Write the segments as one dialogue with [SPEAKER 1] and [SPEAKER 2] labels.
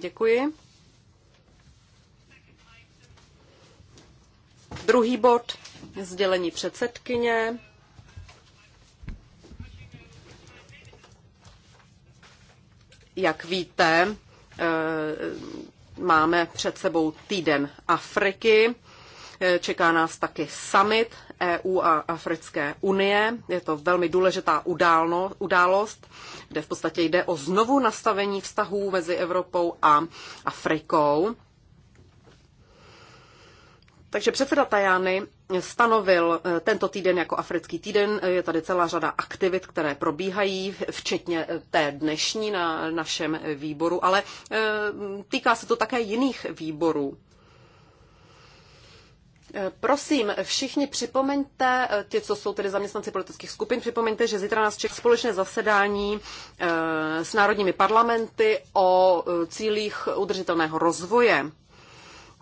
[SPEAKER 1] Děkuji. Druhý bod, sdělení předsedkyně. Jak víte, eh, máme před sebou týden Afriky Eh, čeká nás taky summit EU a Africké unie. Je to velmi důležitá událno, událost, kde v podstatě jde o znovu nastavení vztahů mezi Evropou a Afrikou. Takže předseda Tajány stanovil eh, tento týden jako Africký týden. Eh, je tady celá řada aktivit, které probíhají, včetně té dnešní na našem výboru, ale týká se to také jiných výborů. Prosím, všichni připomeňte, eh, ti, co jsou tedy zaměstnanci politických skupin, připomeňte, že zítra nás čeká společné zasedání eh, s národními parlamenty o eh, cílích udržitelného rozvoje.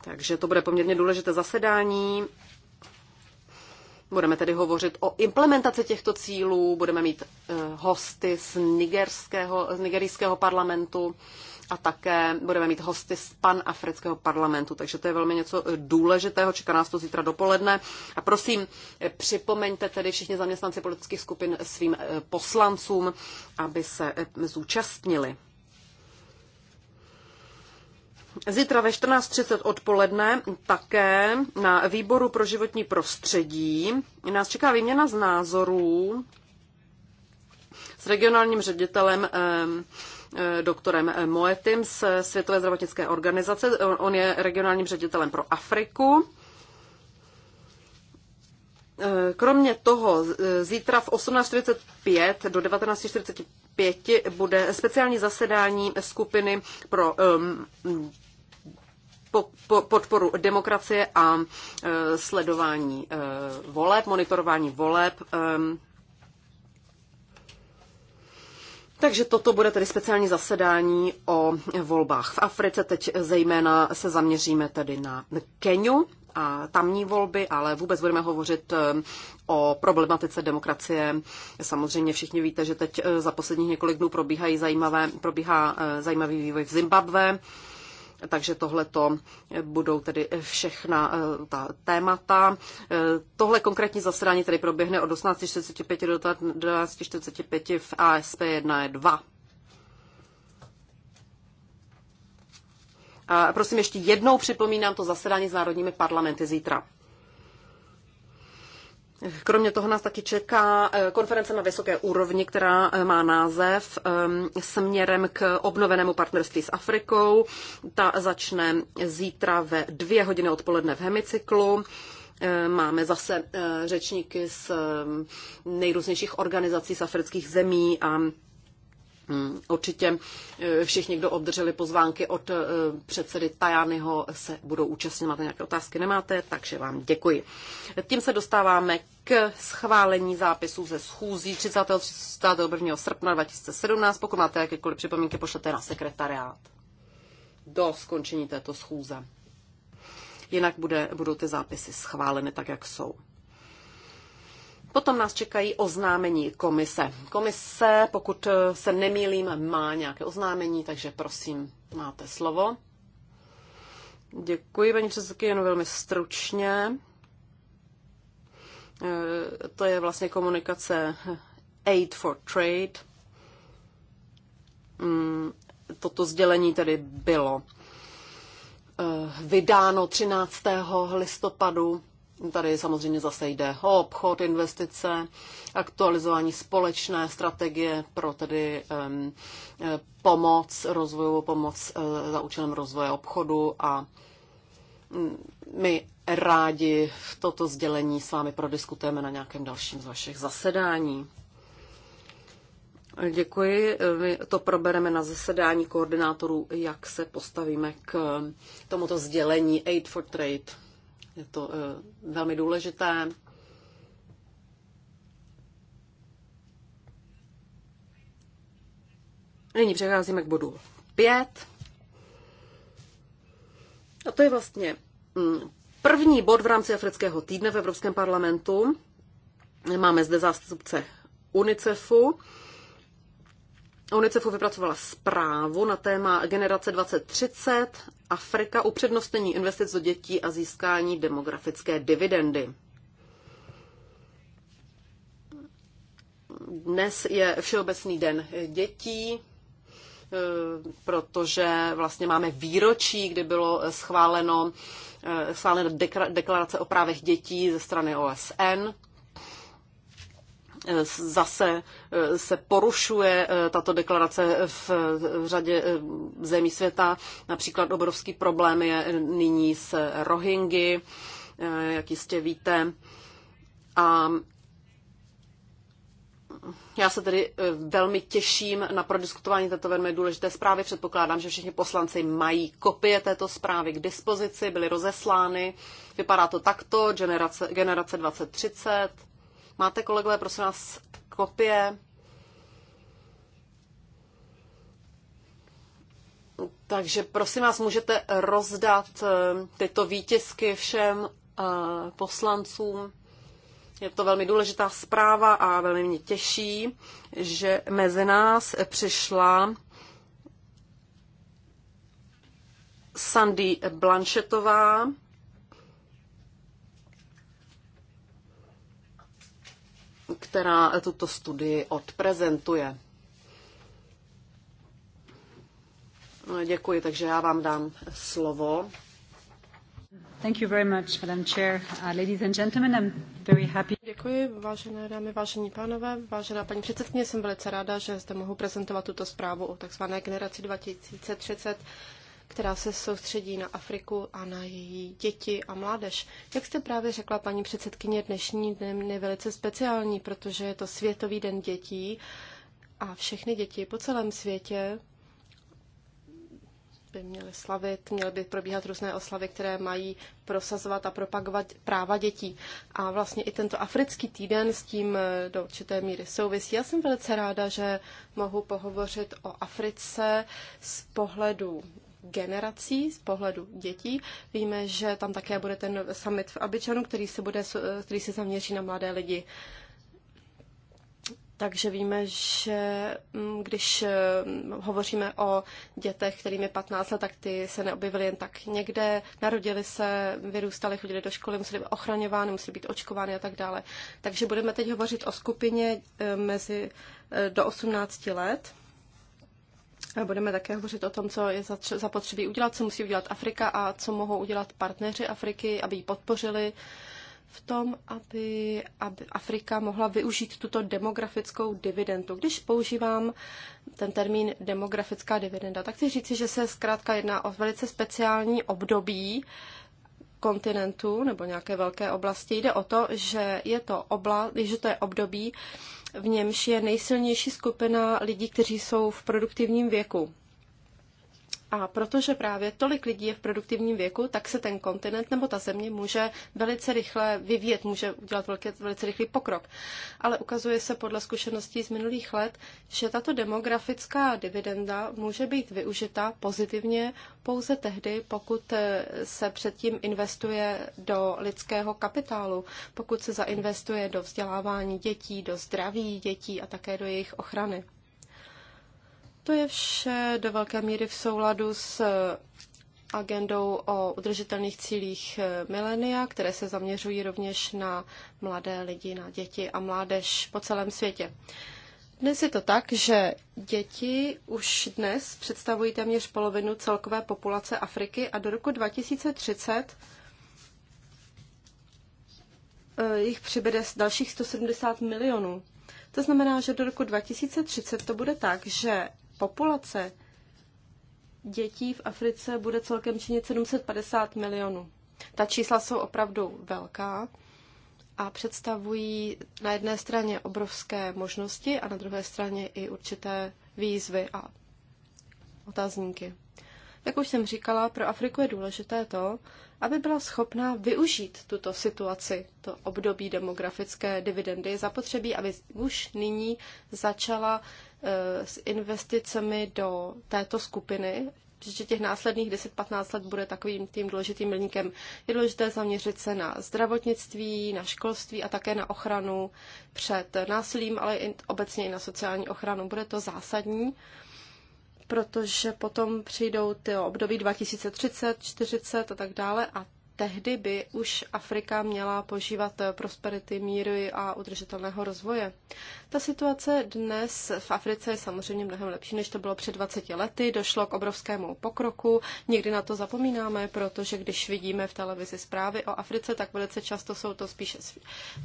[SPEAKER 1] Takže to bude poměrně důležité zasedání. Budeme tedy hovořit o implementaci těchto cílů, budeme mít hosty z, nigerského, z nigerijského parlamentu a také budeme mít hosty z pan afrického parlamentu, takže to je velmi něco důležitého, čeká nás to zítra dopoledne. A prosím, připomeňte tedy všichni zaměstnanci politických skupin svým eh, poslancům, aby se eh, zúčastnili. Zítra ve 14.30 odpoledne také na výboru pro životní prostředí nás čeká výměna z názorů s regionálním ředitelem eh, Eh, doktorem Moetim z Světové zdravotnické organizace. On je regionálním ředitelem pro Afriku. Eh, kromě toho eh, zítra v 18.45 do 19.45 bude speciální zasedání skupiny pro um, po, po, podporu demokracie a uh, sledování uh, voleb, monitorování voleb. Um, Takže toto bude tedy speciální zasedání o volbách v Africe. Teď zejména se zaměříme tedy na Keniu a tamní volby, ale vůbec budeme hovořit eh, o problematice demokracie. Samozřejmě všichni víte, že teď eh, za posledních několik dnů probíhají zajímavé, probíhá eh, zajímavý vývoj v Zimbabwe takže tohle to budou tedy všechna eh, ta témata. Eh, tohle konkrétní zasedání tedy proběhne od 18.45 do 12.45 v ASP 1.2. A prosím, ještě jednou připomínám to zasedání s národními parlamenty zítra. Kromě toho nás taky čeká eh, konference na vysoké úrovni, která eh, má název ehm, Směrem k obnovenému partnerství s Afrikou. Ta začne zítra ve dvě hodiny odpoledne v hemicyklu. Ehm, máme zase eh, řečníky z ehm, nejrůznějších organizací z afrických zemí a Mm, určitě eh, všichni, kdo obdrželi pozvánky od eh, předsedy Tajányho, se budou účastnit. Máte nějaké otázky? Nemáte? Takže vám děkuji. Tím se dostáváme k schválení zápisů ze schůzí 31. srpna 2017. Pokud máte jakékoliv připomínky, pošlete na sekretariát do skončení této schůze. Jinak bude, budou ty zápisy schváleny tak, jak jsou. Potom nás čekají oznámení komise. Komise, pokud eh, se nemýlím, má nějaké oznámení, takže prosím, máte slovo. Děkuji, paní předsedky, jen velmi stručně. Eh, to je vlastně komunikace Aid for Trade. Mm, toto sdělení tedy bylo eh, vydáno 13. listopadu Tady samozřejmě zase jde o obchod, investice, aktualizování společné strategie pro tedy um, pomoc, rozvojovou pomoc uh, za účelem rozvoje obchodu a mm, my rádi toto sdělení s vámi prodiskutujeme na nějakém dalším z vašich zasedání. Děkuji. My to probereme na zasedání koordinátorů, jak se postavíme k tomuto sdělení Aid for Trade. Je to eh, velmi důležité. Nyní přecházíme k bodu 5. A to je vlastně mm, první bod v rámci Afrického týdne v Evropském parlamentu. Máme zde zástupce UNICEFu UNICEFu vypracovala zprávu na téma Generace 2030 Afrika upřednostnění investic do dětí a získání demografické dividendy. Dnes je Všeobecný den dětí, eh, protože vlastně máme výročí, kdy bylo schváleno, eh, schválena deklarace o právech dětí ze strany OSN zase eh, se porušuje eh, tato deklarace v řadě eh, zemí světa. Například obrovský problém je nyní s Rohingy, jak jistě víte. A já se tedy velmi těším na prodiskutování této velmi důležité zprávy. Předpokládám, že všichni poslanci mají kopie této zprávy k dispozici, byly rozeslány. Vypadá to takto, generace, generace 2030 Máte, kolegové, prosím vás, kopie? Takže prosím vás, můžete rozdat eh, tyto výtisky všem eh, poslancům. Je to velmi důležitá zpráva a velmi mě těší, že mezi nás přišla Sandy Blanchetová, která tuto studii odprezentuje. No, děkuji, takže já vám dám slovo.
[SPEAKER 2] Thank you very much, Madam Chair. Uh, ladies and gentlemen, I'm very happy.
[SPEAKER 3] Děkuji, vážené dámy, vážení pánové, vážená paní předsedkyně, jsem velice ráda, že zde mohu prezentovat tuto zprávu o tzv. generaci 2030 která se soustředí na Afriku a na její děti a mládež. Jak jste právě řekla, paní předsedkyně, dnešní den je velice speciální, protože je to Světový den dětí a všechny děti po celém světě by měly slavit, měly by probíhat různé oslavy, které mají prosazovat a propagovat práva dětí. A vlastně i tento africký týden s tím eh, do určité míry souvisí. Já jsem velice ráda, že mohu pohovořit o Africe z pohledu generací, z pohledu dětí. Víme, že tam také bude ten summit v Abidžanu, který se, bude, který se zaměří na mladé lidi. Takže víme, že mm, když mm, hovoříme o dětech, kterým je 15 let, tak ty se neobjevily jen tak někde, narodili se, vyrůstali, chodili do školy, museli být ochraňovány, museli být očkovány a tak dále. Takže budeme teď hovořit o skupině e, mezi e, do 18 let. Budeme také hovořit o tom, co je zapotřebí udělat, co musí udělat Afrika a co mohou udělat partneři Afriky, aby ji podpořili v tom, aby, aby Afrika mohla využít tuto demografickou dividendu. Když používám ten termín demografická dividenda, tak chci říci, že se zkrátka jedná o velice speciální období kontinentu nebo nějaké velké oblasti. Jde o to, že je to, obla, že to je období, v němž je nejsilnější skupina lidí, kteří jsou v produktivním věku. A protože právě tolik lidí je v produktivním věku, tak se ten kontinent nebo ta země může velice rychle vyvíjet, může udělat velké, velice rychlý pokrok. Ale ukazuje se podle zkušeností z minulých let, že tato demografická dividenda může být využita pozitivně pouze tehdy, pokud eh, se předtím investuje do lidského kapitálu, pokud se zainvestuje do vzdělávání dětí, do zdraví dětí a také do jejich ochrany. To je vše do velké míry v souladu s eh, agendou o udržitelných cílích eh, milenia, které se zaměřují rovněž na mladé lidi, na děti a mládež po celém světě. Dnes je to tak, že děti už dnes představují téměř polovinu celkové populace Afriky a do roku 2030 eh, jich přibude dalších 170 milionů. To znamená, že do roku 2030 to bude tak, že populace dětí v Africe bude celkem činit 750 milionů. Ta čísla jsou opravdu velká a představují na jedné straně obrovské možnosti a na druhé straně i určité výzvy a otazníky. Jak už jsem říkala, pro Afriku je důležité to, aby byla schopná využít tuto situaci, to období demografické dividendy. Je zapotřebí, aby už nyní začala Eh, s investicemi do této skupiny, že těch následných 10-15 let bude takovým tím důležitým milníkem. Je důležité zaměřit se na zdravotnictví, na školství a také na ochranu před násilím, ale i obecně i na sociální ochranu. Bude to zásadní, protože potom přijdou ty období 2030, 40 a tak dále a tehdy by už Afrika měla požívat eh, prosperity, míry a udržitelného rozvoje. Ta situace dnes v Africe je samozřejmě mnohem lepší, než to bylo před 20 lety. Došlo k obrovskému pokroku. Někdy na to zapomínáme, protože když vidíme v televizi zprávy o Africe, tak velice často jsou to spíše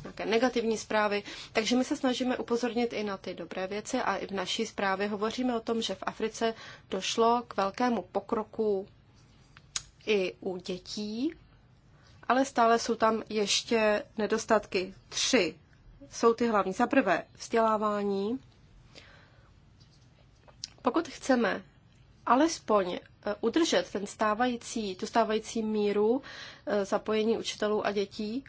[SPEAKER 3] nějaké negativní zprávy. Takže my se snažíme upozornit i na ty dobré věci a i v naší zprávě hovoříme o tom, že v Africe došlo k velkému pokroku i u dětí, ale stále jsou tam ještě nedostatky. Tři jsou ty hlavní. Za prvé vzdělávání. Pokud chceme alespoň eh, udržet ten stávající, tu stávající míru eh, zapojení učitelů a dětí,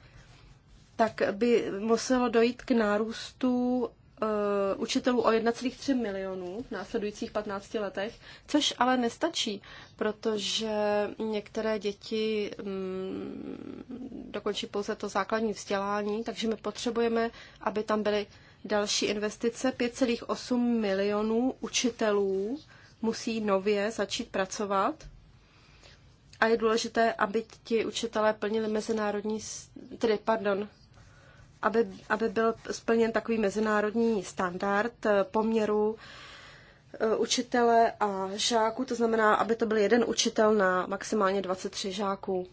[SPEAKER 3] tak by muselo dojít k nárůstu Uh, učitelů o 1,3 milionů v následujících 15 letech, což ale nestačí, protože některé děti mm, dokončí pouze to základní vzdělání, takže my potřebujeme, aby tam byly další investice. 5,8 milionů učitelů musí nově začít pracovat a je důležité, aby ti učitelé plnili mezinárodní, tedy pardon, aby, aby byl splněn takový mezinárodní standard eh, poměru eh, učitele a žáků, to znamená, aby to byl jeden učitel na maximálně 23 žáků.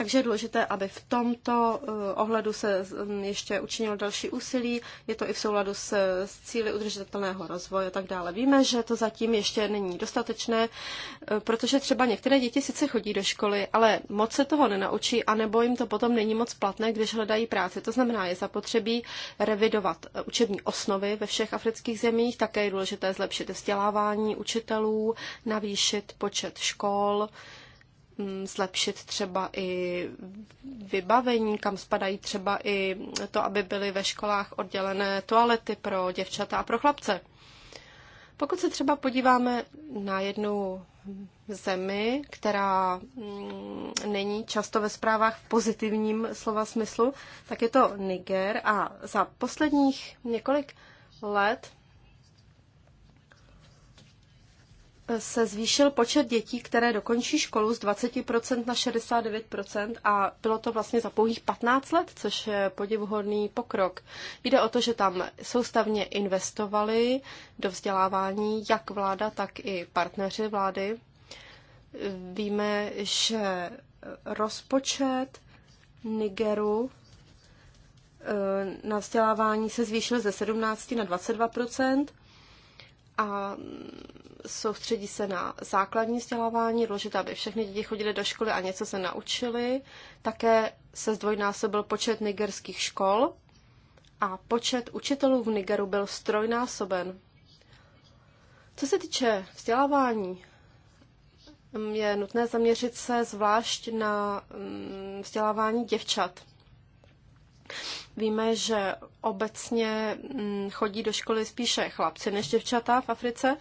[SPEAKER 3] Takže je důležité, aby v tomto eh, ohledu se mm, ještě učinilo další úsilí. Je to i v souladu s, s cíly udržitelného rozvoje a tak dále. Víme, že to zatím ještě není dostatečné, eh, protože třeba některé děti sice chodí do školy, ale moc se toho nenaučí, anebo jim to potom není moc platné, když hledají práci. To znamená, je zapotřebí revidovat eh, učební osnovy ve všech afrických zemích, také je důležité zlepšit vzdělávání učitelů, navýšit počet škol, Mm, zlepšit třeba i vybavení, kam spadají třeba i to, aby byly ve školách oddělené toalety pro děvčata a pro chlapce. Pokud se třeba podíváme na jednu zemi, která mm, není často ve zprávách v pozitivním slova smyslu, tak je to Niger a za posledních několik let se zvýšil počet dětí, které dokončí školu z 20% na 69% a bylo to vlastně za pouhých 15 let, což je podivuhodný pokrok. Jde o to, že tam soustavně investovali do vzdělávání jak vláda, tak i partneři vlády. Víme, že rozpočet Nigeru eh, na vzdělávání se zvýšil ze 17 na 22 a soustředí se na základní vzdělávání, důležité, aby všechny děti chodily do školy a něco se naučili. Také se zdvojnásobil počet nigerských škol a počet učitelů v Nigeru byl strojnásoben. Co se týče vzdělávání, mm, je nutné zaměřit se zvlášť na mm, vzdělávání děvčat. Víme, že obecně mm, chodí do školy spíše chlapci než děvčata v Africe,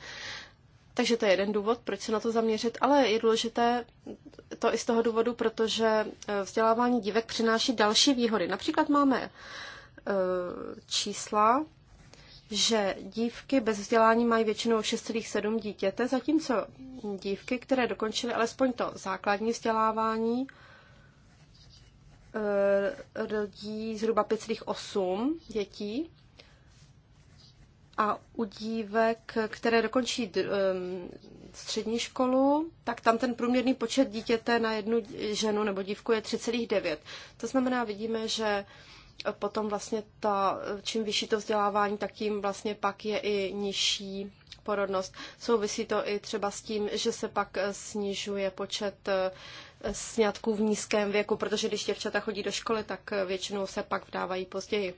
[SPEAKER 3] takže to je jeden důvod, proč se na to zaměřit, ale je důležité to i z toho důvodu, protože e, vzdělávání dívek přináší další výhody. Například máme e, čísla, že dívky bez vzdělání mají většinou 6,7 dítěte, zatímco dívky, které dokončily alespoň to základní vzdělávání, Eh, rodí zhruba 5,8 dětí a u dívek, které dokončí eh, střední školu, tak tam ten průměrný počet dítěte na jednu ženu nebo dívku je 3,9. To znamená, vidíme, že potom vlastně ta, čím vyšší to vzdělávání, tak tím vlastně pak je i nižší porodnost. Souvisí to i třeba s tím, že se pak eh, snižuje počet sňatků v nízkém věku, protože když děvčata chodí do školy, tak většinou se pak vdávají později.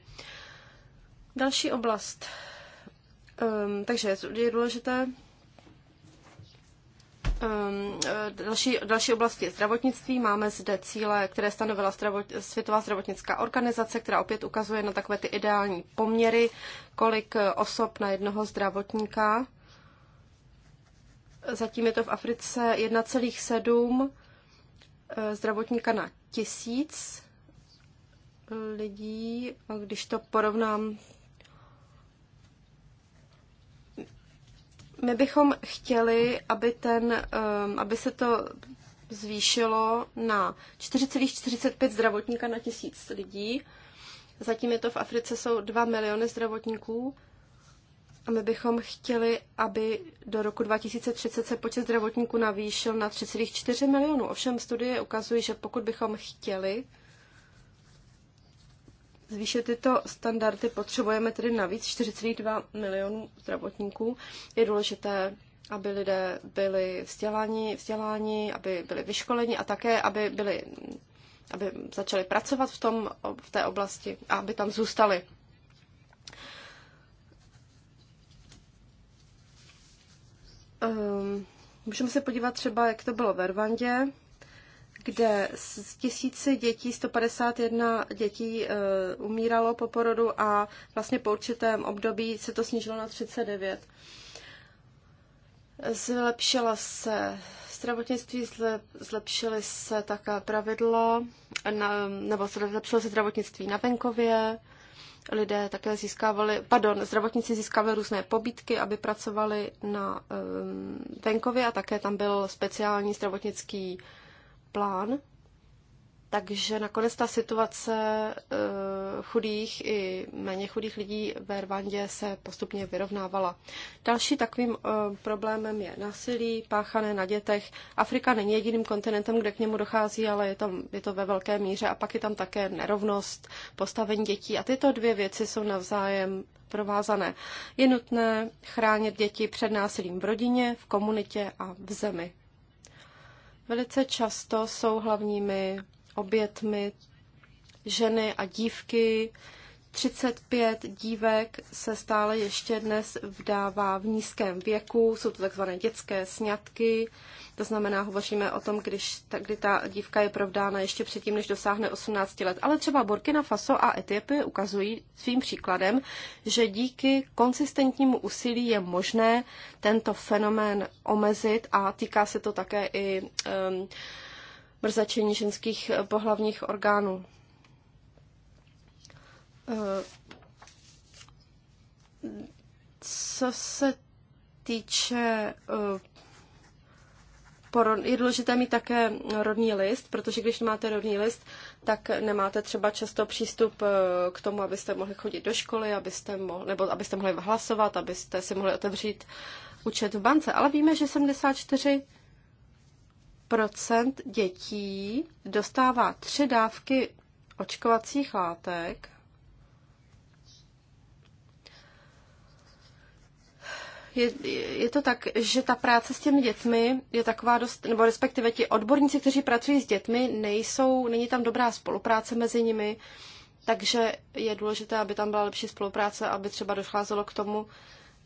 [SPEAKER 3] Další oblast. Um, takže je důležité Um, další, další je zdravotnictví. Máme zde cíle, které stanovila zdravot, Světová zdravotnická organizace, která opět ukazuje na takové ty ideální poměry, kolik e, osob na jednoho zdravotníka. Zatím je to v Africe 1,7 Eh, zdravotníka na tisíc eh, lidí, a když to porovnám, my bychom chtěli, aby, ten, eh, aby se to zvýšilo na 4,45 zdravotníka na tisíc lidí. Zatím je to v Africe jsou 2 miliony zdravotníků. A my bychom chtěli, aby do roku 2030 se počet zdravotníků navýšil na 3,4 milionů. Ovšem studie ukazují, že pokud bychom chtěli zvýšit tyto standardy, potřebujeme tedy navíc 4,2 milionů zdravotníků. Je důležité, aby lidé byli vzděláni, vzdělání, aby byli vyškoleni a také, aby byli aby začali pracovat v, tom, v té oblasti a aby tam zůstali. Um, můžeme se podívat třeba, jak to bylo ve Rwandě, kde z tisíci dětí 151 dětí uh, umíralo po porodu a vlastně po určitém období se to snížilo na 39. Zlepšila se zdravotnictví, zlepšily se také pravidlo, na, nebo zlepšilo se zdravotnictví na venkově, lidé také získávali, pardon, zdravotníci získávali různé pobídky, aby pracovali na ehm, venkově a také tam byl speciální zdravotnický plán takže nakonec ta situace eh, chudých i méně chudých lidí ve Rwandě se postupně vyrovnávala. Další takovým eh, problémem je násilí páchané na dětech. Afrika není jediným kontinentem, kde k němu dochází, ale je, tam, je to ve velké míře. A pak je tam také nerovnost postavení dětí. A tyto dvě věci jsou navzájem provázané. Je nutné chránit děti před násilím v rodině, v komunitě a v zemi. Velice často jsou hlavními obětmi ženy a dívky. 35 dívek se stále ještě dnes vdává v nízkém věku, jsou to takzvané dětské sňatky, to znamená, hovoříme o tom, když ta, kdy ta dívka je provdána ještě předtím, než dosáhne 18 let. Ale třeba Burkina Faso a Etiopie ukazují svým příkladem, že díky konsistentnímu úsilí je možné tento fenomén omezit a týká se to také i um, mrzačení ženských eh, pohlavních orgánů. Eh, co se týče eh, je důležité mít také rodný list, protože když nemáte rodný list, tak nemáte třeba často přístup k tomu, abyste mohli chodit do školy, abyste mohli, nebo abyste mohli hlasovat, abyste si mohli otevřít účet v bance. Ale víme, že 74 Procent dětí dostává tři dávky očkovacích látek. Je, je to tak, že ta práce s těmi dětmi je taková dost, nebo respektive ti odborníci, kteří pracují s dětmi, nejsou, není tam dobrá spolupráce mezi nimi, takže je důležité, aby tam byla lepší spolupráce, aby třeba docházelo k tomu,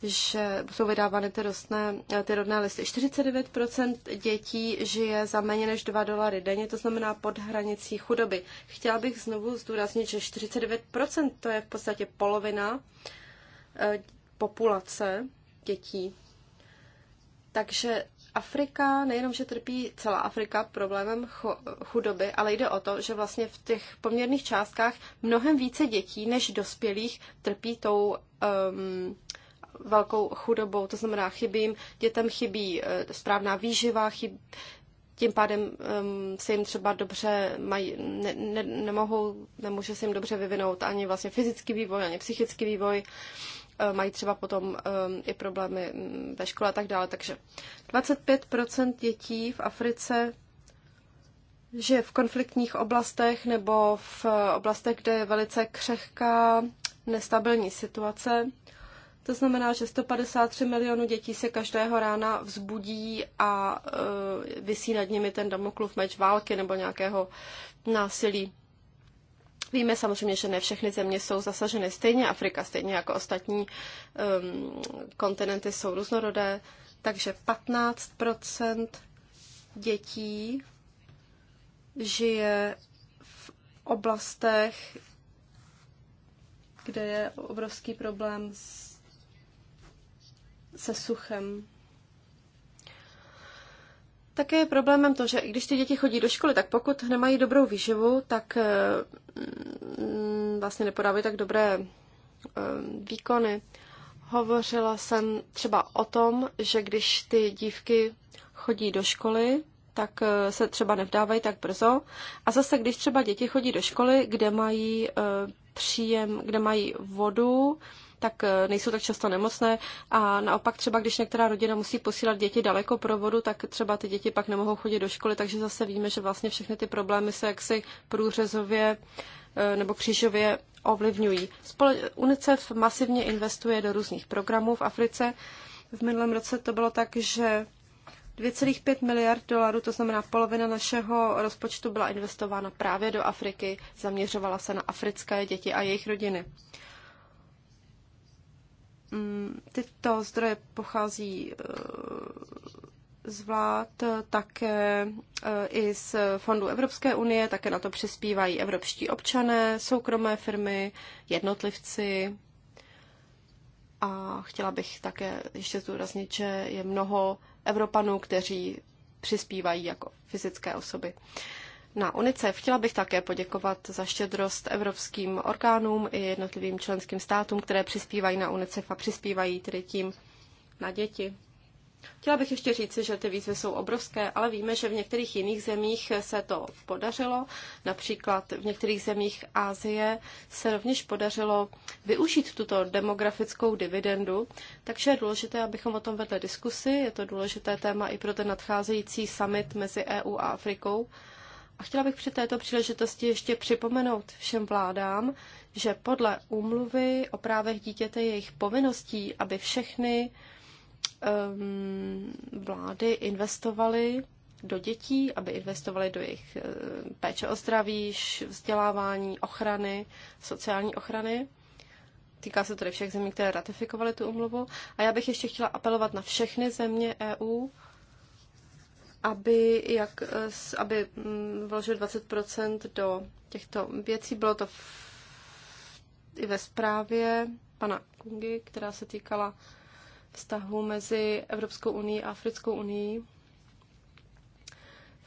[SPEAKER 3] že jsou vydávány ty, rostné, ty rodné listy. 49% dětí žije za méně než 2 dolary denně, to znamená pod hranicí chudoby. Chtěla bych znovu zdůraznit, že 49% to je v podstatě polovina eh, populace dětí. Takže Afrika, nejenom, že trpí celá Afrika problémem chudoby, ale jde o to, že vlastně v těch poměrných částkách mnohem více dětí než dospělých trpí tou um, velkou chudobou, to znamená chybím, dětem chybí eh, správná výživa, chyb, tím pádem um, se jim třeba dobře mají, ne, ne, nemohou, nemůže se jim dobře vyvinout ani vlastně fyzický vývoj, ani psychický vývoj, eh, mají třeba potom um, i problémy mm, ve škole a tak dále. Takže 25% dětí v Africe žije v konfliktních oblastech nebo v oblastech, kde je velice křehká, nestabilní situace. To znamená, že 153 milionů dětí se každého rána vzbudí a e, vysí nad nimi ten damoklův meč války nebo nějakého násilí. Víme samozřejmě, že ne všechny země jsou zasaženy stejně, Afrika stejně jako ostatní e, kontinenty jsou různorodé, takže 15 dětí žije v oblastech, kde je obrovský problém s se suchem. Také je problémem to, že i když ty děti chodí do školy, tak pokud nemají dobrou výživu, tak eh, mm, vlastně nepodávají tak dobré eh, výkony. Hovořila jsem třeba o tom, že když ty dívky chodí do školy, tak eh, se třeba nevdávají tak brzo. A zase, když třeba děti chodí do školy, kde mají příjem, kde mají vodu, tak eh, nejsou tak často nemocné a naopak třeba, když některá rodina musí posílat děti daleko pro vodu, tak třeba ty děti pak nemohou chodit do školy, takže zase víme, že vlastně všechny ty problémy se jaksi průřezově eh, nebo křížově ovlivňují. UNICEF masivně investuje do různých programů v Africe. V minulém roce to bylo tak, že 2,5 miliard dolarů, to znamená polovina našeho rozpočtu, byla investována právě do Afriky, zaměřovala se na africké děti a jejich rodiny. Mm, tyto zdroje pochází eh, z vlád, také eh, i z fondů Evropské unie, také na to přispívají evropští občané, soukromé firmy, jednotlivci. A chtěla bych také ještě zdůraznit, že je mnoho Evropanů, kteří přispívají jako fyzické osoby na UNICEF. Chtěla bych také poděkovat za štědrost evropským orgánům i jednotlivým členským státům, které přispívají na UNICEF a přispívají tedy tím na děti. Chtěla bych ještě říci, že ty výzvy jsou obrovské, ale víme, že v některých jiných zemích se to podařilo. Například v některých zemích Asie se rovněž podařilo využít tuto demografickou dividendu, takže je důležité, abychom o tom vedli diskusi. Je to důležité téma i pro ten nadcházející summit mezi EU a Afrikou. A chtěla bych při této příležitosti ještě připomenout všem vládám, že podle úmluvy o právech dítěte je jejich povinností, aby všechny um, vlády investovaly do dětí, aby investovali do jejich eh, péče o zdraví, vzdělávání, ochrany, sociální ochrany. Týká se tedy všech zemí, které ratifikovaly tu umluvu. A já bych ještě chtěla apelovat na všechny země EU, aby, jak, aby mm, vložil 20% do těchto věcí. Bylo to v, i ve zprávě pana Kungy, která se týkala vztahu mezi Evropskou unii a Africkou unii.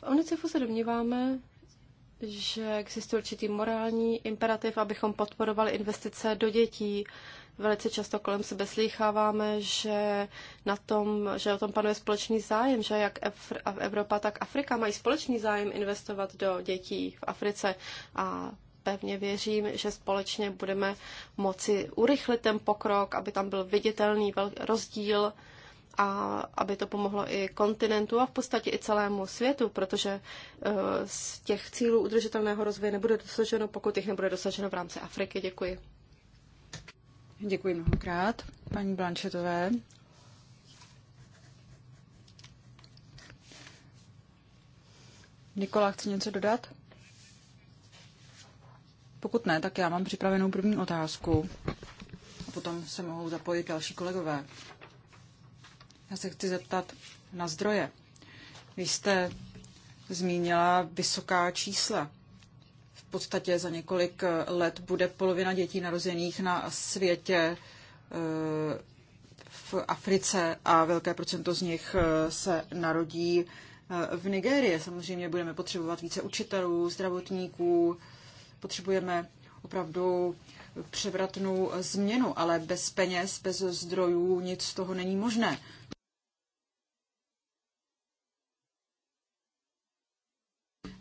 [SPEAKER 3] V UNICEFu se domníváme, že existuje určitý morální imperativ, abychom podporovali investice do dětí, Velice často kolem sebe slýcháváme, že, na tom, že o tom panuje společný zájem, že jak Evropa, tak Afrika mají společný zájem investovat do dětí v Africe a pevně věřím, že společně budeme moci urychlit ten pokrok, aby tam byl viditelný rozdíl a aby to pomohlo i kontinentu a v podstatě i celému světu, protože eh, z těch cílů udržitelného rozvoje nebude dosaženo, pokud jich nebude dosaženo v rámci Afriky. Děkuji.
[SPEAKER 2] Děkuji mnohokrát paní Blanchetové. Nikola, chce něco dodat? Pokud ne, tak já mám připravenou první otázku a potom se mohou zapojit další kolegové. Já se chci zeptat na zdroje. Vy jste zmínila vysoká čísla podstatě za několik let bude polovina dětí narozených na světě eh, v Africe a velké procento z nich eh, se narodí eh, v Nigérii. Samozřejmě budeme potřebovat více učitelů, zdravotníků, potřebujeme opravdu převratnou změnu, ale bez peněz, bez zdrojů nic z toho není možné.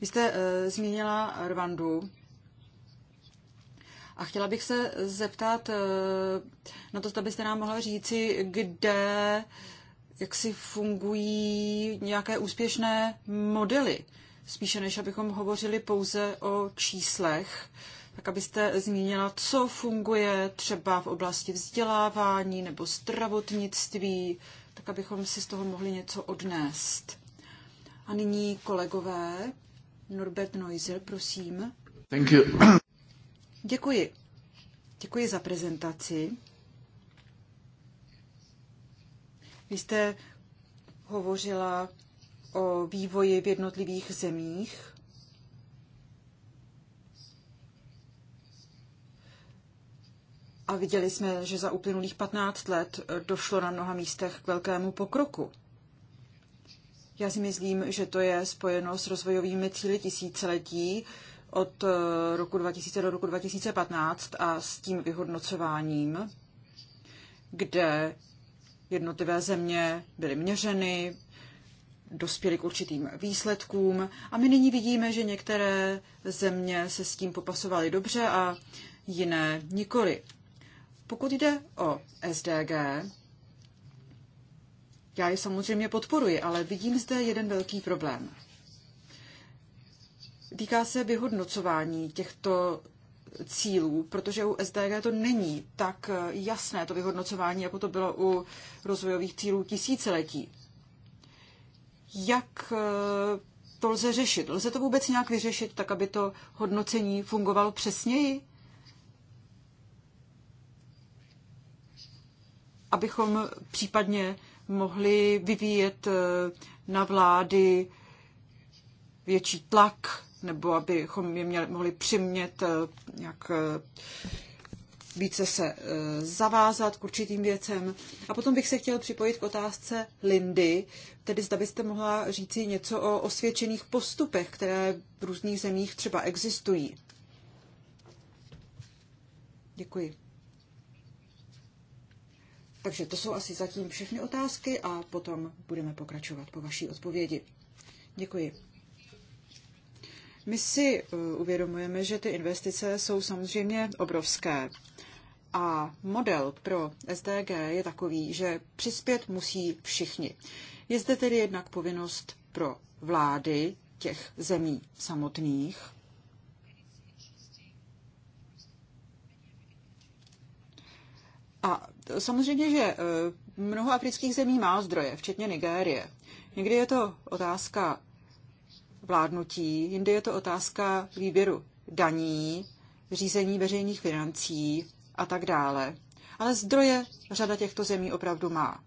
[SPEAKER 2] Vy jste uh, zmínila Rwandu a chtěla bych se zeptat uh, na to, zda byste nám mohla říci, kde jak si fungují nějaké úspěšné modely, spíše než abychom hovořili pouze o číslech, tak abyste zmínila, co funguje třeba v oblasti vzdělávání nebo zdravotnictví, tak abychom si z toho mohli něco odnést. A nyní kolegové, Norbert Neuser, prosím. Thank you. Děkuji. Děkuji za prezentaci. Vy jste hovořila o vývoji v jednotlivých zemích. A viděli jsme, že za uplynulých 15 let došlo na mnoha místech k velkému pokroku. Já si myslím, že to je spojeno s rozvojovými cíly tisíciletí od eh, roku 2000 do roku 2015 a s tím vyhodnocováním, kde jednotlivé země byly měřeny, dospěly k určitým výsledkům a my nyní vidíme, že některé země se s tím popasovaly dobře a jiné nikoli. Pokud jde o SDG, já je samozřejmě podporuji, ale vidím zde jeden velký problém. Týká se vyhodnocování těchto cílů, protože u SDG to není tak jasné to vyhodnocování, jako to bylo u rozvojových cílů tisíciletí. Jak eh, to lze řešit? Lze to vůbec nějak vyřešit, tak aby to hodnocení fungovalo přesněji? Abychom případně mohli vyvíjet eh, na vlády větší tlak, nebo abychom je měli, mohli přimět, eh, jak eh, více se zavázat k určitým věcem. A potom bych se chtěl připojit k otázce Lindy, tedy zda byste mohla říci něco o osvědčených postupech, které v různých zemích třeba existují. Děkuji. Takže to jsou asi zatím všechny otázky a potom budeme pokračovat po vaší odpovědi. Děkuji. My si eh, uvědomujeme, že ty investice jsou samozřejmě obrovské. A model pro SDG je takový, že přispět musí všichni. Je zde tedy jednak povinnost pro vlády těch zemí samotných. A Samozřejmě, že e, mnoho afrických zemí má zdroje, včetně Nigérie. Někdy je to otázka vládnutí, jindy je to otázka výběru daní, řízení veřejných financí a tak dále. Ale zdroje řada těchto zemí opravdu má.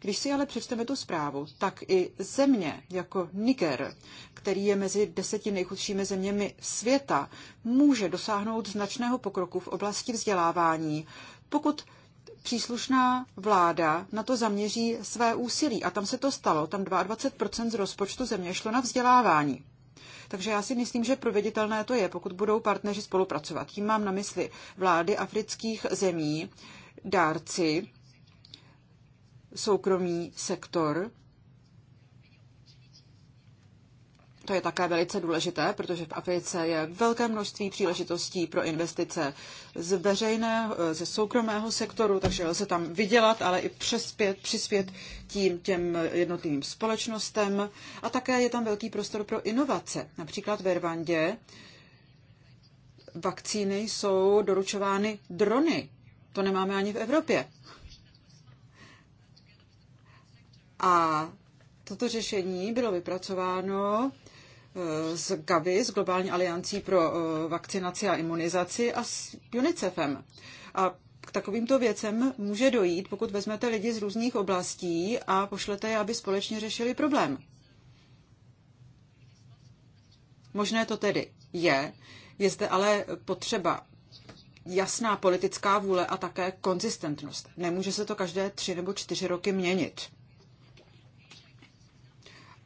[SPEAKER 2] Když si ale přečteme tu zprávu, tak i země jako Niger, který je mezi deseti nejchudšími zeměmi světa, může dosáhnout značného pokroku v oblasti vzdělávání, pokud příslušná vláda na to zaměří své úsilí. A tam se to stalo, tam 22% z rozpočtu země šlo na vzdělávání. Takže já si myslím, že proveditelné to je, pokud budou partneři spolupracovat. Tím mám na mysli vlády afrických zemí, dárci, soukromý sektor, To je také velice důležité, protože v Africe je velké množství příležitostí pro investice z veřejného, eh, ze soukromého sektoru, takže lze tam vydělat, ale i přespět, přispět tím těm jednotlivým společnostem. A také je tam velký prostor pro inovace. Například ve Rwandě vakcíny jsou doručovány drony. To nemáme ani v Evropě. A toto řešení bylo vypracováno z GAVI, z Globální aliancí pro eh, vakcinaci a imunizaci a s UNICEFem. A k takovýmto věcem může dojít, pokud vezmete lidi z různých oblastí a pošlete je, aby společně řešili problém. Možné to tedy je. Je zde ale potřeba jasná politická vůle a také konzistentnost. Nemůže se to každé tři nebo čtyři roky měnit.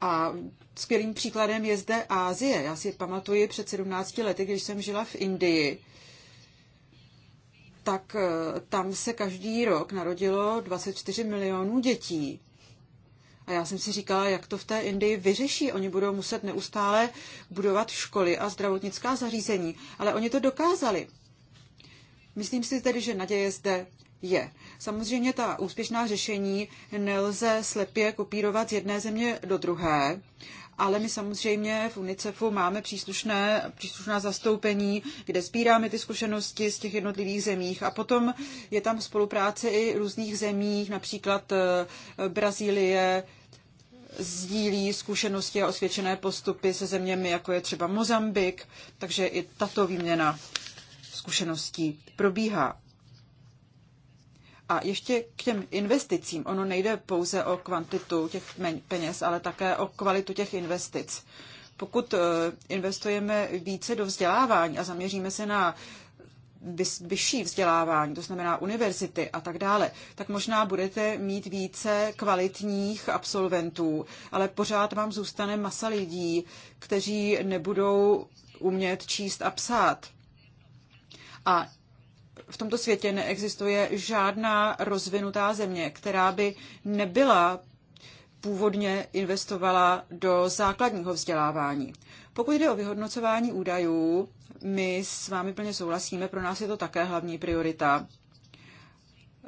[SPEAKER 2] A skvělým příkladem je zde Ázie. Já si pamatuji před 17 lety, když jsem žila v Indii, tak eh, tam se každý rok narodilo 24 milionů dětí. A já jsem si říkala, jak to v té Indii vyřeší. Oni budou muset neustále budovat školy a zdravotnická zařízení. Ale oni to dokázali. Myslím si tedy, že naděje zde je. Samozřejmě ta úspěšná řešení nelze slepě kopírovat z jedné země do druhé, ale my samozřejmě v UNICEFu máme příslušné, příslušná zastoupení, kde sbíráme ty zkušenosti z těch jednotlivých zemích a potom je tam spolupráce i různých zemí, například eh, Brazílie, sdílí zkušenosti a osvědčené postupy se zeměmi, jako je třeba Mozambik, takže i tato výměna zkušeností probíhá. A ještě k těm investicím. Ono nejde pouze o kvantitu těch peněz, ale také o kvalitu těch investic. Pokud eh, investujeme více do vzdělávání a zaměříme se na vyšší vzdělávání, to znamená univerzity a tak dále, tak možná budete mít více kvalitních absolventů, ale pořád vám zůstane masa lidí, kteří nebudou umět číst a psát. A v tomto světě neexistuje žádná rozvinutá země, která by nebyla původně investovala do základního vzdělávání. Pokud jde o vyhodnocování údajů, my s vámi plně souhlasíme, pro nás je to také hlavní priorita.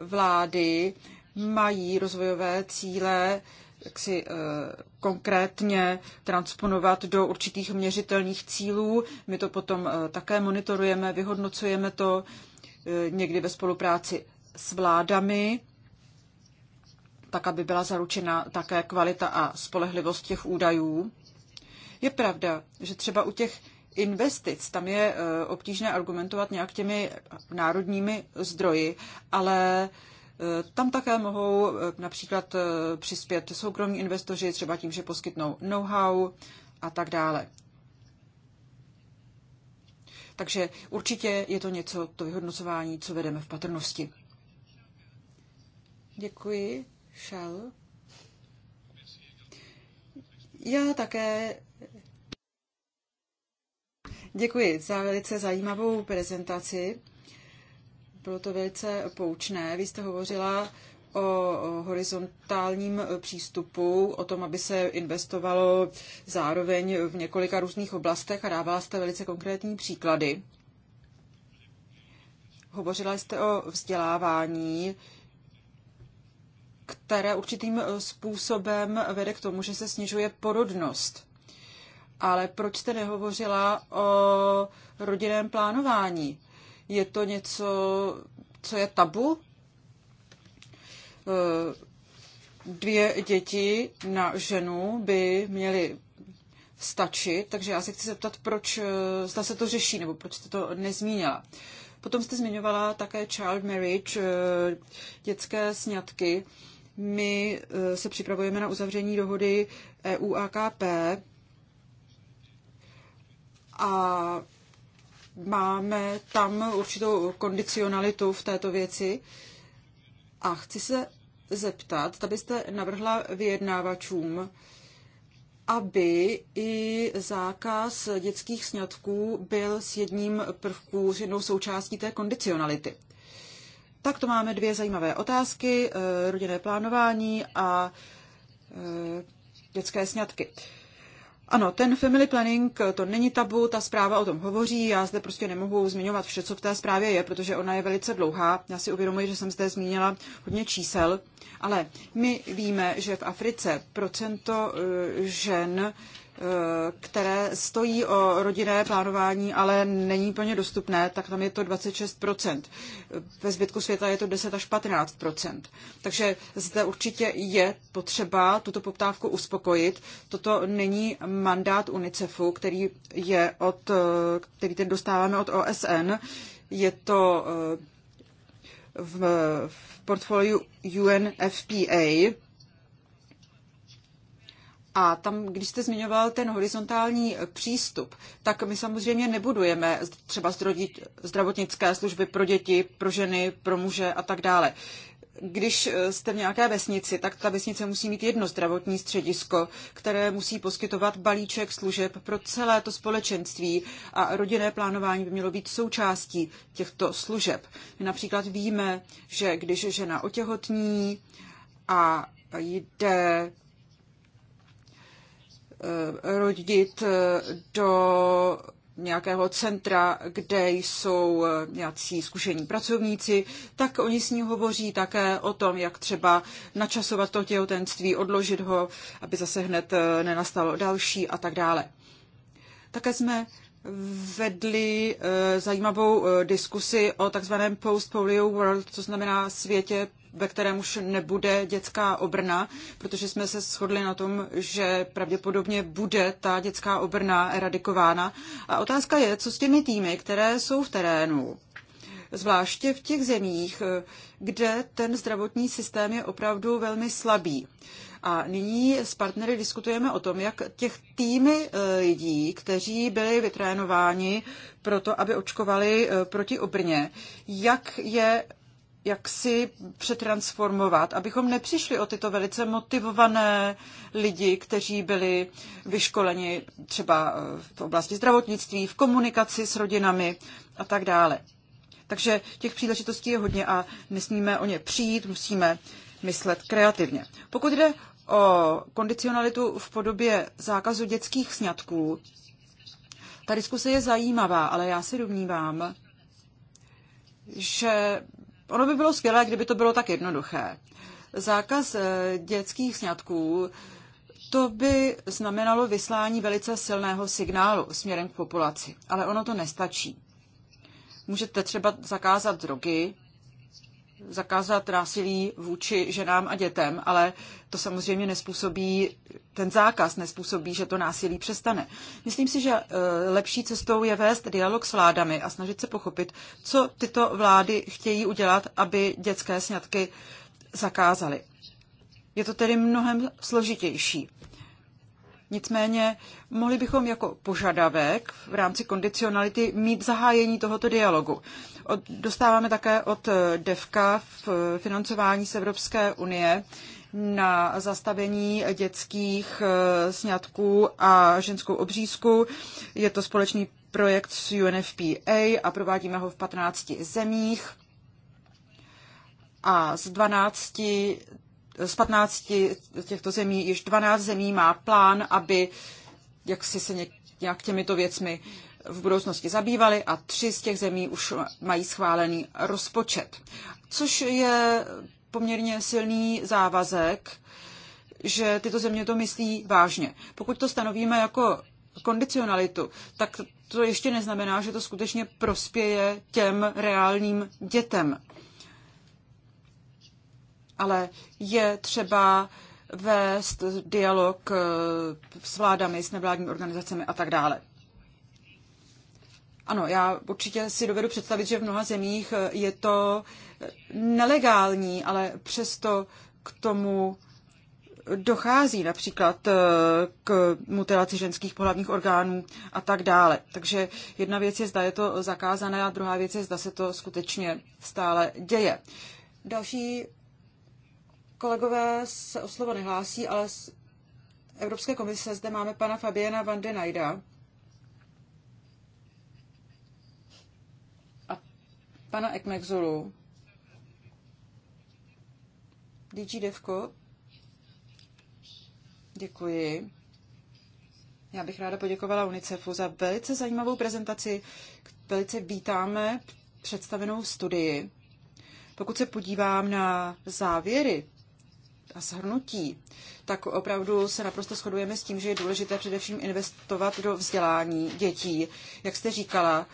[SPEAKER 2] Vlády mají rozvojové cíle jak si e, konkrétně transponovat do určitých měřitelných cílů. My to potom e, také monitorujeme, vyhodnocujeme to. E, Eh, někdy ve spolupráci s vládami, tak aby byla zaručena také kvalita a spolehlivost těch údajů. Je pravda, že třeba u těch investic, tam je eh, obtížné argumentovat nějak těmi národními zdroji, ale eh, tam také mohou například přispět soukromí investoři, třeba tím, že poskytnou know-how a tak dále. Takže určitě je to něco, to vyhodnocování, co vedeme v patrnosti. Děkuji, Šel. Já také děkuji za velice zajímavou prezentaci. Bylo to velice poučné. Vy jste hovořila o horizontálním přístupu, o tom, aby se investovalo zároveň v několika různých oblastech a dávala jste velice konkrétní příklady. Hovořila jste o vzdělávání, které určitým způsobem vede k tomu, že se snižuje porodnost. Ale proč jste nehovořila o rodinném plánování? Je to něco, co je tabu dvě děti na ženu by měly stačit, takže já se chci zeptat, proč eh, zda se to řeší, nebo proč jste to nezmínila. Potom jste zmiňovala také child marriage, eh, dětské sňatky. My eh, se připravujeme na uzavření dohody EU AKP a máme tam určitou kondicionalitu v této věci. A chci se zeptat, zda byste navrhla vyjednávačům, aby i zákaz dětských sňatků byl s jedním prvků, s jednou součástí té kondicionality. Tak to máme dvě zajímavé otázky, eh, rodinné plánování a eh, dětské sňatky. Ano, ten family planning to není tabu, ta zpráva o tom hovoří, já zde prostě nemohu zmiňovat vše, co v té zprávě je, protože ona je velice dlouhá. Já si uvědomuji, že jsem zde zmínila hodně čísel, ale my víme, že v Africe procento eh, žen Eh, které stojí o rodinné plánování, ale není plně dostupné, tak tam je to 26%. Ve zbytku světa je to 10 až 15%. Takže zde určitě je potřeba tuto poptávku uspokojit. Toto není mandát UNICEFu, který, je od, eh, který teď dostáváme od OSN. Je to eh, v, v portfoliu UNFPA, a tam, když jste zmiňoval ten horizontální eh, přístup, tak my samozřejmě nebudujeme třeba zdravotnické služby pro děti, pro ženy, pro muže a tak dále. Když eh, jste v nějaké vesnici, tak ta vesnice musí mít jedno zdravotní středisko, které musí poskytovat balíček služeb pro celé to společenství a rodinné plánování by mělo být součástí těchto služeb. My například víme, že když žena otěhotní a jde Eh, rodit eh, do nějakého centra, kde jsou eh, nějací zkušení pracovníci, tak oni s ní hovoří také o tom, jak třeba načasovat to těhotenství, odložit ho, aby zase hned nenastalo další a tak dále. Také jsme vedli zajímavou diskusi o takzvaném post-polio world, co znamená světě ve kterém už nebude dětská obrna, protože jsme se shodli na tom, že pravděpodobně bude ta dětská obrna eradikována. A otázka je, co s těmi týmy, které jsou v terénu, zvláště v těch zemích, kde ten zdravotní systém je opravdu velmi slabý. A nyní s partnery diskutujeme o tom, jak těch týmy e, lidí, kteří byli vytrénováni pro to, aby očkovali e, proti obrně, jak je jak si přetransformovat, abychom nepřišli o tyto velice motivované lidi, kteří byli vyškoleni třeba v oblasti zdravotnictví, v komunikaci s rodinami a tak dále. Takže těch příležitostí je hodně a nesmíme o ně přijít, musíme myslet kreativně. Pokud jde o kondicionalitu v podobě zákazu dětských sňatků, ta diskuse je zajímavá, ale já si domnívám, že Ono by bylo skvělé, kdyby to bylo tak jednoduché. Zákaz eh, dětských sňatků to by znamenalo vyslání velice silného signálu směrem k populaci, ale ono to nestačí. Můžete třeba zakázat drogy, zakázat násilí vůči ženám a dětem, ale to samozřejmě nespůsobí, ten zákaz nespůsobí, že to násilí přestane. Myslím si, že eh, lepší cestou je vést dialog s vládami a snažit se pochopit, co tyto vlády chtějí udělat, aby dětské sňatky zakázaly. Je to tedy mnohem složitější. Nicméně mohli bychom jako požadavek v rámci kondicionality mít zahájení tohoto dialogu. Od, dostáváme také od DEVKA v financování z Evropské unie na zastavení dětských eh, sňatků a ženskou obřízku. Je to společný projekt s UNFPA a provádíme ho v 15 zemích. A z 12 z 15 těchto zemí již 12 zemí má plán, aby jak si se nějak těmito věcmi v budoucnosti zabývali a tři z těch zemí už mají schválený rozpočet. Což je poměrně silný závazek, že tyto země to myslí vážně. Pokud to stanovíme jako kondicionalitu, tak to ještě neznamená, že to skutečně prospěje těm reálným dětem ale je třeba vést dialog eh, s vládami, s nevládními organizacemi a tak dále. Ano, já určitě si dovedu představit, že v mnoha zemích eh, je to eh, nelegální, ale přesto k tomu dochází například k mutilaci ženských pohlavních orgánů a tak dále. Takže jedna věc je, zda je to zakázané a druhá věc je, zda se to skutečně stále děje. Další Kolegové se o slovo nehlásí, ale z Evropské komise zde máme pana Fabiana van den Najda a pana Ekmexolu. DG Devko. Děkuji. Já bych ráda poděkovala UNICEFu za velice zajímavou prezentaci. Velice vítáme představenou studii. Pokud se podívám na závěry a shrnutí, tak opravdu se naprosto shodujeme s tím, že je důležité především investovat do vzdělání dětí. Jak jste říkala,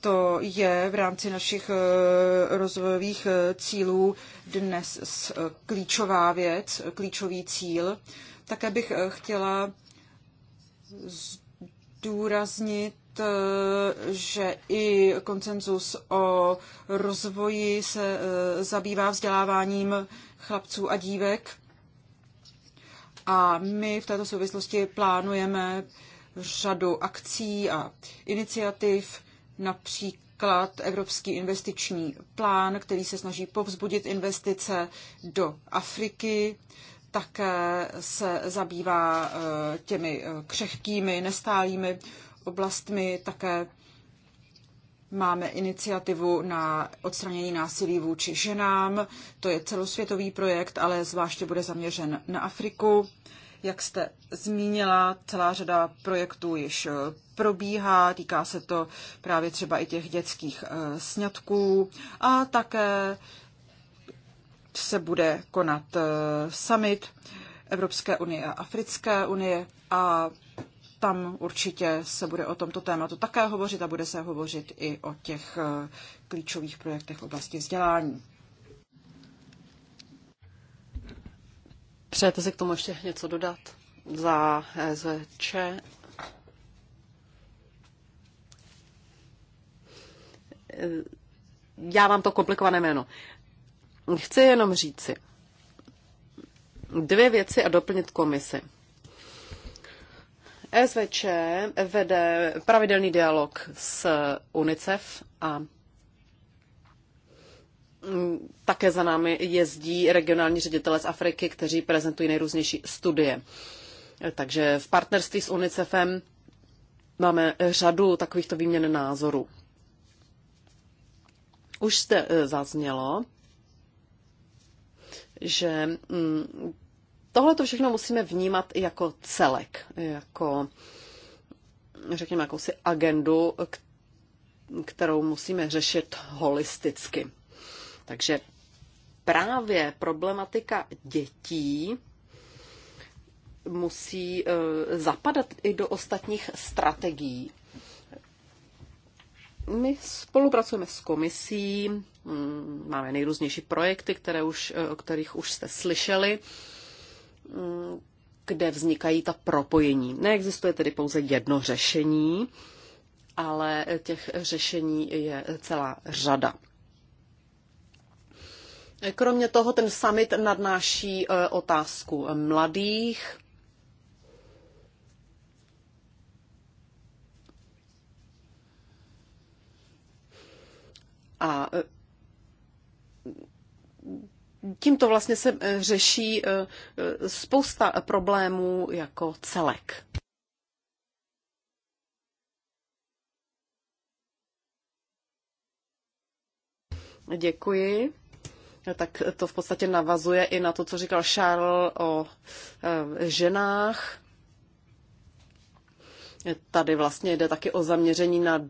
[SPEAKER 2] to je v rámci našich eh, rozvojových eh, cílů dnes eh, klíčová věc, klíčový cíl. Také bych chtěla zdůraznit, že i koncenzus o rozvoji se zabývá vzděláváním chlapců a dívek. A my v této souvislosti plánujeme řadu akcí a iniciativ, například Evropský investiční plán, který se snaží povzbudit investice do Afriky, také se zabývá eh, těmi eh, křehkými, nestálými oblastmi, také Máme iniciativu na odstranění násilí vůči ženám. To je celosvětový projekt, ale zvláště bude zaměřen na Afriku. Jak jste zmínila, celá řada projektů již eh, probíhá, týká se to právě třeba i těch dětských eh, sňatků a také se bude konat eh, summit Evropské unie a Africké unie a tam určitě se bude o tomto tématu také hovořit a bude se hovořit i o těch eh, klíčových projektech v oblasti vzdělání.
[SPEAKER 1] Přejete si k tomu ještě něco dodat za EZČ? Eh, já mám to komplikované jméno. Chci jenom říci dvě věci a doplnit komisi. SVČ vede pravidelný dialog s UNICEF a také za námi jezdí regionální ředitele z Afriky, kteří prezentují nejrůznější studie. Takže v partnerství s UNICEFem máme řadu takovýchto výměn názorů. Už jste eh, zaznělo, že mm, tohle to všechno musíme vnímat jako celek, jako řekněme jakousi agendu, kterou musíme řešit holisticky. Takže právě problematika dětí musí eh, zapadat i do ostatních strategií. My spolupracujeme s komisí, hm, máme nejrůznější projekty, které už, eh, o kterých už jste slyšeli. Mm, kde vznikají ta propojení. Neexistuje tedy pouze jedno řešení, ale těch řešení je celá řada. Kromě toho ten summit nadnáší e, otázku mladých. A e, tímto vlastně se eh, řeší eh, eh, spousta problémů jako celek. Děkuji. Tak to v podstatě navazuje i na to, co říkal Charles o ženách. Tady vlastně jde taky o zaměření na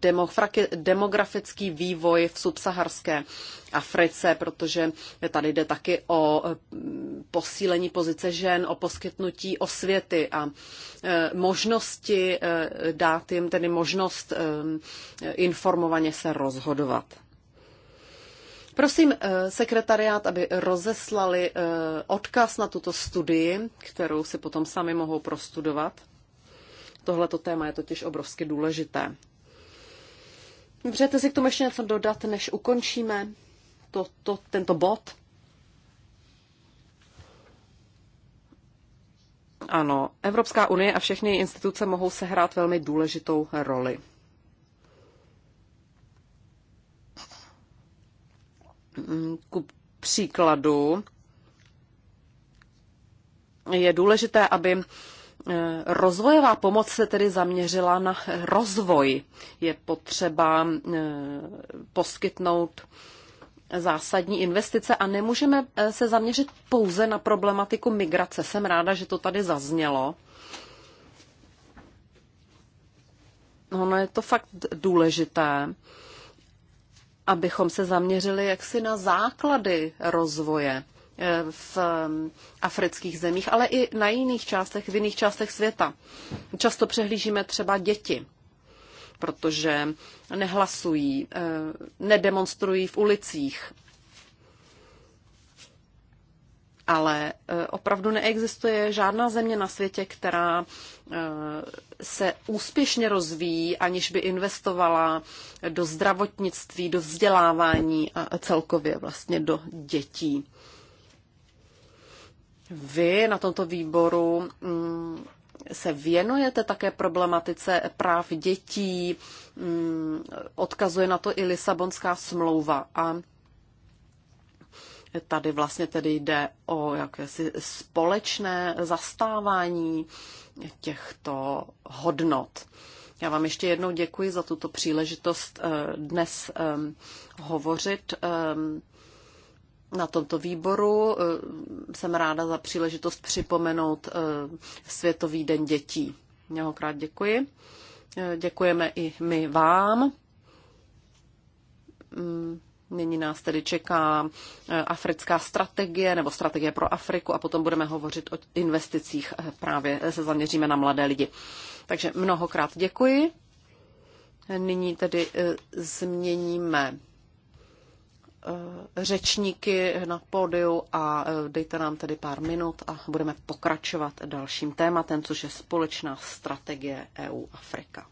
[SPEAKER 1] demografický vývoj v subsaharské Africe, protože tady jde taky o mm, posílení pozice žen, o poskytnutí osvěty a e, možnosti e, dát jim tedy možnost e, informovaně se rozhodovat. Prosím sekretariát, aby rozeslali odkaz na tuto studii, kterou si potom sami mohou prostudovat. Tohleto téma je totiž obrovsky důležité. Přejete si k tomu ještě něco dodat, než ukončíme to, to, tento bod? Ano, Evropská unie a všechny instituce mohou sehrát velmi důležitou roli. Ku příkladu je důležité, aby Eh, rozvojová pomoc se tedy zaměřila na rozvoj. Je potřeba eh, poskytnout zásadní investice a nemůžeme eh, se zaměřit pouze na problematiku migrace. Jsem ráda, že to tady zaznělo. Ono je to fakt důležité, abychom se zaměřili jaksi na základy rozvoje v um, afrických zemích, ale i na jiných částech, v jiných částech světa. Často přehlížíme třeba děti, protože nehlasují, eh, nedemonstrují v ulicích. Ale eh, opravdu neexistuje žádná země na světě, která eh, se úspěšně rozvíjí, aniž by investovala do zdravotnictví, do vzdělávání a celkově vlastně do dětí. Vy na tomto výboru mm, se věnujete také problematice práv dětí, mm, odkazuje na to i Lisabonská smlouva. A tady vlastně tedy jde o jakési společné zastávání těchto hodnot. Já vám ještě jednou děkuji za tuto příležitost eh, dnes eh, hovořit eh, na tomto výboru. Eh, jsem ráda za příležitost připomenout eh, Světový den dětí. Mnohokrát děkuji. Eh, děkujeme i my vám. Mm, nyní nás tedy čeká africká strategie nebo strategie pro Afriku a potom budeme hovořit o investicích. Právě se zaměříme na mladé lidi. Takže mnohokrát děkuji. Nyní tedy změníme Eh, řečníky na pódiu a eh, dejte nám tedy pár minut a budeme pokračovat dalším tématem, což je společná strategie EU-Afrika.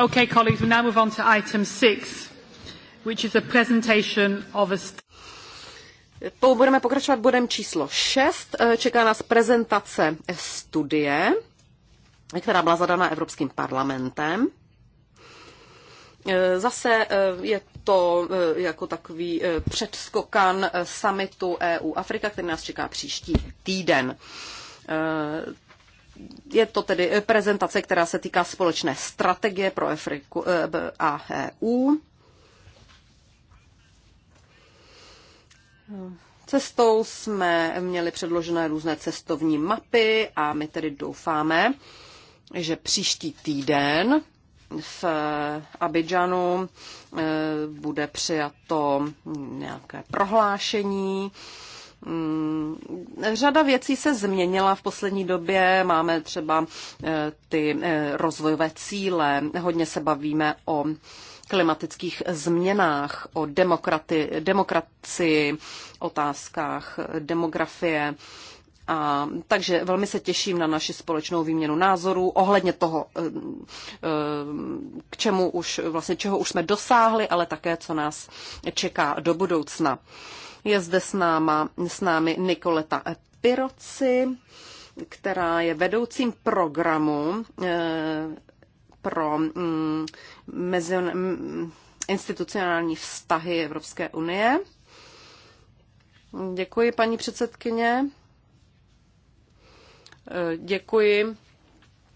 [SPEAKER 2] Okay, colleagues, we now move on to item
[SPEAKER 1] six, which is a presentation of a... Budeme pokračovat bodem číslo 6. Eh, čeká nás prezentace studie, která byla zadána Evropským parlamentem. Eh, zase eh, je to jako takový předskokan summitu EU Afrika, který nás čeká příští týden je to tedy eh, prezentace, která se týká společné strategie pro Afriku eh, a EU. Cestou jsme měli předložené různé cestovní mapy a my tedy doufáme, že příští týden v Abidžanu eh, bude přijato nějaké prohlášení Mm, řada věcí se změnila v poslední době. Máme třeba eh, ty eh, rozvojové cíle, hodně se bavíme o klimatických změnách, o demokraty, demokracii, otázkách eh, demografie. A, takže velmi se těším na naši společnou výměnu názorů ohledně toho, k čemu už, vlastně čeho už jsme dosáhli, ale také, co nás čeká do budoucna. Je zde s, náma, s námi Nikoleta Piroci, která je vedoucím programu eh, pro mm, mm, institucionální vztahy Evropské unie. Děkuji, paní předsedkyně. Eh, děkuji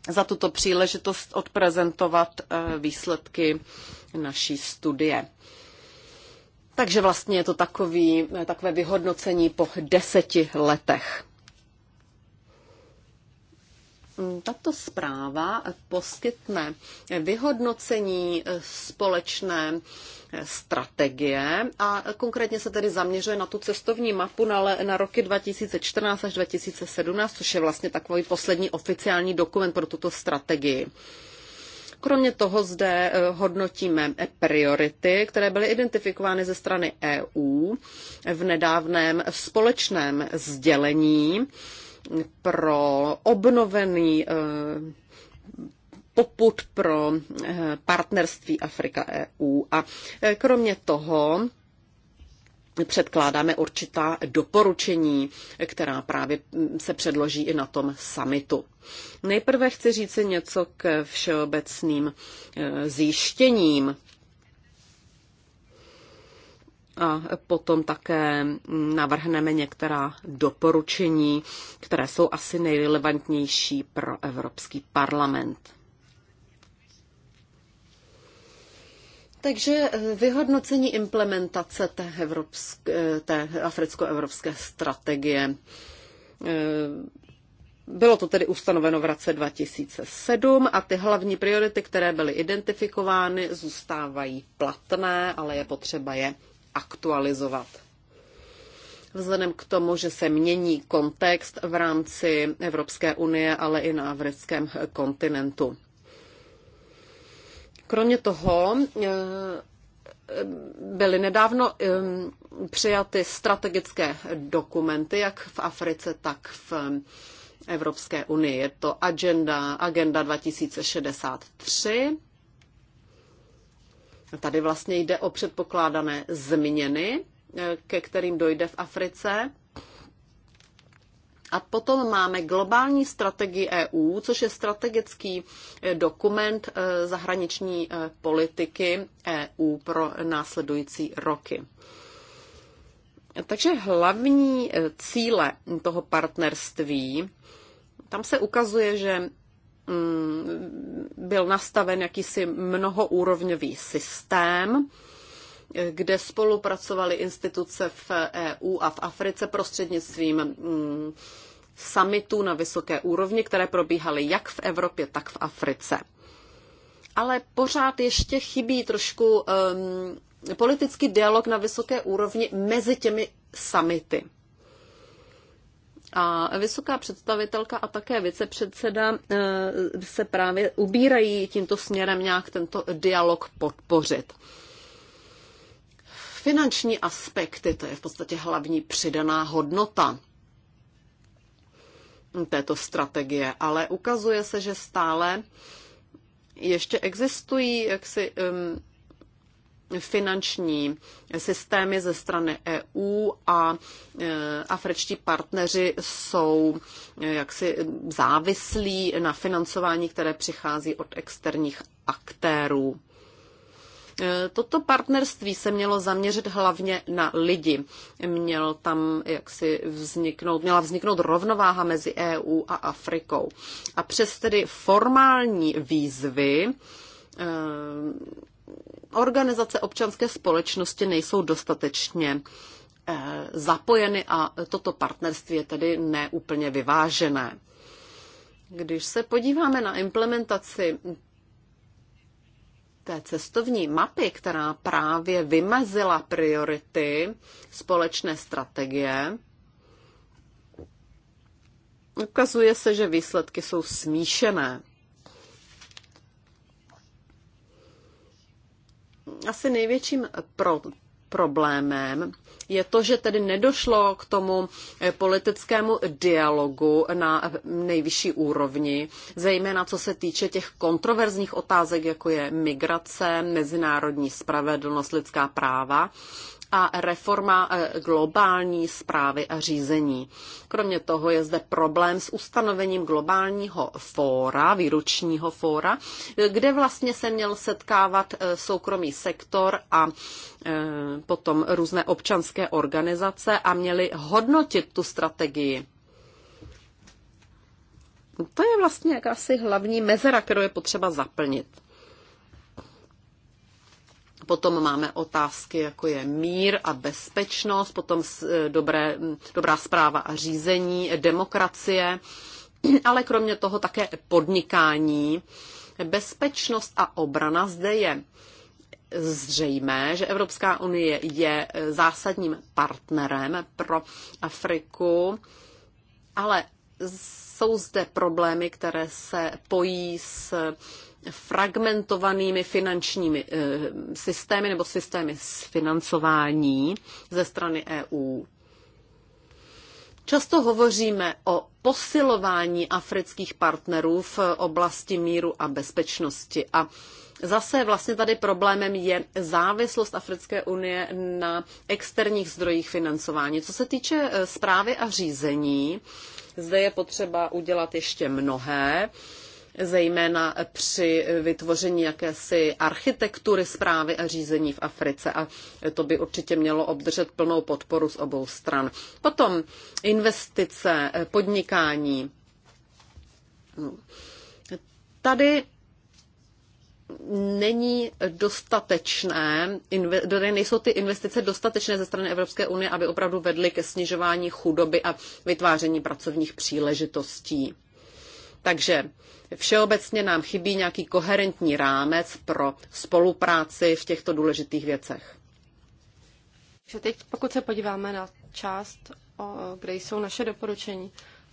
[SPEAKER 1] za tuto příležitost odprezentovat eh, výsledky naší studie. Takže vlastně je to takový, takové vyhodnocení po deseti letech. Tato zpráva poskytne vyhodnocení společné strategie a konkrétně se tedy zaměřuje na tu cestovní mapu na, na roky 2014 až 2017, což je vlastně takový poslední oficiální dokument pro tuto strategii. Kromě toho zde eh, hodnotíme priority, které byly identifikovány ze strany EU v nedávném společném sdělení pro obnovený eh, poput pro eh, partnerství Afrika EU. A kromě toho předkládáme určitá doporučení, která právě se předloží i na tom samitu. Nejprve chci říct něco k všeobecným eh, zjištěním a potom také navrhneme některá doporučení, které jsou asi nejrelevantnější pro Evropský parlament. Takže eh, vyhodnocení implementace té, evropské, eh, té africko-evropské strategie. Eh, bylo to tedy ustanoveno v roce 2007 a ty hlavní priority, které byly identifikovány, zůstávají platné, ale je potřeba je aktualizovat. Vzhledem k tomu, že se mění kontext v rámci Evropské unie, ale i na africkém kontinentu. Kromě toho eh, byly nedávno eh, přijaty strategické dokumenty, jak v Africe, tak v Evropské unii. Je to Agenda, Agenda 2063. Tady vlastně jde o předpokládané změny, eh, ke kterým dojde v Africe. A potom máme globální strategii EU, což je strategický eh, dokument eh, zahraniční eh, politiky EU pro následující roky. Takže hlavní cíle toho partnerství, tam se ukazuje, že mm, byl nastaven jakýsi mnohoúrovňový systém, kde spolupracovaly instituce v EU a v Africe prostřednictvím mm, summitů na vysoké úrovni, které probíhaly jak v Evropě, tak v Africe. Ale pořád ještě chybí trošku um, politický dialog na vysoké úrovni mezi těmi summity. A vysoká představitelka a také vicepředseda eh, se právě ubírají tímto směrem nějak tento dialog podpořit finanční aspekty, to je v podstatě hlavní přidaná hodnota této strategie, ale ukazuje se, že stále ještě existují jaksi um, finanční systémy ze strany EU a uh, afričtí partneři jsou uh, jaksi závislí na financování, které přichází od externích aktérů. Eh, toto partnerství se mělo zaměřit hlavně na lidi. Měl tam jaksi vzniknout, měla vzniknout rovnováha mezi EU a Afrikou. A přes tedy formální výzvy eh, organizace občanské společnosti nejsou dostatečně eh, zapojeny a toto partnerství je tedy neúplně vyvážené. Když se podíváme na implementaci té cestovní mapy, která právě vymezila priority společné strategie, ukazuje se, že výsledky jsou smíšené. Asi největším pro problémem je to, že tedy nedošlo k tomu eh, politickému dialogu na nejvyšší úrovni, zejména co se týče těch kontroverzních otázek, jako je migrace, mezinárodní spravedlnost, lidská práva a reforma eh, globální zprávy a řízení. Kromě toho je zde problém s ustanovením globálního fóra, výročního fóra, kde vlastně se měl setkávat eh, soukromý sektor a eh, potom různé občanské organizace a měli hodnotit tu strategii. To je vlastně jakási hlavní mezera, kterou je potřeba zaplnit. Potom máme otázky, jako je mír a bezpečnost, potom eh, dobré, hm, dobrá zpráva a řízení, demokracie, ale kromě toho také podnikání. Bezpečnost a obrana zde je zřejmé, že Evropská unie je eh, zásadním partnerem pro Afriku, ale jsou zde problémy, které se pojí s fragmentovanými finančními eh, systémy nebo systémy s financování ze strany EU. Často hovoříme o posilování afrických partnerů v oblasti míru a bezpečnosti. A zase vlastně tady problémem je závislost Africké unie na externích zdrojích financování. Co se týče zprávy eh, a řízení, zde je potřeba udělat ještě mnohé zejména při vytvoření jakési architektury zprávy a řízení v Africe a to by určitě mělo obdržet plnou podporu z obou stran. Potom investice, podnikání. Tady není dostatečné, tady nejsou ty investice dostatečné ze strany Evropské unie, aby opravdu vedly ke snižování chudoby a vytváření pracovních příležitostí. Takže všeobecně nám chybí nějaký koherentní rámec pro spolupráci v těchto důležitých věcech.
[SPEAKER 3] Takže teď, pokud se podíváme na část, kde jsou naše doporučení,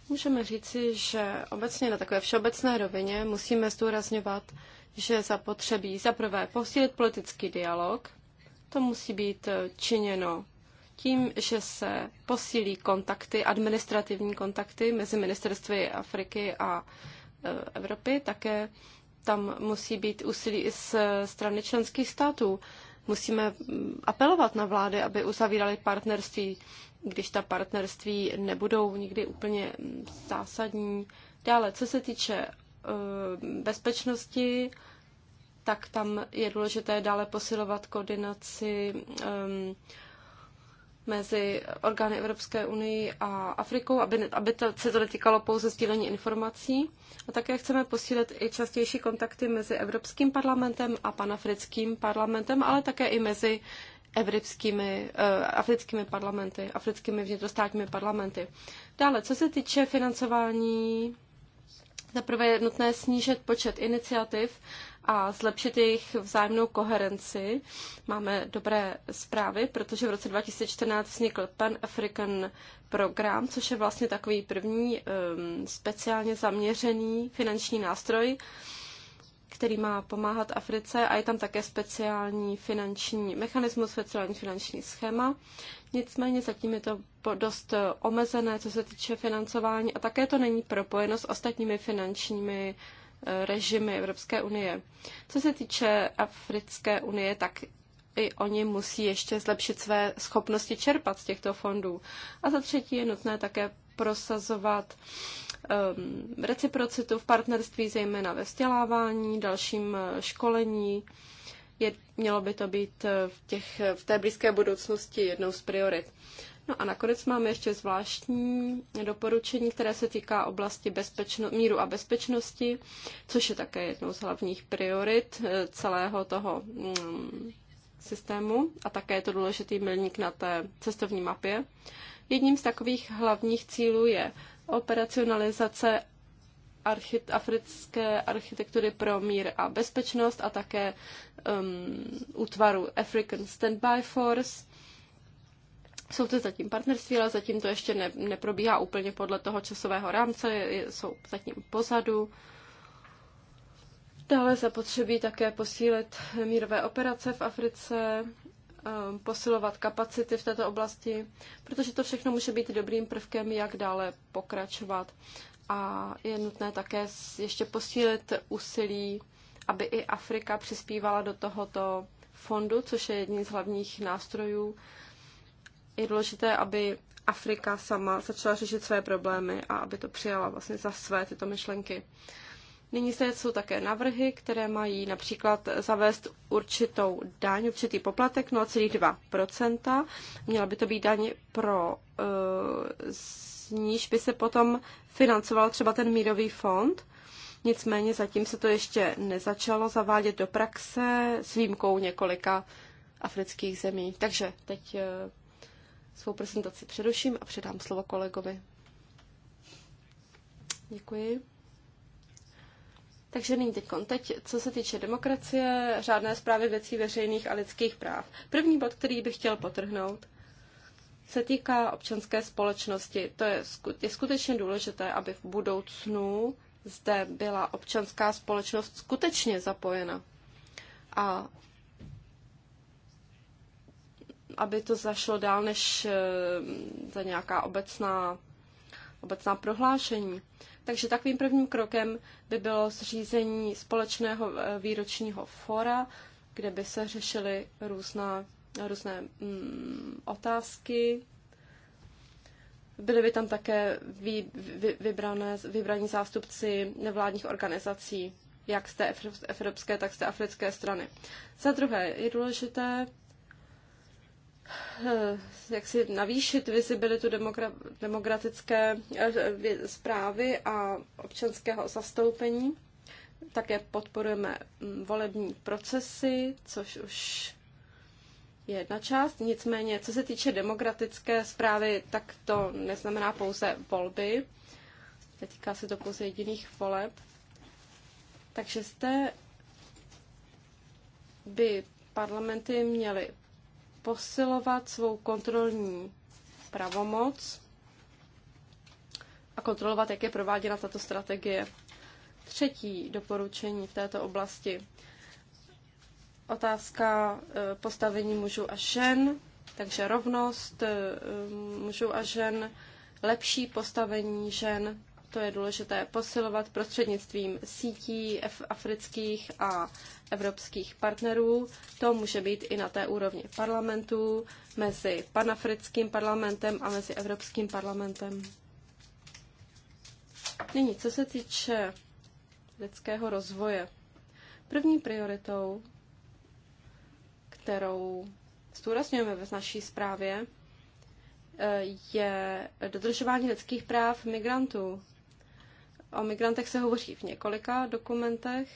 [SPEAKER 3] můžeme říci, že obecně na takové všeobecné rovině musíme zdůrazňovat, že zapotřebí zaprvé posílit politický dialog, to musí být činěno tím, že se posílí kontakty, administrativní kontakty mezi ministerstvy Afriky a e, Evropy, také tam musí být úsilí i z strany členských států. Musíme apelovat na vlády, aby uzavíraly partnerství, když ta partnerství nebudou nikdy úplně zásadní. Dále, co se týče e, bezpečnosti, tak tam je důležité dále posilovat koordinaci mezi orgány Evropské unii a Afrikou, aby, aby to, se to netýkalo pouze sdílení informací. A také chceme posílit i častější kontakty mezi Evropským parlamentem a panafrickým parlamentem, ale také i mezi evropskými, uh, africkými parlamenty, africkými vnitrostátními parlamenty. Dále, co se týče financování, zaprvé je nutné snížit počet iniciativ, a zlepšit jejich vzájemnou koherenci. Máme dobré zprávy, protože v roce 2014 vznikl Pan African program, což je vlastně takový první um, speciálně zaměřený finanční nástroj, který má pomáhat Africe a je tam také speciální finanční mechanismus, speciální finanční schéma. Nicméně zatím je to dost eh, omezené, co se týče financování a také to není propojeno s ostatními finančními uh, režimy Evropské unie. Co se týče Africké unie, tak i oni musí ještě zlepšit své schopnosti čerpat z těchto fondů. A za třetí je nutné také prosazovat um, reciprocitu v partnerství, zejména ve vzdělávání, dalším eh, školení. Je, mělo by to být eh, v, těch, v té blízké budoucnosti jednou z priorit. No a nakonec máme ještě zvláštní doporučení, které se týká oblasti bezpečno, míru a bezpečnosti, což je také jednou z hlavních priorit eh, celého toho mm, systému a také je to důležitý milník na té cestovní mapě. Jedním z takových hlavních cílů je operacionalizace archit- africké architektury pro mír a bezpečnost a také um, útvaru African Standby Force. Jsou to zatím partnerství, ale zatím to ještě ne, neprobíhá úplně podle toho časového rámce, jsou zatím pozadu. Dále zapotřebí také posílit mírové operace v Africe, ehm, posilovat kapacity v této oblasti, protože to všechno může být dobrým prvkem, jak dále pokračovat. A je nutné také ještě posílit úsilí, aby i Afrika přispívala do tohoto fondu, což je jedním z hlavních nástrojů je důležité, aby Afrika sama začala řešit své problémy a aby to přijala vlastně za své tyto myšlenky. Nyní se jsou také navrhy, které mají například zavést určitou daň, určitý poplatek 0,2%. Měla by to být daň pro eh, z níž by se potom financoval třeba ten mírový fond. Nicméně zatím se to ještě nezačalo zavádět do praxe s výjimkou několika afrických zemí. Takže teď eh, svou prezentaci přeruším a předám slovo kolegovi. Děkuji. Takže nyní teď, teď, co se týče demokracie, řádné zprávy věcí veřejných a lidských práv. První bod, který bych chtěl potrhnout, se týká občanské společnosti. To je, je skutečně důležité, aby v budoucnu zde byla občanská společnost skutečně zapojena. A aby to zašlo dál než eh, za nějaká obecná, obecná prohlášení. Takže takovým prvním krokem by bylo zřízení společného eh, výročního fora, kde by se řešily různá, různé mm, otázky. Byly by tam také vy, vy, vybrané, vybraní zástupci nevládních organizací, jak z té evropské, tak z té africké strany. Za druhé je důležité Eh, jak si navýšit vizibilitu demokra- demokratické eh, zprávy a občanského zastoupení. Také podporujeme mm, volební procesy, což už je jedna část. Nicméně, co se týče demokratické zprávy, tak to neznamená pouze volby. Netýká se to pouze jediných voleb. Takže zde by parlamenty měly posilovat svou kontrolní pravomoc a kontrolovat, jak je prováděna tato strategie. Třetí doporučení v této oblasti. Otázka e, postavení mužů a žen, takže rovnost e, e, mužů a žen, lepší postavení žen to je důležité posilovat prostřednictvím sítí afrických a evropských partnerů. To může být i na té úrovni parlamentů, mezi panafrickým parlamentem a mezi evropským parlamentem. Nyní, co se týče lidského rozvoje. První prioritou, kterou zdůrazňujeme ve naší zprávě, eh, je dodržování lidských práv migrantů. O migrantech se hovoří v několika dokumentech,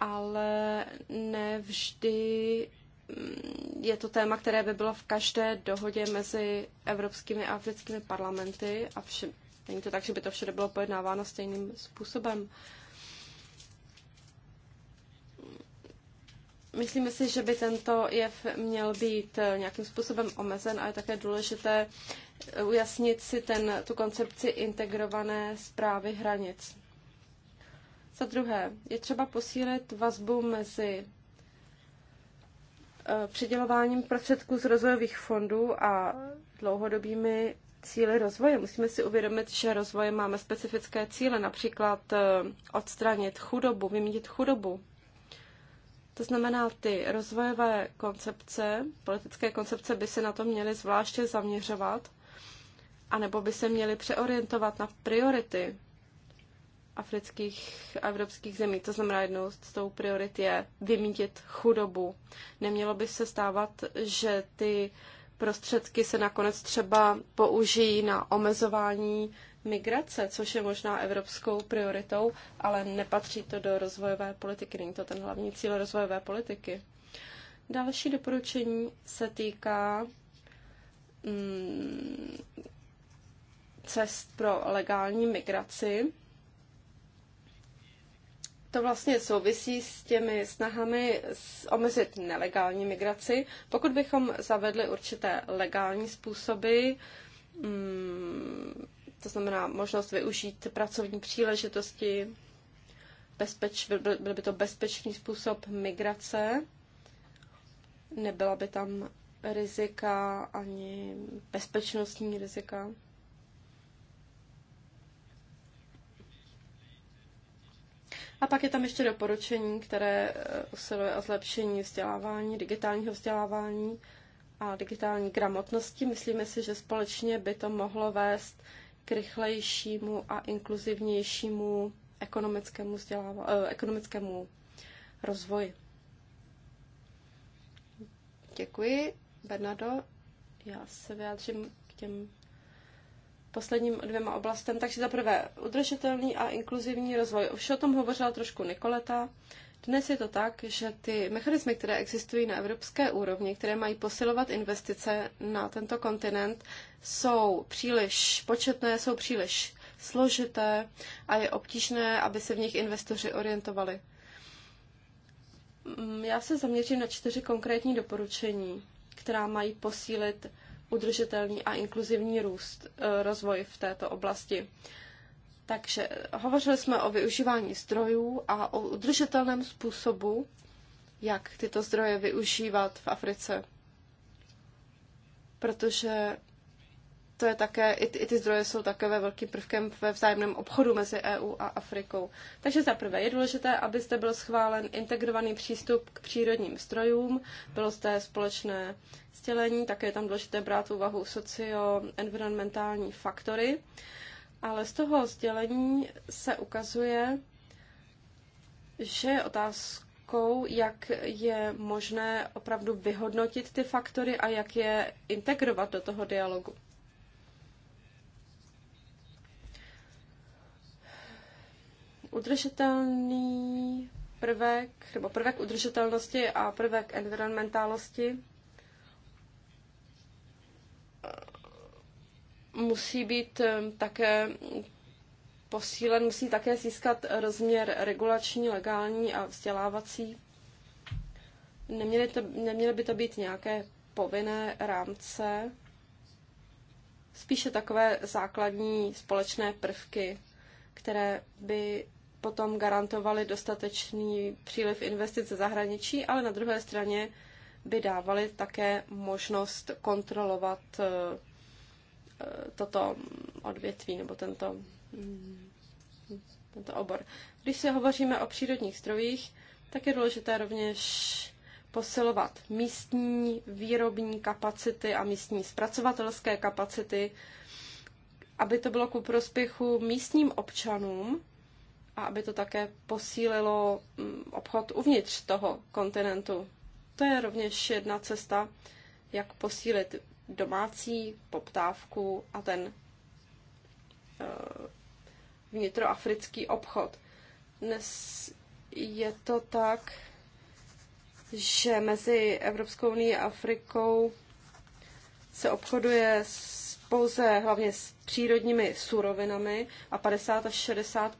[SPEAKER 3] ale nevždy mm, je to téma, které by bylo v každé dohodě mezi evropskými a africkými parlamenty a vše, není to tak, že by to všude bylo pojednáváno stejným způsobem. Myslíme si, že by tento jev měl být nějakým způsobem omezen a je také důležité ujasnit si ten, tu koncepci integrované zprávy hranic. Za druhé, je třeba posílit vazbu mezi e, přidělováním prostředků z rozvojových fondů a dlouhodobými cíly rozvoje. Musíme si uvědomit, že rozvoje máme specifické cíle, například e, odstranit chudobu, vymítit chudobu. To znamená, ty rozvojové koncepce, politické koncepce by se na to měly zvláště zaměřovat anebo by se měli přeorientovat na priority afrických a evropských zemí. To znamená, jednou z tou priority je vymítit chudobu. Nemělo by se stávat, že ty prostředky se nakonec třeba použijí na omezování migrace, což je možná evropskou prioritou, ale nepatří to do rozvojové politiky, není to ten hlavní cíl rozvojové politiky. Další doporučení se týká mm, cest pro legální migraci. To vlastně souvisí s těmi snahami omezit nelegální migraci. Pokud bychom zavedli určité legální způsoby, mm, to znamená možnost využít pracovní příležitosti, bezpeč, byl, byl by to bezpečný způsob migrace, nebyla by tam rizika ani bezpečnostní rizika. A pak je tam ještě doporučení, které eh, usiluje o zlepšení vzdělávání, digitálního vzdělávání a digitální gramotnosti. Myslíme si, že společně by to mohlo vést k rychlejšímu a inkluzivnějšímu ekonomickému, vzděláva, eh, ekonomickému rozvoji. Děkuji, Bernardo. Já se vyjádřím k těm posledním dvěma oblastem. Takže za prvé udržitelný a inkluzivní rozvoj. Už o tom hovořila trošku Nikoleta. Dnes je to tak, že ty mechanismy, které existují na evropské úrovni, které mají posilovat investice na tento kontinent, jsou příliš početné, jsou příliš složité a je obtížné, aby se v nich investoři orientovali. Mm, já se zaměřím na čtyři konkrétní doporučení, která mají posílit udržitelný a inkluzivní růst, e, rozvoj v této oblasti. Takže hovořili jsme o využívání zdrojů a o udržitelném způsobu, jak tyto zdroje využívat v Africe. Protože to je také, i, i ty zdroje jsou takové velkým prvkem ve vzájemném obchodu mezi EU a Afrikou. Takže za prvé je důležité, aby zde byl schválen integrovaný přístup k přírodním strojům, bylo zde společné sdělení, také je tam důležité brát v úvahu socio-environmentální faktory, ale z toho sdělení se ukazuje, že je otázka, otázkou, jak je možné opravdu vyhodnotit ty faktory a jak je integrovat do toho dialogu. udržitelný prvek, nebo prvek udržitelnosti a prvek environmentálnosti eh, musí být eh, také posílen, musí také získat rozměr regulační, legální a vzdělávací. Neměly, to, neměly by to být nějaké povinné rámce, spíše takové základní společné prvky, které by potom garantovaly dostatečný příliv investic ze zahraničí, ale na druhé straně by dávaly také možnost kontrolovat eh, eh, toto odvětví nebo tento, mm, tento obor. Když se hovoříme o přírodních strojích, tak je důležité rovněž posilovat místní výrobní kapacity a místní zpracovatelské kapacity, aby to bylo ku prospěchu místním občanům a aby to také posílilo mm, obchod uvnitř toho kontinentu. To je rovněž jedna cesta, jak posílit domácí poptávku a ten eh, vnitroafrický obchod. Dnes je to tak, že mezi Evropskou unii a Afrikou se obchoduje s pouze hlavně s přírodními surovinami a 50 až 60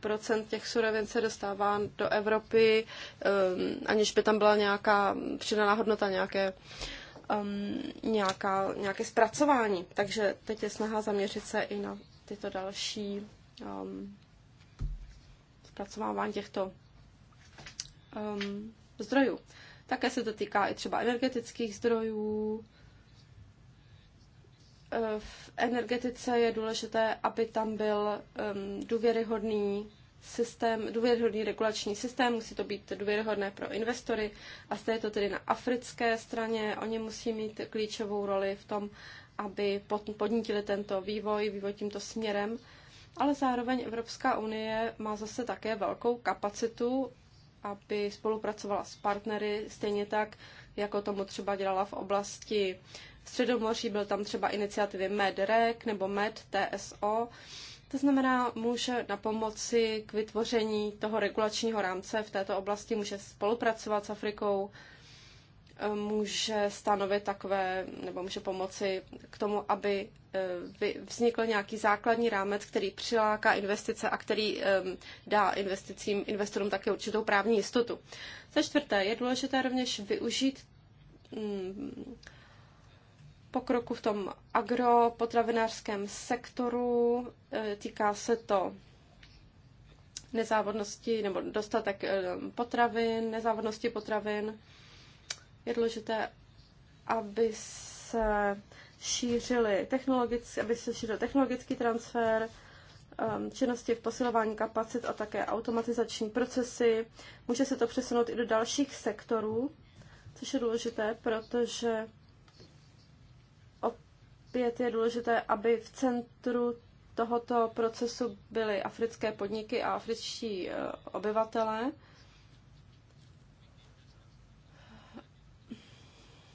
[SPEAKER 3] těch surovin se dostává do Evropy, ehm, aniž by tam byla nějaká přidaná hodnota, nějaké, um, nějaká, nějaké zpracování. Takže teď je snaha zaměřit se i na tyto další um, zpracovávání těchto um, zdrojů. Také se to týká i třeba energetických zdrojů, v energetice je důležité, aby tam byl um, důvěryhodný systém, důvěryhodný regulační systém, musí to být důvěryhodné pro investory a stejně to tedy na africké straně. Oni musí mít klíčovou roli v tom, aby podnítili tento vývoj, vývoj tímto směrem. Ale zároveň Evropská unie má zase také velkou kapacitu, aby spolupracovala s partnery, stejně tak, jako tomu třeba dělala v oblasti Středomoří, byl tam třeba iniciativy MedRec nebo MedTSO. To znamená, může na pomoci k vytvoření toho regulačního rámce v této oblasti, může spolupracovat s Afrikou, eh, může stanovit takové, nebo může pomoci k tomu, aby eh, vznikl nějaký základní rámec, který přiláká investice a který ehm, dá investicím, investorům také určitou právní jistotu. Za čtvrté, je důležité rovněž využít mm, pokroku v tom agropotravinářském sektoru. E, týká se to nezávodnosti nebo dostatek e, potravin, nezávodnosti potravin. Je důležité, aby se šířily technologický, aby se šířil technologický transfer, e, činnosti v posilování kapacit a také automatizační procesy. Může se to přesunout i do dalších sektorů, což je důležité, protože Opět je důležité, aby v centru tohoto procesu byly africké podniky a afričtí eh, obyvatelé,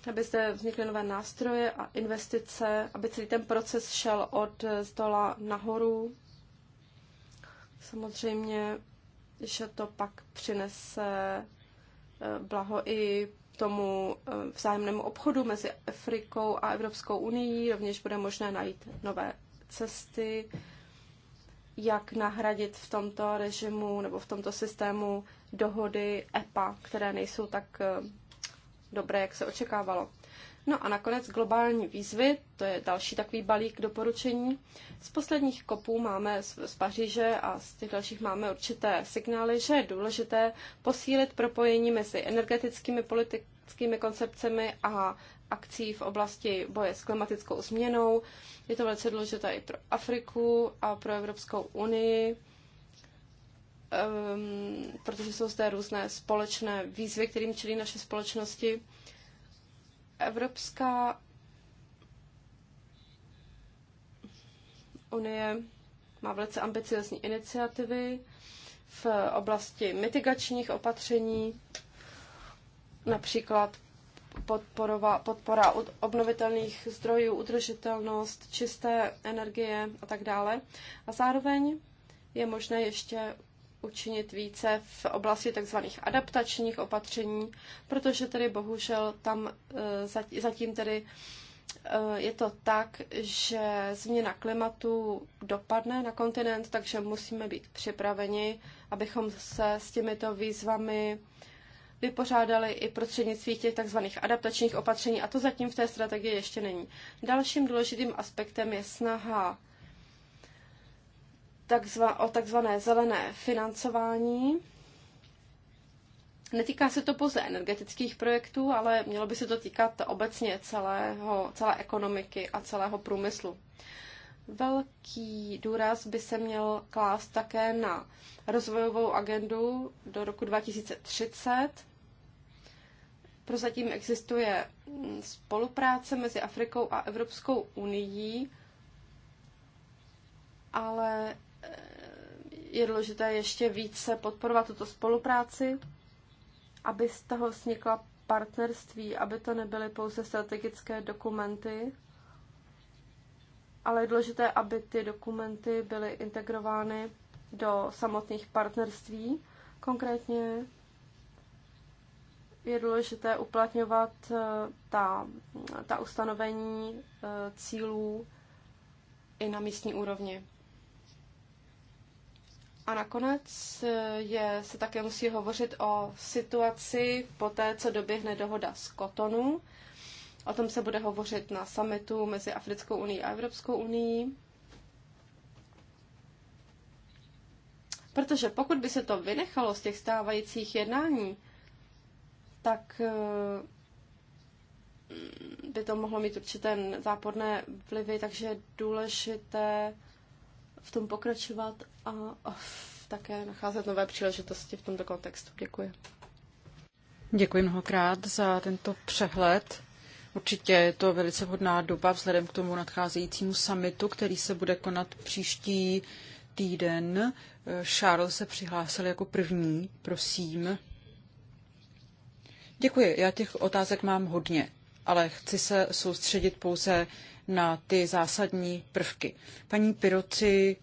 [SPEAKER 3] aby zde vznikly nové nástroje a investice, aby celý ten proces šel od eh, zdola nahoru. Samozřejmě, že to pak přinese eh, blaho i tomu eh, vzájemnému obchodu mezi Afrikou a Evropskou unii. Rovněž bude možné najít nové cesty, jak nahradit v tomto režimu nebo v tomto systému dohody EPA, které nejsou tak eh, dobré, jak se očekávalo. No a nakonec globální výzvy, to je další takový balík doporučení. Z posledních kopů máme z, Paříže a z těch dalších máme určité signály, že je důležité posílit propojení mezi energetickými politik, klimatickými koncepcemi a akcí v oblasti boje s klimatickou změnou. Je to velice důležité i pro Afriku a pro Evropskou unii, um, protože jsou zde různé společné výzvy, kterým čelí naše společnosti. Evropská unie má velice ambiciozní iniciativy v oblasti mitigačních opatření například podporova, podpora obnovitelných zdrojů, udržitelnost, čisté energie a tak dále. A zároveň je možné ještě učinit více v oblasti tzv. adaptačních opatření, protože tedy bohužel tam eh, zatím tedy eh, je to tak, že změna klimatu dopadne na kontinent, takže musíme být připraveni, abychom se s těmito výzvami vypořádali i prostřednictvím těch tzv. adaptačních opatření a to zatím v té strategii ještě není. Dalším důležitým aspektem je snaha takzva, o takzvané zelené financování. Netýká se to pouze energetických projektů, ale mělo by se to týkat obecně celého, celé ekonomiky a celého průmyslu. Velký důraz by se měl klást také na rozvojovou agendu do roku 2030 Prozatím existuje mm, spolupráce mezi Afrikou a Evropskou unii, ale eh, je důležité ještě více podporovat tuto spolupráci, aby z toho vznikla partnerství, aby to nebyly pouze strategické dokumenty, ale je důležité, aby ty dokumenty byly integrovány do samotných partnerství. Konkrétně je důležité uplatňovat eh, ta, ta ustanovení eh, cílů i na místní úrovni. A nakonec eh, je, se také musí hovořit o situaci po té, co doběhne dohoda z Kotonu. O tom se bude hovořit na summitu mezi Africkou unii a Evropskou unii. Protože pokud by se to vynechalo z těch stávajících jednání, tak eh, by to mohlo mít určité záporné vlivy, takže je důležité v tom pokračovat a také nacházet nové příležitosti v tomto
[SPEAKER 2] kontextu. Děkuji. Děkuji mnohokrát za tento přehled. Určitě je to velice vhodná doba vzhledem k tomu nadcházejícímu summitu, který se bude konat příští týden. Eh, Charles se přihlásil jako první, prosím. Děkuji. Já těch otázek mám hodně, ale chci se soustředit pouze na ty zásadní prvky. Paní Piroci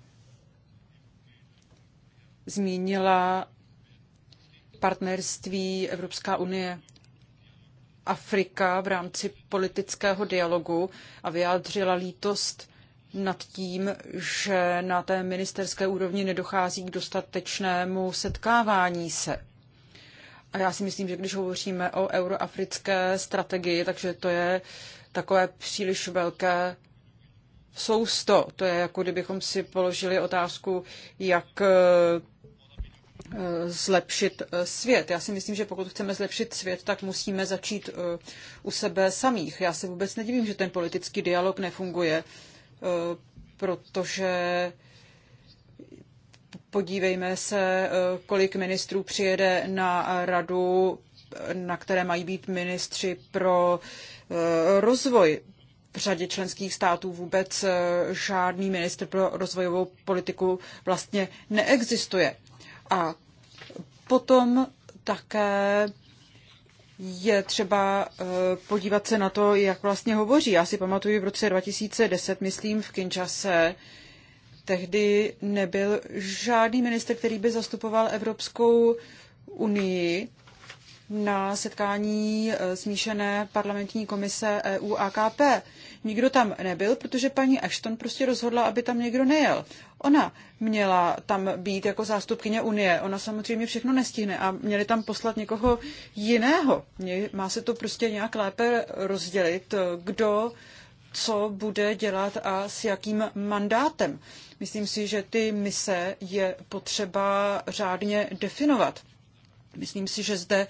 [SPEAKER 2] zmínila partnerství Evropská unie Afrika v rámci politického dialogu a vyjádřila lítost nad tím, že na té ministerské úrovni nedochází k dostatečnému setkávání se. A já si myslím, že když hovoříme o euroafrické strategii, takže to je takové příliš velké sousto. To je jako kdybychom si položili otázku, jak eh, zlepšit eh, svět. Já si myslím, že pokud chceme zlepšit svět, tak musíme začít eh, u sebe samých. Já se vůbec nedivím, že ten politický dialog nefunguje, protože Podívejme se, eh, kolik ministrů přijede na radu, na které mají být ministři pro eh, rozvoj. V řadě členských států vůbec eh, žádný ministr pro rozvojovou politiku vlastně neexistuje. A potom také je třeba podívat se na to, jak vlastně hovoří. Já si pamatuju v roce 2010, myslím, v Kinčase, tehdy nebyl žádný minister, který by zastupoval Evropskou unii na setkání eh, smíšené parlamentní komise EU AKP. Nikdo tam nebyl, protože paní Ashton prostě rozhodla, aby tam někdo nejel. Ona měla tam být jako zástupkyně Unie. Ona samozřejmě všechno nestihne a měli tam poslat někoho jiného. Má se to prostě nějak lépe rozdělit, eh, kdo co bude dělat a s jakým mandátem. Myslím si, že ty mise je potřeba řádně definovat. Myslím si, že zde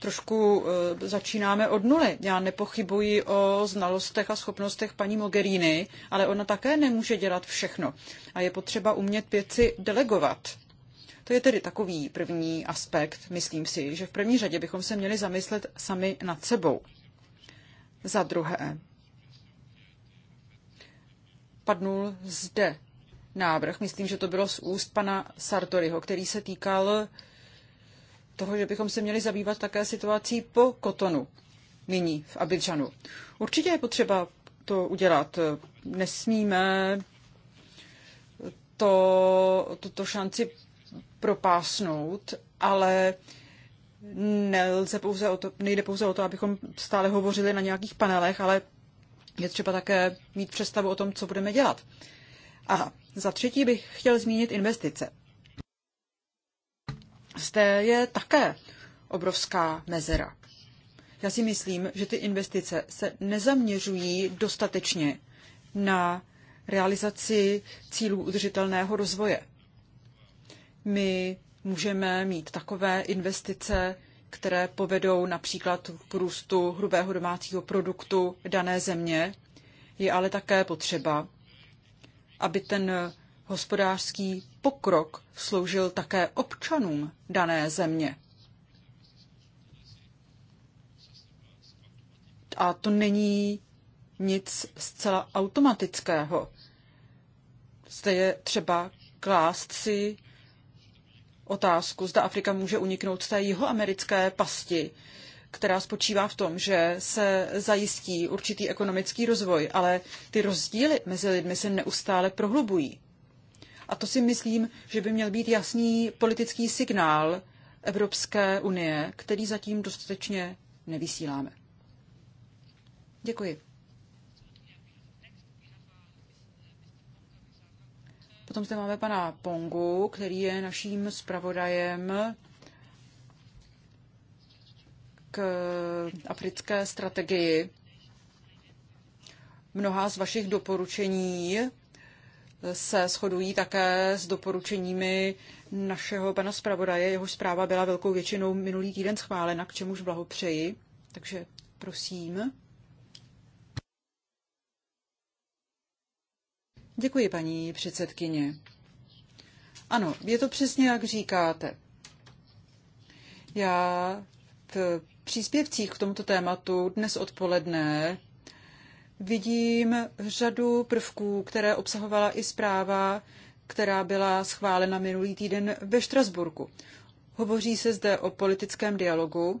[SPEAKER 2] trošku eh, začínáme od nuly. Já nepochybuji o znalostech a schopnostech paní Mogherini, ale ona také nemůže dělat všechno. A je potřeba umět věci delegovat. To je tedy takový první aspekt. Myslím si, že v první řadě bychom se měli zamyslet sami nad sebou. Za druhé, padnul zde návrh, myslím, že to bylo z úst pana Sartoriho, který se týkal toho, že bychom se měli zabývat také situací po Kotonu, nyní v Abidžanu. Určitě je potřeba to udělat. Nesmíme to, tuto šanci propásnout, ale nelze pouze o to, nejde pouze o to, abychom stále hovořili na nějakých panelech, ale je třeba také mít představu o tom, co budeme dělat. A za třetí bych chtěl zmínit investice. Zde je také obrovská mezera. Já si myslím, že ty investice se nezaměřují dostatečně na realizaci cílů udržitelného rozvoje. My můžeme mít takové investice, které povedou například k růstu hrubého domácího produktu dané země, je ale také potřeba, aby ten hospodářský pokrok sloužil také občanům dané země. A to není nic zcela automatického. Zde je třeba klást si otázku, zda Afrika může uniknout z té jihoamerické pasti, která spočívá v tom, že se zajistí určitý ekonomický rozvoj, ale ty rozdíly mezi lidmi se neustále prohlubují. A to si myslím, že by měl být jasný politický signál Evropské unie, který zatím dostatečně nevysíláme. Děkuji. Potom zde máme pana Pongu, který je naším zpravodajem k africké strategii. Mnoha z vašich doporučení se shodují také s doporučeními našeho pana zpravodaje. Jeho zpráva byla velkou většinou minulý týden schválena, k čemuž blahopřeji. Takže prosím. Děkuji, paní předsedkyně. Ano, je to přesně, jak říkáte. Já v příspěvcích k tomuto tématu dnes odpoledne vidím řadu prvků, které obsahovala i zpráva, která byla schválena minulý týden ve Štrasburku. Hovoří se zde o politickém dialogu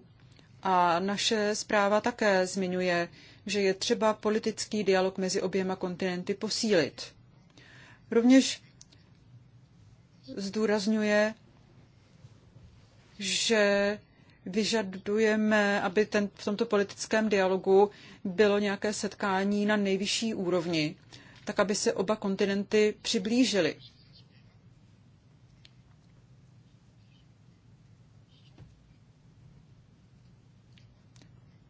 [SPEAKER 2] a naše zpráva také zmiňuje, že je třeba politický dialog mezi oběma kontinenty posílit. Rovněž zdůrazňuje, že vyžadujeme, aby ten, v tomto politickém dialogu bylo nějaké setkání na nejvyšší úrovni, tak aby se oba kontinenty přiblížily.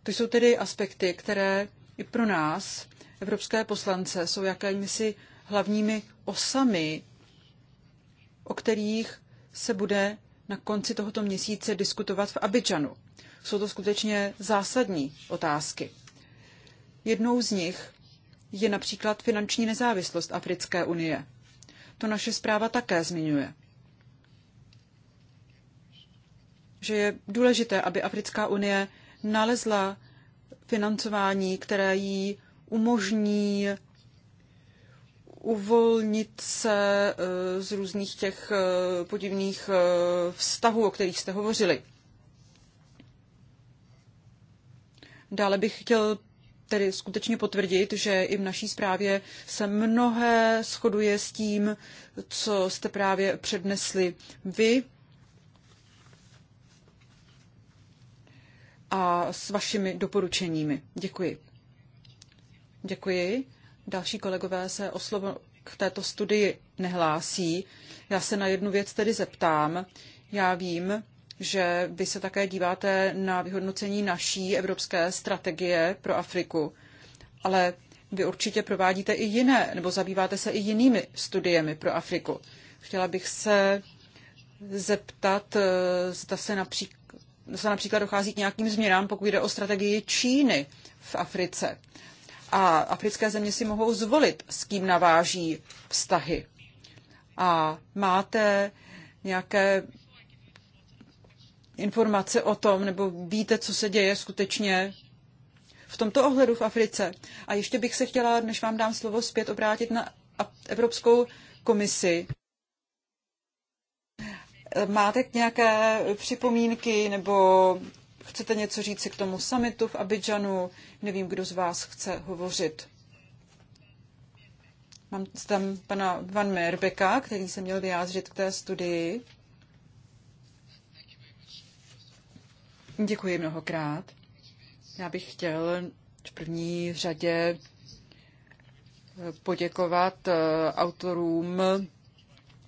[SPEAKER 2] To jsou tedy aspekty, které i pro nás, evropské poslance, jsou jakýmisi hlavními osami, o kterých se bude na konci tohoto měsíce diskutovat v Abidžanu. Jsou to skutečně zásadní otázky. Jednou z nich je například finanční nezávislost Africké unie. To naše zpráva také zmiňuje. Že je důležité, aby Africká unie nalezla financování, které jí umožní uvolnit se eh, z různých těch eh, podivných eh, vztahů, o kterých jste hovořili. Dále bych chtěl tedy skutečně potvrdit, že i v naší zprávě se mnohé shoduje s tím, co jste právě přednesli vy a s vašimi doporučeními. Děkuji. Děkuji. Další kolegové se o slovo k této studii nehlásí. Já se na jednu věc tedy zeptám. Já vím, že vy se také díváte na vyhodnocení naší evropské strategie pro Afriku, ale vy určitě provádíte i jiné, nebo zabýváte se i jinými studiemi pro Afriku. Chtěla bych se zeptat, eh, zda se například, se například dochází k nějakým změnám, pokud jde o strategii Číny v Africe a africké země si mohou zvolit, s kým naváží vztahy. A máte nějaké informace o tom, nebo víte, co se děje skutečně v tomto ohledu v Africe. A ještě bych se chtěla, než vám dám slovo zpět, obrátit na Evropskou komisi. Máte nějaké připomínky nebo Chcete něco říci k tomu summitu v Abidžanu? Nevím, kdo z vás chce hovořit. Mám tam pana Van Merbeka, který se měl vyjádřit k té studii. Děkuji mnohokrát. Já bych chtěl v první řadě eh, poděkovat eh, autorům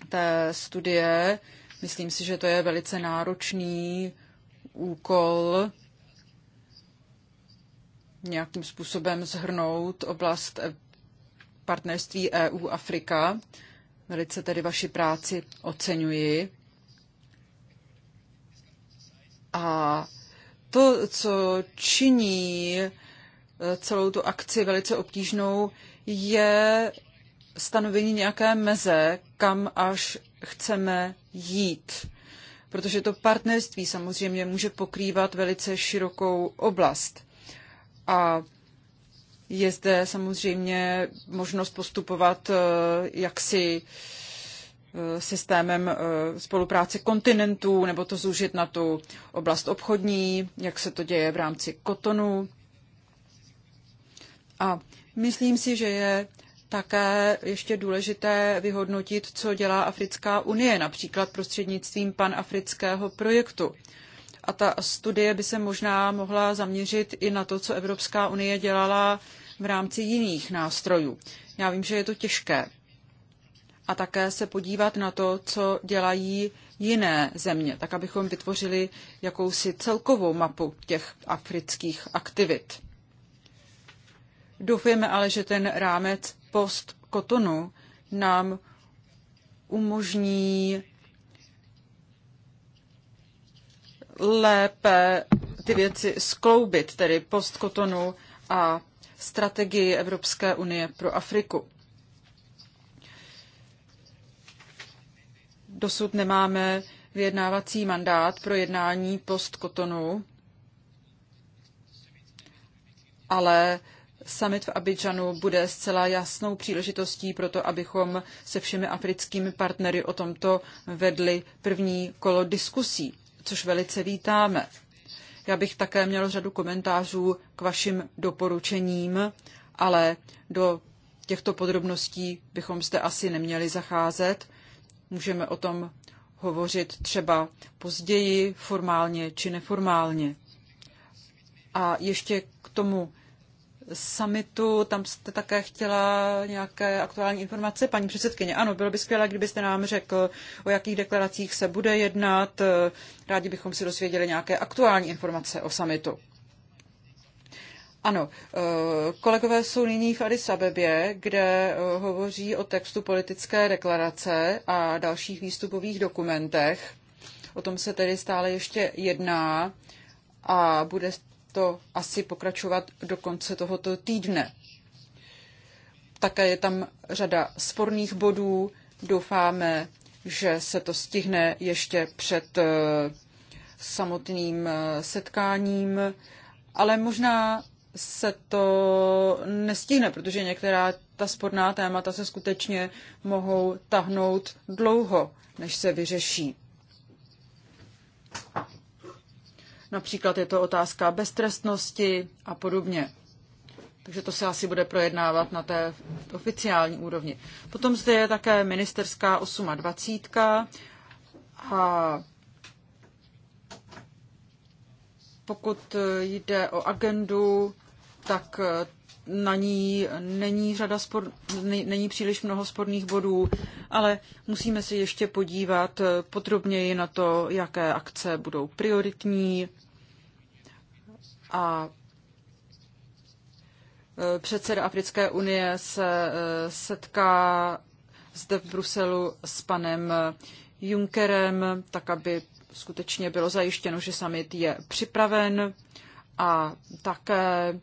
[SPEAKER 2] té studie. Myslím si, že to je velice náročný úkol nějakým způsobem zhrnout oblast partnerství EU-Afrika. Velice tedy vaši práci oceňuji. A to, co činí eh, celou tu akci velice obtížnou, je stanovení nějaké meze, kam až chceme jít protože to partnerství samozřejmě může pokrývat velice širokou oblast. A je zde samozřejmě možnost postupovat eh, jaksi eh, systémem eh, spolupráce kontinentů, nebo to zúžit na tu oblast obchodní, jak se to děje v rámci kotonu. A myslím si, že je také ještě důležité vyhodnotit, co dělá Africká unie, například prostřednictvím panafrického projektu. A ta studie by se možná mohla zaměřit i na to, co Evropská unie dělala v rámci jiných nástrojů. Já vím, že je to těžké. A také se podívat na to, co dělají jiné země, tak abychom vytvořili jakousi celkovou mapu těch afrických aktivit. Doufujeme ale, že ten rámec post Kotonu nám umožní lépe ty věci skloubit, tedy post Kotonu a strategii Evropské unie pro Afriku. Dosud nemáme vyjednávací mandát pro jednání post Kotonu, ale Summit v Abidžanu bude zcela jasnou příležitostí pro to, abychom se všemi africkými partnery o tomto vedli první kolo diskusí, což velice vítáme. Já bych také měl řadu komentářů k vašim doporučením, ale do těchto podrobností bychom zde asi neměli zacházet. Můžeme o tom hovořit třeba později, formálně či neformálně. A ještě k tomu summitu, tam jste také chtěla nějaké aktuální informace. Paní předsedkyně, ano, bylo by skvělé, kdybyste nám řekl, o jakých deklaracích se bude jednat. Rádi bychom si dozvěděli nějaké aktuální informace o summitu. Ano, eh, kolegové jsou nyní v Addis Abebě, kde eh, hovoří o textu politické deklarace a dalších výstupových dokumentech. O tom se tedy stále ještě jedná a bude to asi pokračovat do konce tohoto týdne. Také je tam řada sporných bodů. Doufáme, že se to stihne ještě před eh, samotným eh, setkáním, ale možná se to nestihne, protože některá ta sporná témata se skutečně mohou tahnout dlouho, než se vyřeší. Například je to otázka beztrestnosti a podobně. Takže to se asi bude projednávat na té oficiální úrovni. Potom zde je také ministerská 28. A pokud jde o agendu, tak na ní není, řada spor, není příliš mnoho sporných bodů, ale musíme se ještě podívat eh, podrobněji na to, jaké akce budou prioritní a eh, Předseda Africké unie se eh, setká zde v Bruselu s panem Junckerem, tak aby skutečně bylo zajištěno, že summit je připraven a také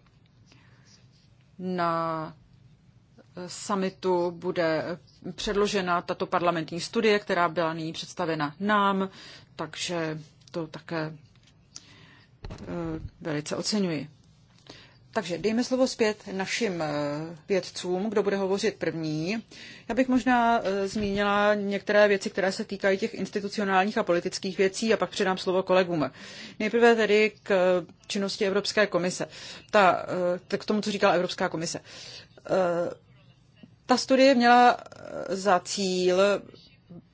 [SPEAKER 2] na eh, summitu bude předložena tato parlamentní studie, která byla nyní představena nám, takže to také eh, velice oceňuji. Takže dejme slovo zpět našim eh, vědcům, kdo bude hovořit první. Já bych možná eh, zmínila některé věci, které se týkají těch institucionálních a politických věcí a pak předám slovo kolegům. Nejprve tedy k eh, činnosti Evropské komise. Ta, tak k tomu, co říkala Evropská komise. Ta studie měla za cíl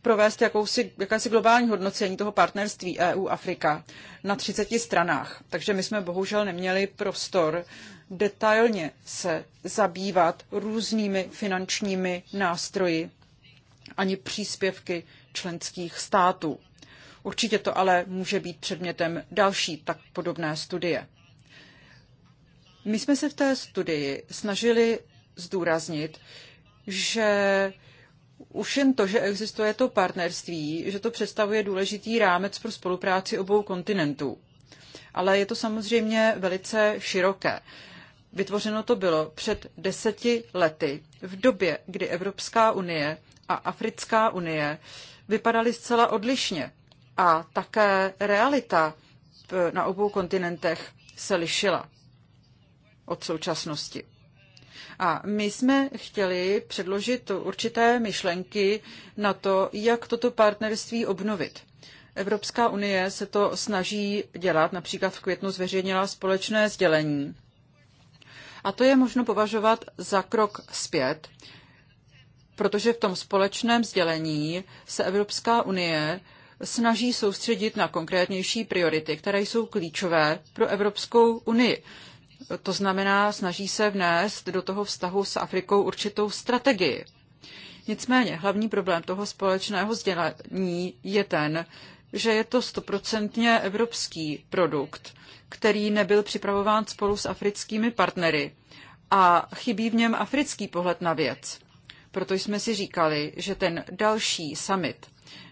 [SPEAKER 2] provést jakousi, jakési globální hodnocení toho partnerství EU-Afrika na 30 stranách. Takže my jsme bohužel neměli prostor detailně se zabývat různými finančními nástroji ani příspěvky členských států. Určitě to ale může být předmětem další tak podobné studie. My jsme se v té studii snažili zdůraznit, že už jen to, že existuje to partnerství, že to představuje důležitý rámec pro spolupráci obou kontinentů. Ale je to samozřejmě velice široké. Vytvořeno to bylo před deseti lety, v době, kdy Evropská unie a Africká unie vypadaly zcela odlišně a také realita na obou kontinentech se lišila od současnosti. A my jsme chtěli předložit určité myšlenky na to, jak toto partnerství obnovit. Evropská unie se to snaží dělat, například v květnu zveřejnila společné sdělení. A to je možno považovat za krok zpět, protože v tom společném sdělení se Evropská unie snaží soustředit na konkrétnější priority, které jsou klíčové pro Evropskou unii. To znamená, snaží se vnést do toho vztahu s Afrikou určitou strategii. Nicméně hlavní problém toho společného sdělení je ten, že je to stoprocentně evropský produkt, který nebyl připravován spolu s africkými partnery a chybí v něm africký pohled na věc. Proto jsme si říkali, že ten další summit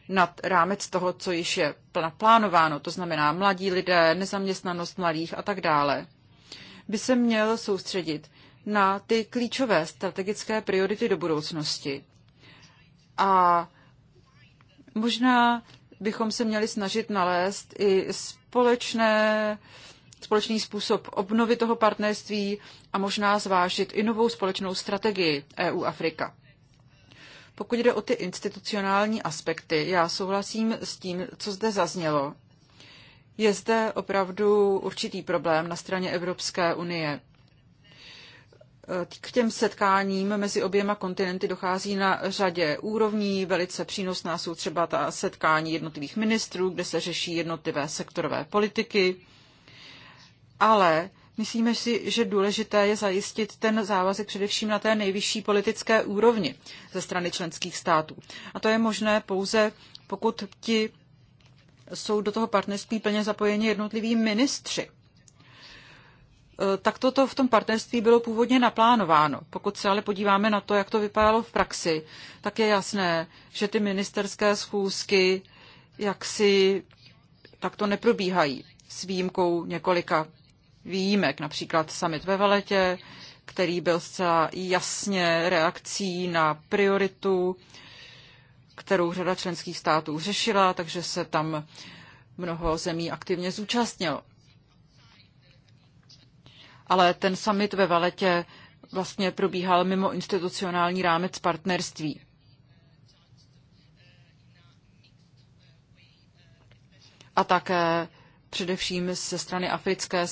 [SPEAKER 2] nad rámec toho, co již je plánováno, to znamená mladí lidé, nezaměstnanost mladých a tak dále, by se měl soustředit na ty klíčové strategické priority do budoucnosti. A možná bychom se měli snažit nalézt i společné, společný způsob obnovy toho partnerství a možná zvážit i novou společnou strategii EU-Afrika. Pokud jde o ty institucionální aspekty, já souhlasím s tím, co zde zaznělo. Je zde opravdu určitý problém na straně Evropské unie. K těm setkáním mezi oběma kontinenty dochází na řadě úrovní. Velice přínosná jsou třeba ta setkání jednotlivých ministrů, kde se řeší jednotlivé sektorové politiky. Ale myslíme si, že důležité je zajistit ten závazek především na té nejvyšší politické úrovni ze strany členských států. A to je možné pouze, pokud ti jsou do toho partnerství plně zapojeni jednotliví ministři. E, tak toto v tom partnerství bylo původně naplánováno. Pokud se ale podíváme na to, jak to vypadalo v praxi, tak je jasné, že ty ministerské schůzky jaksi takto neprobíhají s výjimkou několika výjimek, například summit ve Valetě, který byl zcela jasně reakcí na prioritu kterou řada členských států řešila, takže se tam mnoho zemí aktivně zúčastnilo. Ale ten summit ve Valetě vlastně probíhal mimo institucionální rámec partnerství. A také především ze strany africké,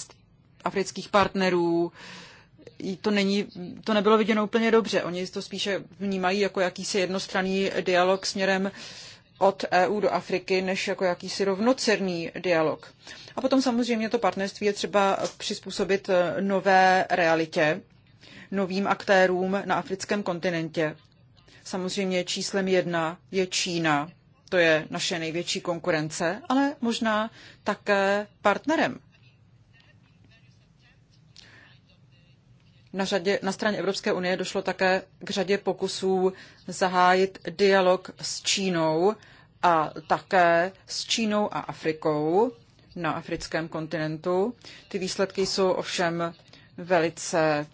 [SPEAKER 2] afrických partnerů, to, není, to nebylo viděno úplně dobře. Oni to spíše vnímají jako jakýsi jednostranný dialog směrem od EU do Afriky, než jako jakýsi rovnocerný dialog. A potom samozřejmě to partnerství je třeba přizpůsobit eh, nové realitě, novým aktérům na africkém kontinentě. Samozřejmě číslem jedna je Čína, to je naše největší konkurence, ale možná také partnerem Na, řadě, na straně Evropské unie došlo také k řadě pokusů zahájit dialog s Čínou a také s Čínou a Afrikou na africkém kontinentu. Ty výsledky jsou ovšem velice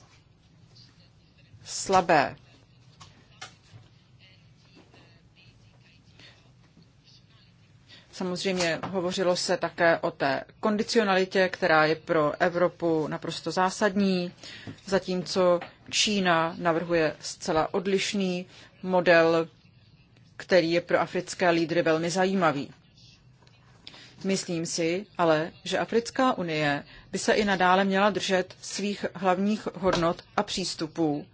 [SPEAKER 2] slabé. Samozřejmě hovořilo se také o té kondicionalitě, která je pro Evropu naprosto zásadní, zatímco Čína navrhuje zcela odlišný model, který je pro africké lídry velmi zajímavý. Myslím si ale, že Africká unie by se i nadále měla držet svých hlavních hodnot a přístupů,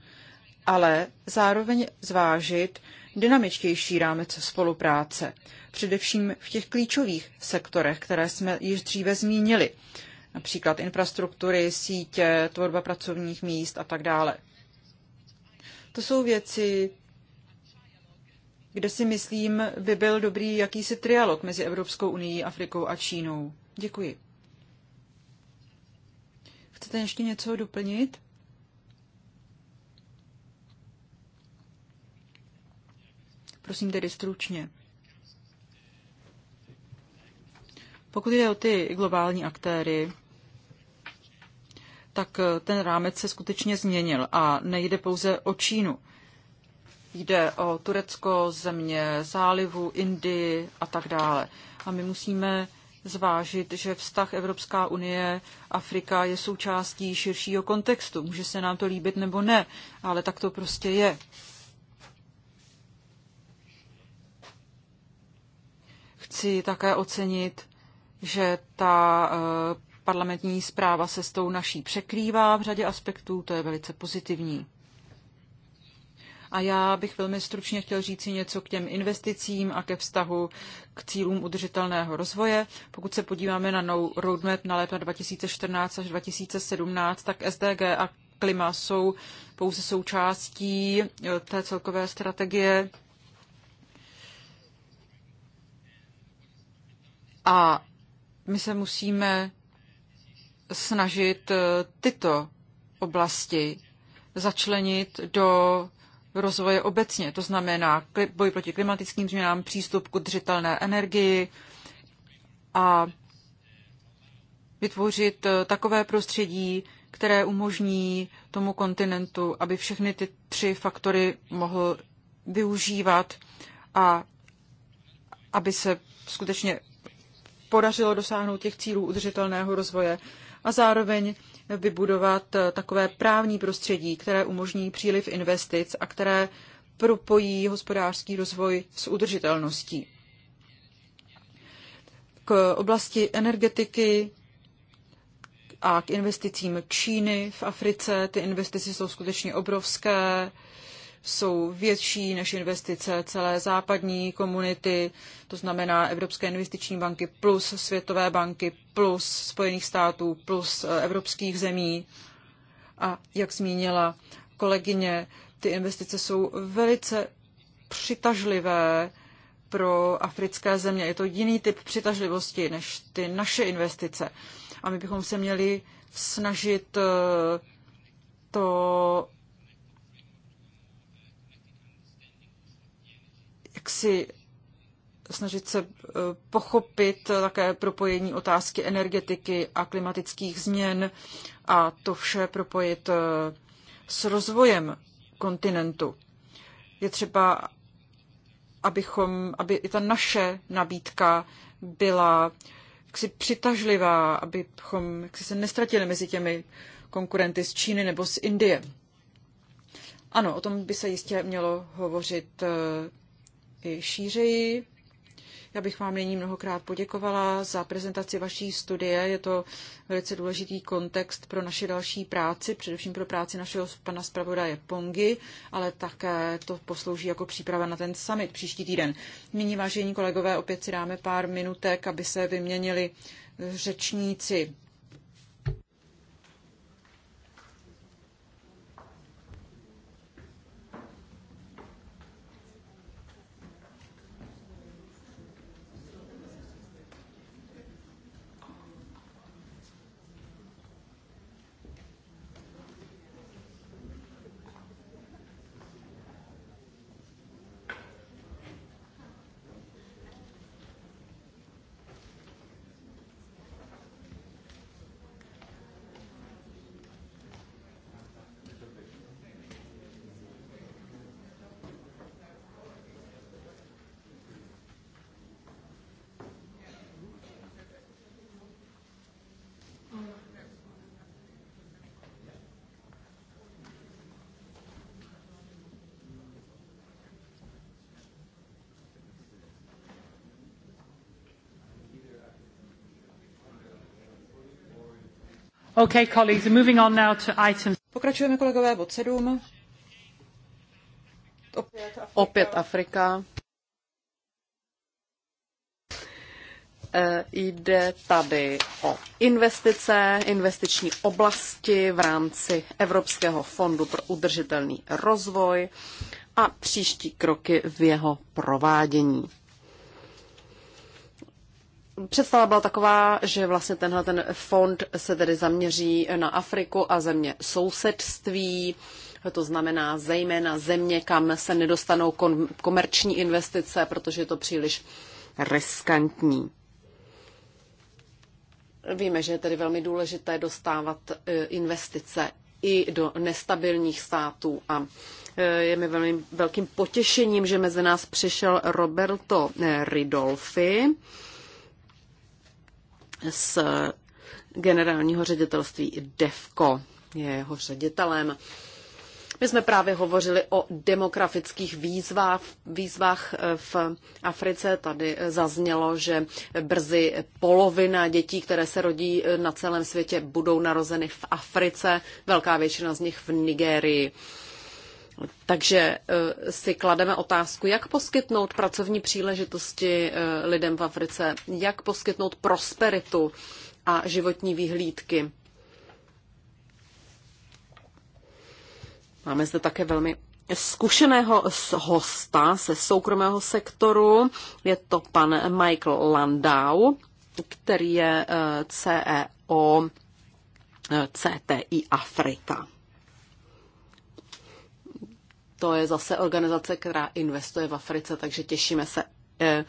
[SPEAKER 2] ale zároveň zvážit dynamičtější rámec spolupráce především v těch klíčových sektorech, které jsme již dříve zmínili, například infrastruktury, sítě, tvorba pracovních míst a tak dále. To jsou věci, kde si myslím, by byl dobrý jakýsi trialog mezi Evropskou unii, Afrikou a Čínou. Děkuji. Chcete ještě něco doplnit? Prosím tedy stručně. Pokud jde o ty globální aktéry, tak eh, ten rámec se skutečně změnil a nejde pouze o Čínu. Jde o Turecko, země zálivu, Indii a tak dále. A my musíme zvážit, že vztah Evropská unie Afrika je součástí širšího kontextu. Může se nám to líbit nebo ne, ale tak to prostě je. Chci také ocenit že ta eh, parlamentní zpráva se s tou naší překrývá v řadě aspektů, to je velice pozitivní. A já bych velmi stručně chtěl říci něco k těm investicím a ke vztahu k cílům udržitelného rozvoje. Pokud se podíváme na nou roadmap na léta 2014 až 2017, tak SDG a klima jsou pouze součástí eh, té celkové strategie. A my se musíme snažit eh, tyto oblasti začlenit do rozvoje obecně, to znamená boj proti klimatickým změnám, přístup k udržitelné energii a vytvořit eh, takové prostředí, které umožní tomu kontinentu, aby všechny ty tři faktory mohl využívat a aby se skutečně podařilo dosáhnout těch cílů udržitelného rozvoje a zároveň vybudovat eh, takové právní prostředí, které umožní příliv investic a které propojí hospodářský rozvoj s udržitelností. K oblasti energetiky a k investicím Číny v Africe. Ty investice jsou skutečně obrovské jsou větší než investice celé západní komunity, to znamená Evropské investiční banky plus Světové banky plus Spojených států plus eh, evropských zemí. A jak zmínila kolegyně, ty investice jsou velice přitažlivé pro africké země. Je to jiný typ přitažlivosti než ty naše investice. A my bychom se měli snažit eh, to jak si snažit se eh, pochopit také propojení otázky energetiky a klimatických změn a to vše propojit eh, s rozvojem kontinentu. Je třeba, abychom, aby i ta naše nabídka byla jaksi přitažlivá, abychom jaksi se nestratili mezi těmi konkurenty z Číny nebo z Indie. Ano, o tom by se jistě mělo hovořit eh, i šířeji. Já bych vám nyní mnohokrát poděkovala za prezentaci vaší studie. Je to velice důležitý kontext pro naši další práci, především pro práci našeho pana zpravodaje Pongy, ale také to poslouží jako příprava na ten summit příští týden. Nyní, vážení kolegové, opět si dáme pár minutek, aby se vyměnili řečníci Okay, colleagues, moving on now to Pokračujeme, kolegové, bod 7. Opět Afrika.
[SPEAKER 1] Eh, jde tady o investice, investiční oblasti v rámci Evropského fondu pro udržitelný rozvoj a příští kroky v jeho provádění představa byla taková, že vlastně tenhle ten fond se tedy zaměří na Afriku a země sousedství, to znamená zejména země, kam se nedostanou komerční investice, protože je to příliš riskantní. Víme, že je tedy velmi důležité dostávat e, investice i do nestabilních států a e, je mi velmi velkým potěšením, že mezi nás přišel Roberto e, Ridolfi, z generálního ředitelství DEVKO, je jeho ředitelem. My jsme právě hovořili o demografických výzvách, výzvách eh, v Africe. Tady eh, zaznělo, že brzy polovina dětí, které se rodí eh, na celém světě, budou narozeny v Africe, velká většina z nich v Nigérii. Takže eh, si klademe otázku, jak poskytnout pracovní příležitosti eh, lidem v Africe, jak poskytnout prosperitu a životní vyhlídky. Máme zde také velmi zkušeného hosta ze soukromého sektoru. Je to pan Michael Landau, který je eh, CEO CTI Afrika. To je zase organizace, která investuje v Africe, takže těšíme se eh,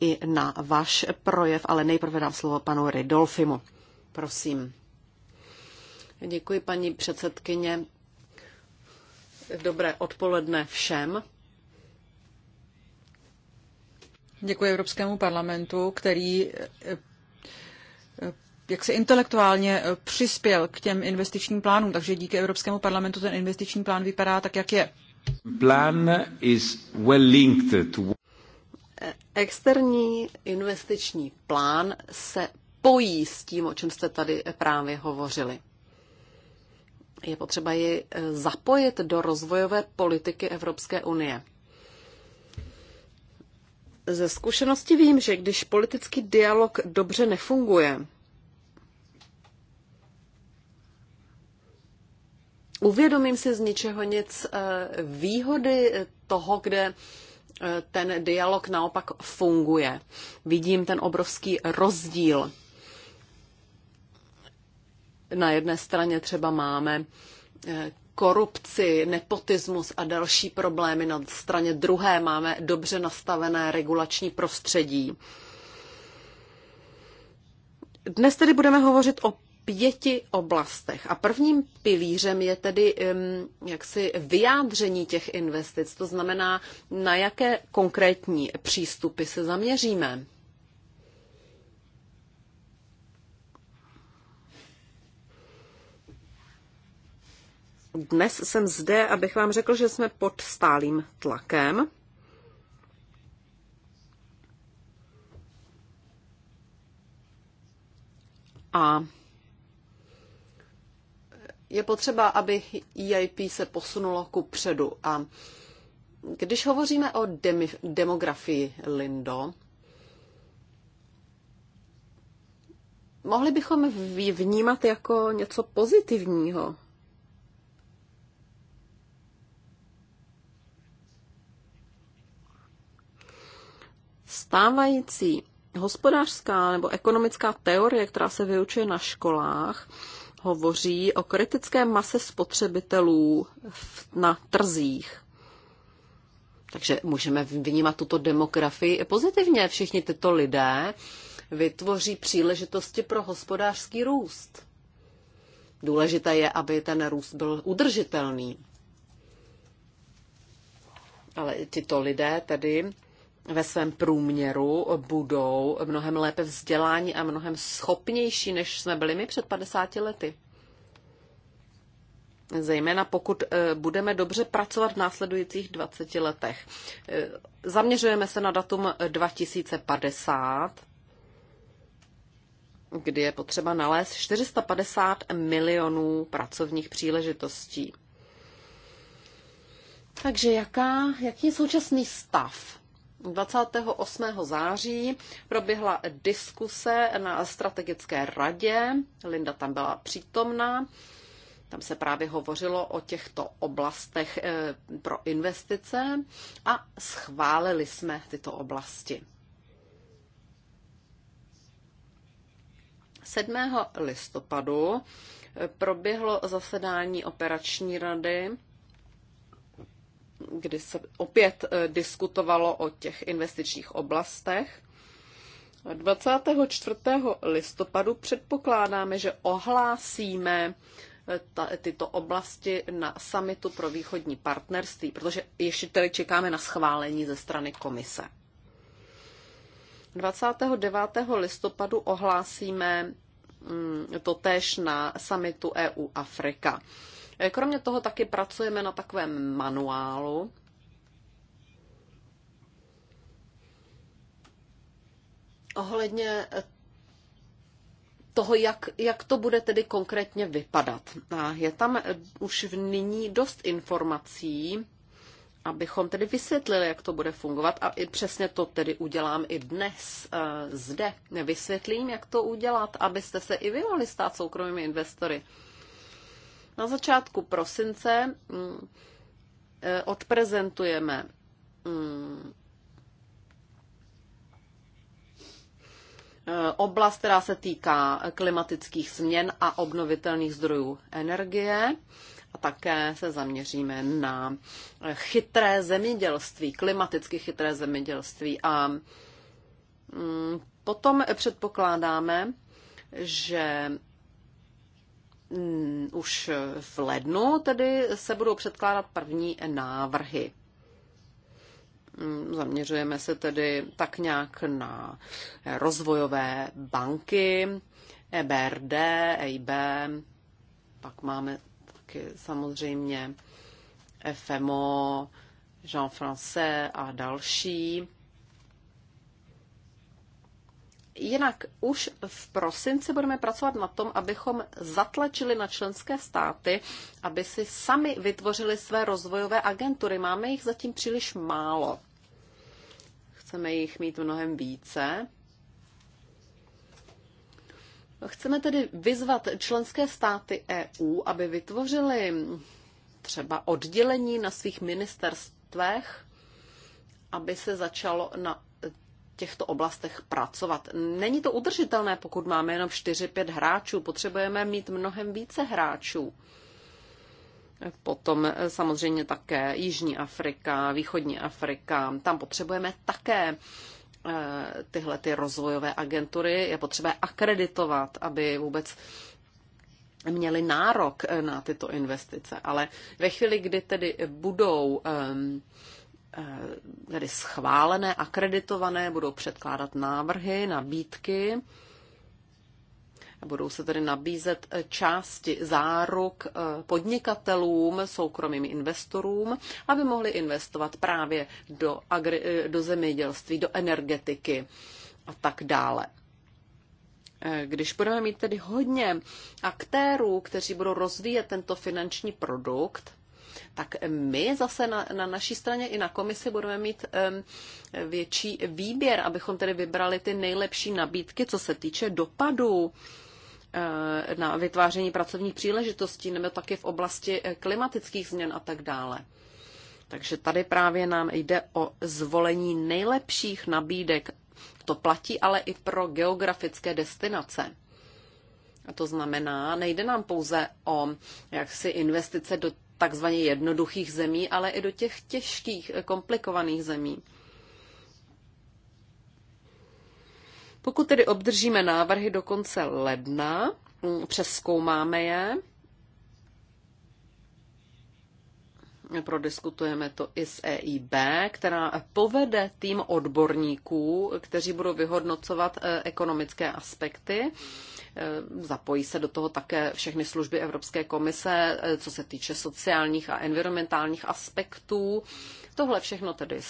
[SPEAKER 1] i na váš projev, ale nejprve dám slovo panu Ridolfimu. Prosím. Děkuji, paní předsedkyně. Dobré odpoledne všem.
[SPEAKER 2] Děkuji Evropskému parlamentu, který eh, jak se intelektuálně eh, přispěl k těm investičním plánům, takže díky Evropskému parlamentu ten investiční plán vypadá tak, jak je.
[SPEAKER 1] Externí investiční plán se pojí s tím, o čem jste tady právě hovořili. Je potřeba ji eh, zapojit do rozvojové politiky Evropské unie. Ze zkušenosti vím, že když politický dialog dobře nefunguje, uvědomím si z ničeho nic eh, výhody eh, toho, kde eh, ten dialog naopak funguje. Vidím ten obrovský rozdíl. Na jedné straně třeba máme korupci, nepotismus a další problémy. Na straně druhé máme dobře nastavené regulační prostředí. Dnes tedy budeme hovořit o pěti oblastech. A prvním pilířem je tedy um, jaksi vyjádření těch investic, to znamená, na jaké konkrétní přístupy se zaměříme. Dnes jsem zde, abych vám řekl, že jsme pod stálým tlakem. A je potřeba, aby EIP se posunulo ku předu. A když hovoříme o demi, demografii Lindo, mohli bychom ji vnímat jako něco pozitivního. Stávající hospodářská nebo ekonomická teorie, která se vyučuje na školách, hovoří o kritické mase spotřebitelů na trzích. Takže můžeme vnímat tuto demografii pozitivně. Všichni tyto lidé vytvoří příležitosti pro hospodářský růst. Důležité je, aby ten růst byl udržitelný. Ale tyto lidé tedy ve svém průměru budou mnohem lépe vzdělání a mnohem schopnější, než jsme byli my před 50 lety. Zejména pokud eh, budeme dobře pracovat v následujících 20 letech. Eh, zaměřujeme se na datum 2050, kdy je potřeba nalézt 450 milionů pracovních příležitostí. Takže jaká, jaký je současný stav? 28. září proběhla diskuse na strategické radě. Linda tam byla přítomná. Tam se právě hovořilo o těchto oblastech eh, pro investice a schválili jsme tyto oblasti. 7. listopadu eh, proběhlo zasedání operační rady kdy se opět eh, diskutovalo o těch investičních oblastech. 24. listopadu předpokládáme, že ohlásíme eh, ta, tyto oblasti na samitu pro východní partnerství, protože ještě tedy čekáme na schválení ze strany komise. 29. listopadu ohlásíme mm, to též na samitu EU Afrika. Kromě toho taky pracujeme na takovém manuálu, ohledně eh, toho, jak, jak to bude tedy konkrétně vypadat. A je tam eh, už v nyní dost informací, abychom tedy vysvětlili, jak to bude fungovat. A i přesně to tedy udělám i dnes eh, zde. Vysvětlím, jak to udělat, abyste se i vy mohli stát soukromými investory. Na začátku prosince mm, e, odprezentujeme mm, e, oblast, která se týká klimatických změn a obnovitelných zdrojů energie. A také se zaměříme na chytré zemědělství, klimaticky chytré zemědělství. A mm, potom předpokládáme, že Mm, už v lednu tedy se budou předkládat první návrhy. Mm, zaměřujeme se tedy tak nějak na rozvojové banky, EBRD, EIB, pak máme taky samozřejmě FMO, Jean Francais a další. Jinak už v prosinci budeme pracovat na tom, abychom zatlačili na členské státy, aby si sami vytvořili své rozvojové agentury. Máme jich zatím příliš málo. Chceme jich mít mnohem více. Chceme tedy vyzvat členské státy EU, aby vytvořili třeba oddělení na svých ministerstvech, aby se začalo na těchto oblastech pracovat. Není to udržitelné, pokud máme jenom 4-5 hráčů. Potřebujeme mít mnohem více hráčů. Potom eh, samozřejmě také Jižní Afrika, Východní Afrika. Tam potřebujeme také eh, tyhle ty rozvojové agentury. Je potřeba akreditovat, aby vůbec měli nárok eh, na tyto investice. Ale ve chvíli, kdy tedy budou ehm, Eh, tedy schválené, akreditované, budou předkládat návrhy, nabídky. Budou se tedy nabízet části záruk eh, podnikatelům, soukromým investorům, aby mohli investovat právě do, agri- eh, do zemědělství, do energetiky a tak dále. Když budeme mít tedy hodně aktérů, kteří budou rozvíjet tento finanční produkt, tak my zase na, na naší straně i na komisi budeme mít um, větší výběr, abychom tedy vybrali ty nejlepší nabídky, co se týče dopadů eh, na vytváření pracovních příležitostí nebo taky v oblasti eh, klimatických změn a tak dále. Takže tady právě nám jde o zvolení nejlepších nabídek. To platí ale i pro geografické destinace. A to znamená, nejde nám pouze o jaksi investice do takzvaně jednoduchých zemí, ale i do těch těžkých, eh, komplikovaných zemí. Pokud tedy obdržíme návrhy do konce ledna, hm, přeskoumáme je Prodiskutujeme to i s EIB, která povede tým odborníků, kteří budou vyhodnocovat e, ekonomické aspekty. E, zapojí se do toho také všechny služby Evropské komise, e, co se týče sociálních a environmentálních aspektů. Tohle všechno tedy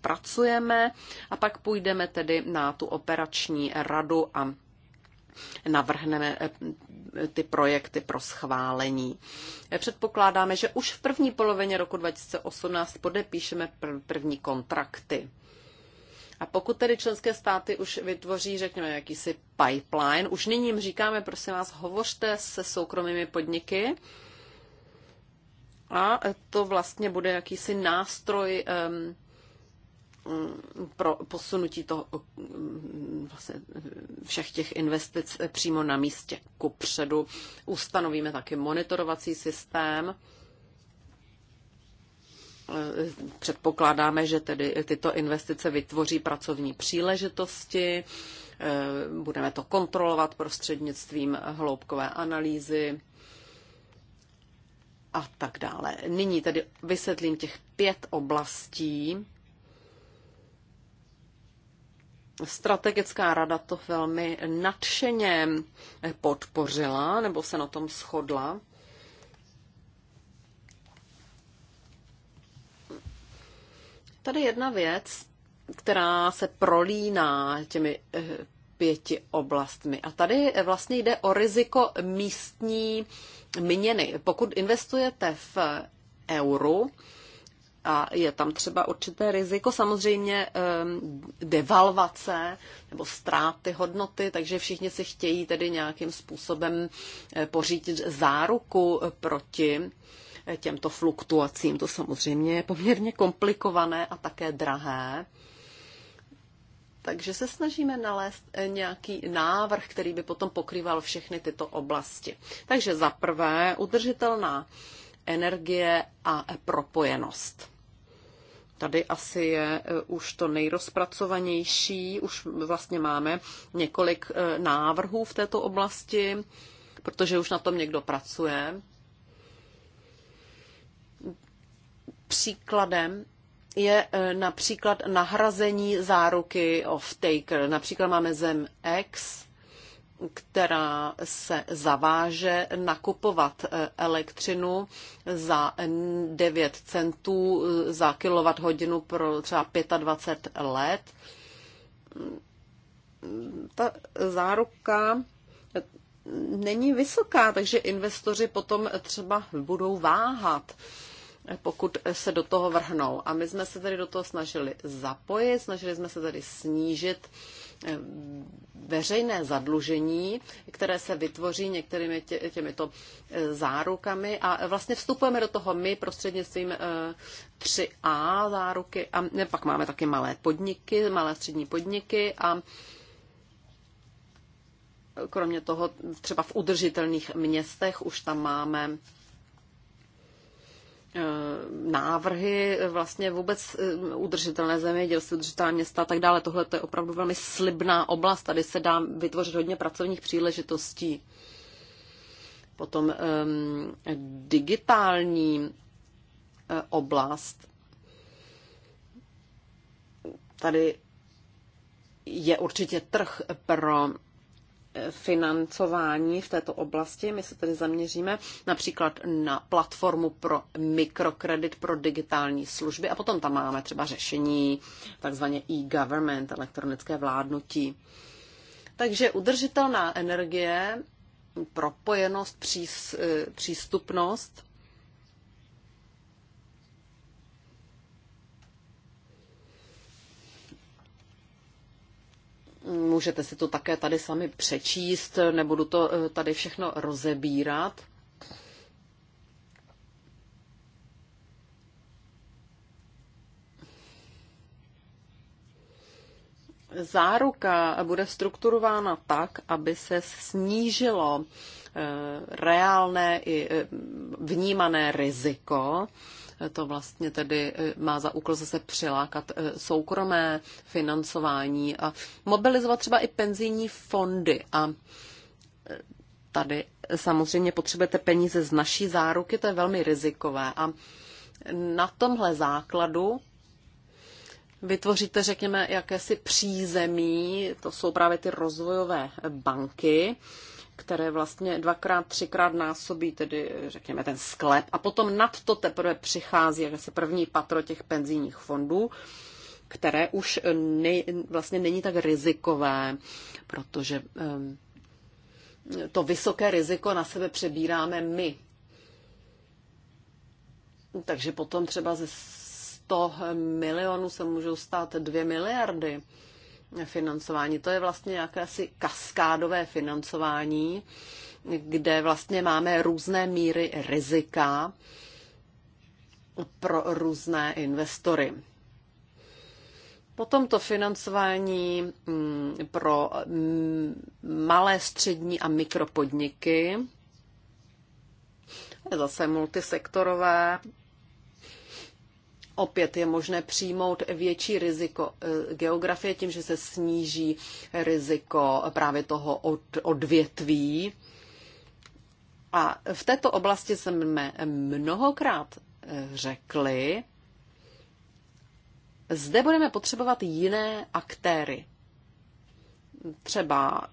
[SPEAKER 1] pracujeme a pak půjdeme tedy na tu operační radu a navrhneme eh, ty projekty pro schválení. Předpokládáme, že už v první polovině roku 2018 podepíšeme první kontrakty. A pokud tedy členské státy už vytvoří, řekněme, jakýsi pipeline, už nyní jim říkáme, prosím vás, hovořte se soukromými podniky, a to vlastně bude jakýsi nástroj um, Mm, pro posunutí toho, mm, vlastně všech těch investic přímo na místě ku předu. Ustanovíme taky monitorovací systém. Předpokládáme, že tedy tyto investice vytvoří pracovní příležitosti. Eh, budeme to kontrolovat prostřednictvím hloubkové analýzy a tak dále. Nyní tedy vysvětlím těch pět oblastí, strategická rada to velmi nadšeně podpořila, nebo se na tom shodla. Tady jedna věc, která se prolíná těmi eh, pěti oblastmi. A tady eh, vlastně jde o riziko místní měny. Pokud investujete v eh, euru, a je tam třeba určité riziko, samozřejmě ehm, devalvace nebo ztráty hodnoty, takže všichni si chtějí tedy nějakým způsobem eh, pořídit záruku eh, proti eh, těmto fluktuacím. To samozřejmě je poměrně komplikované a také drahé. Takže se snažíme nalézt nějaký návrh, který by potom pokrýval všechny tyto oblasti. Takže za prvé udržitelná energie a propojenost. Tady asi je e, už to nejrozpracovanější, už vlastně máme několik e, návrhů v této oblasti, protože už na tom někdo pracuje. Příkladem je e, například nahrazení záruky of taker Například máme zem X, která se zaváže nakupovat eh, elektřinu za 9 centů eh, za kWh pro třeba 25 let. Ta záruka není vysoká, takže investoři potom třeba budou váhat eh, pokud se do toho vrhnou. A my jsme se tedy do toho snažili zapojit, snažili jsme se tedy snížit Eh, veřejné zadlužení, které se vytvoří některými tě, těmito eh, zárukami a vlastně vstupujeme do toho my prostřednictvím 3A eh, záruky a pak máme taky malé podniky, malé střední podniky a kromě toho třeba v udržitelných městech už tam máme Eh, návrhy vlastně vůbec eh, udržitelné zemědělství, udržitelná města a tak dále. Tohle to je opravdu velmi slibná oblast. Tady se dá vytvořit hodně pracovních příležitostí. Potom um, digitální uh, oblast. Tady je určitě trh pro financování v této oblasti. My se tedy zaměříme například na platformu pro mikrokredit pro digitální služby a potom tam máme třeba řešení takzvaně e-government, elektronické vládnutí. Takže udržitelná energie, propojenost, eh, přístupnost Můžete si to také tady sami přečíst, nebudu to eh, tady všechno rozebírat. Záruka bude strukturována tak, aby se snížilo eh, reálné i eh, vnímané riziko to vlastně tedy e, má za úkol zase přilákat e, soukromé financování a mobilizovat třeba i penzijní fondy. A e, tady samozřejmě potřebujete peníze z naší záruky, to je velmi rizikové. A na tomhle základu vytvoříte, řekněme, jakési přízemí, to jsou právě ty rozvojové banky, které vlastně dvakrát, třikrát násobí, tedy řekněme ten sklep. A potom nad to teprve přichází se první patro těch penzijních fondů, které už nej, vlastně není tak rizikové, protože um, to vysoké riziko na sebe přebíráme my. Takže potom třeba ze 100 milionů se můžou stát 2 miliardy financování. To je vlastně jakési kaskádové financování, kde vlastně máme různé míry rizika pro různé investory. Potom to financování mm, pro mm, malé, střední a mikropodniky, zase multisektorové, Opět je možné přijmout větší riziko eh, geografie tím, že se sníží riziko právě toho od, odvětví. A v této oblasti jsme mnohokrát eh, řekli, zde budeme potřebovat jiné aktéry. Třeba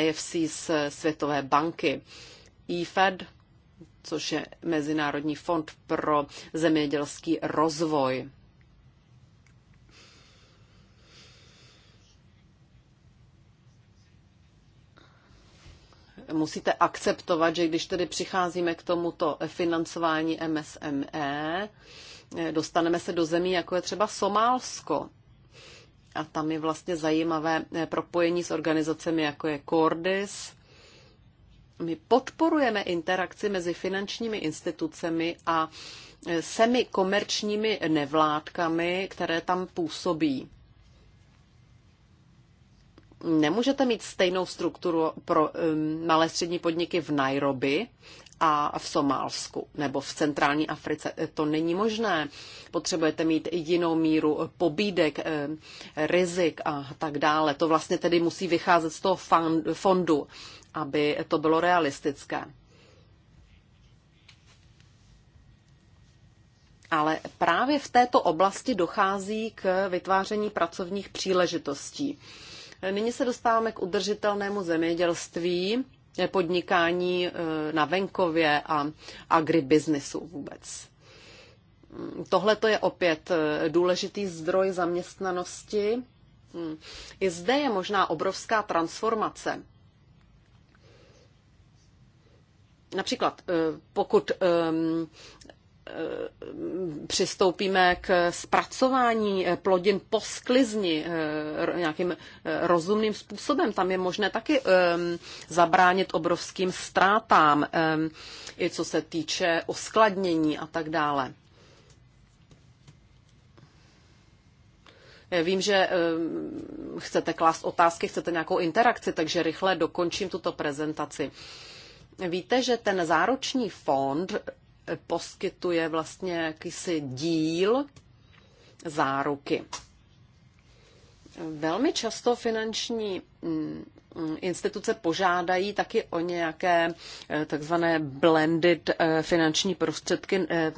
[SPEAKER 1] IFC eh, z Světové banky, IFED, což je Mezinárodní fond pro zemědělský rozvoj. Musíte akceptovat, že když tedy přicházíme k tomuto financování MSME, dostaneme se do zemí, jako je třeba Somálsko. A tam je vlastně zajímavé propojení s organizacemi, jako je Cordis, my podporujeme interakci mezi finančními institucemi a e, semi komerčními nevládkami, které tam působí. Nemůžete mít stejnou strukturu pro um, malé střední podniky v Nairobi a v Somálsku nebo v centrální Africe. E, to není možné. Potřebujete mít jinou míru pobídek, e, rizik a tak dále. To vlastně tedy musí vycházet z toho fondu aby to bylo realistické. Ale právě v této oblasti dochází k vytváření pracovních příležitostí. Nyní se dostáváme k udržitelnému zemědělství, podnikání e, na venkově a agribiznisu vůbec. Tohle je opět e, důležitý zdroj zaměstnanosti. I zde je možná obrovská transformace. Například eh, pokud ehm, eh, přistoupíme k zpracování eh, plodin po sklizni nějakým rozumným způsobem. Tam je možné taky ehm, zabránit obrovským ztrátám, ehm, i co se týče oskladnění a tak dále. Vím, že chcete klást otázky, chcete nějakou interakci, takže rychle dokončím tuto prezentaci. Víte, že ten záruční fond poskytuje vlastně jakýsi díl záruky. Velmi často finanční mm, instituce požádají taky o nějaké eh, takzvané blended eh, finanční prostředky eh,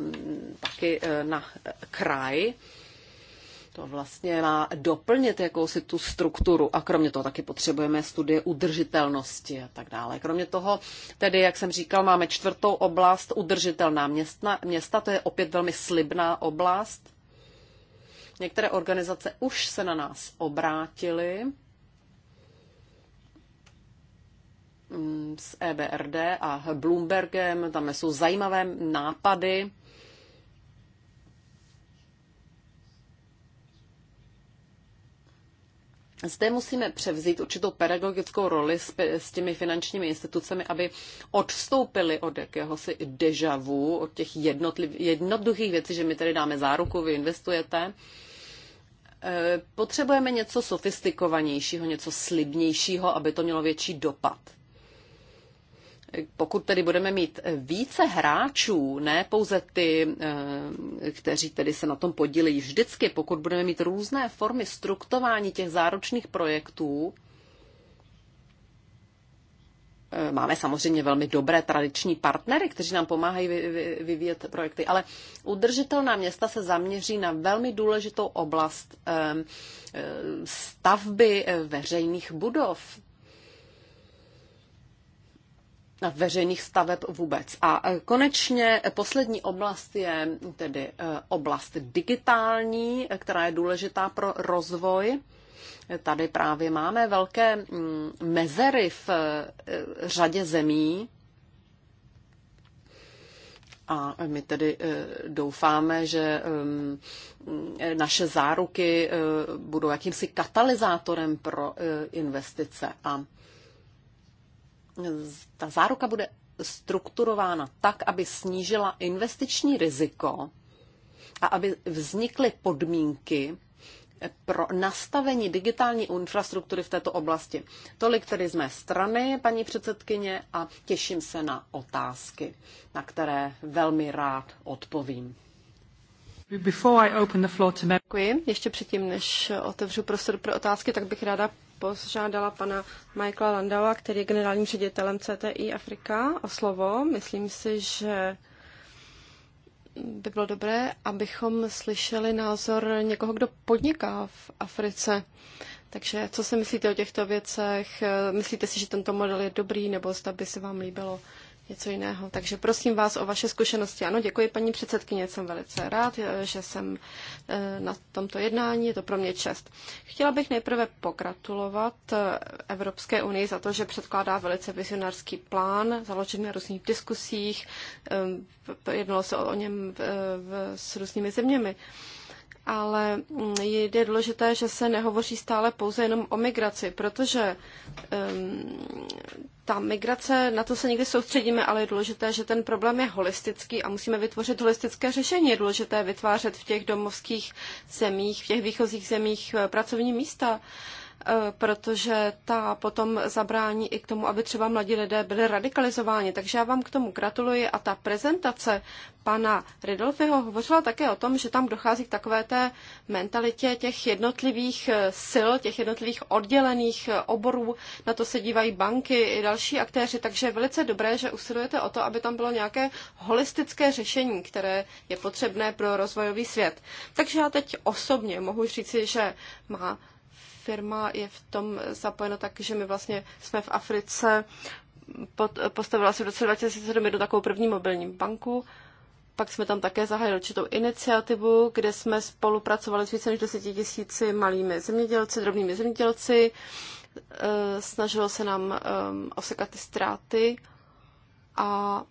[SPEAKER 1] taky na kraj. To vlastně má doplnit jakousi tu strukturu a kromě toho taky potřebujeme studie udržitelnosti a tak dále. Kromě toho, tedy, jak jsem říkal, máme čtvrtou oblast udržitelná města, města to je opět velmi slibná oblast. Některé organizace už se na nás obrátily mm, s EBRD a Bloombergem, tam jsou zajímavé nápady, Zde musíme převzít určitou pedagogickou roli s, s těmi finančními institucemi, aby odstoupili od jakéhosi vu, od těch jednoduchých věcí, že my tady dáme záruku, vy investujete. E, potřebujeme něco sofistikovanějšího, něco slibnějšího, aby to mělo větší dopad pokud tedy budeme mít více hráčů, ne pouze ty, eh, kteří tedy se na tom podílejí vždycky, pokud budeme mít různé formy struktování těch záročných projektů, eh, Máme samozřejmě velmi dobré tradiční partnery, kteří nám pomáhají vyvíjet projekty, ale udržitelná města se zaměří na velmi důležitou oblast eh, stavby veřejných budov, veřejných staveb vůbec. A e, konečně e, poslední oblast je tedy e, oblast digitální, která je důležitá pro rozvoj. Tady právě máme velké mm, mezery v řadě zemí. A my tedy doufáme, že naše záruky budou jakýmsi katalyzátorem pro investice. A ta záruka bude strukturována tak, aby snížila investiční riziko a aby vznikly podmínky pro nastavení digitální infrastruktury v této oblasti. Tolik tedy z mé strany, paní předsedkyně, a těším se na otázky, na které velmi rád odpovím.
[SPEAKER 3] Děkuji. Ještě předtím, než otevřu prostor pro otázky, tak bych ráda požádala pana Michaela Landaua, který je generálním ředitelem CTI Afrika, o slovo. Myslím si, že by bylo dobré, abychom slyšeli názor někoho, kdo podniká v Africe. Takže co si myslíte o těchto věcech? Myslíte si, že tento model je dobrý, nebo zda by se vám líbilo něco jiného. Takže prosím vás o vaše zkušenosti. Ano, děkuji paní předsedkyně, jsem velice rád, eh, že jsem eh, na tomto jednání, je to pro mě čest. Chtěla bych nejprve pogratulovat eh, Evropské unii za to, že předkládá velice vizionářský plán, založený na různých diskusích, jednalo se o něm s různými zeměmi ale mm, je důležité, že se nehovoří stále pouze jenom o migraci, protože um, ta migrace, na to se někdy soustředíme, ale je důležité, že ten problém je holistický a musíme vytvořit holistické řešení. Je důležité vytvářet v těch domovských zemích, v těch výchozích zemích eh, pracovní místa. Uh, Eh, protože ta potom zabrání i k tomu, aby třeba mladí lidé byli radikalizováni. Takže já vám k tomu gratuluji a ta prezentace pana Ridolfiho hovořila také o tom, že tam dochází k takové té mentalitě těch jednotlivých eh, sil, těch jednotlivých oddělených eh, oborů. Na to se dívají banky i další aktéři, takže je velice dobré, že usilujete o to, aby tam bylo nějaké holistické řešení, které je potřebné pro rozvojový svět. Takže já teď osobně mohu říci, že má firma je v tom zapojena tak, že my vlastně jsme v Africe, pod, postavila se v roce 2007 do takovou první mobilní banku, pak jsme tam také zahájili určitou iniciativu, kde jsme spolupracovali s více než 10 tisíci malými zemědělci, drobnými zemědělci. Eh, snažilo se nám ehm, osekat ty ztráty a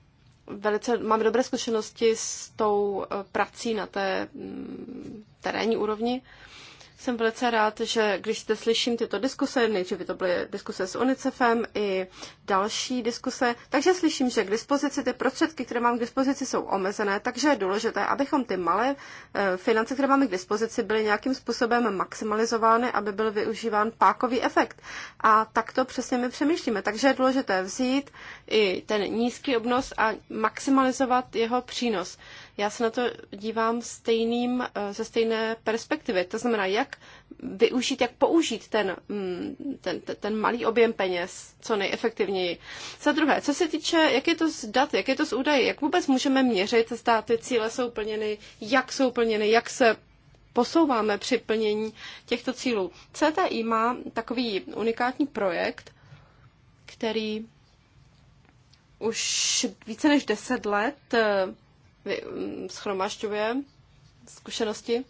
[SPEAKER 3] velice máme dobré zkušenosti s tou eh, prací na té mm, terénní úrovni. Jsem velice rád, že když jste slyším tyto diskuse, by to byly diskuse s UNICEFem i další diskuse, takže slyším, že k dispozici ty prostředky, které mám k dispozici, jsou omezené, takže je důležité, abychom ty malé eh, finance, které máme k dispozici, byly nějakým způsobem maximalizovány, aby byl využíván pákový efekt. A tak to přesně my přemýšlíme. Takže je důležité vzít i ten nízký obnos a maximalizovat jeho přínos. Já se na to dívám stejným, eh, ze stejné perspektivy. To znamená, jak využít, jak použít mm, ten, ten, ten malý objem peněz co nejefektivněji. Za druhé, co se týče, jak je to z dat, jak je to z údaji, jak vůbec můžeme měřit, zda ty cíle jsou plněny, jak jsou plněny, jak se posouváme při plnění těchto cílů. CTI má takový unikátní projekt, který už více než deset let eh, Mm, schromažďuje zkušenosti.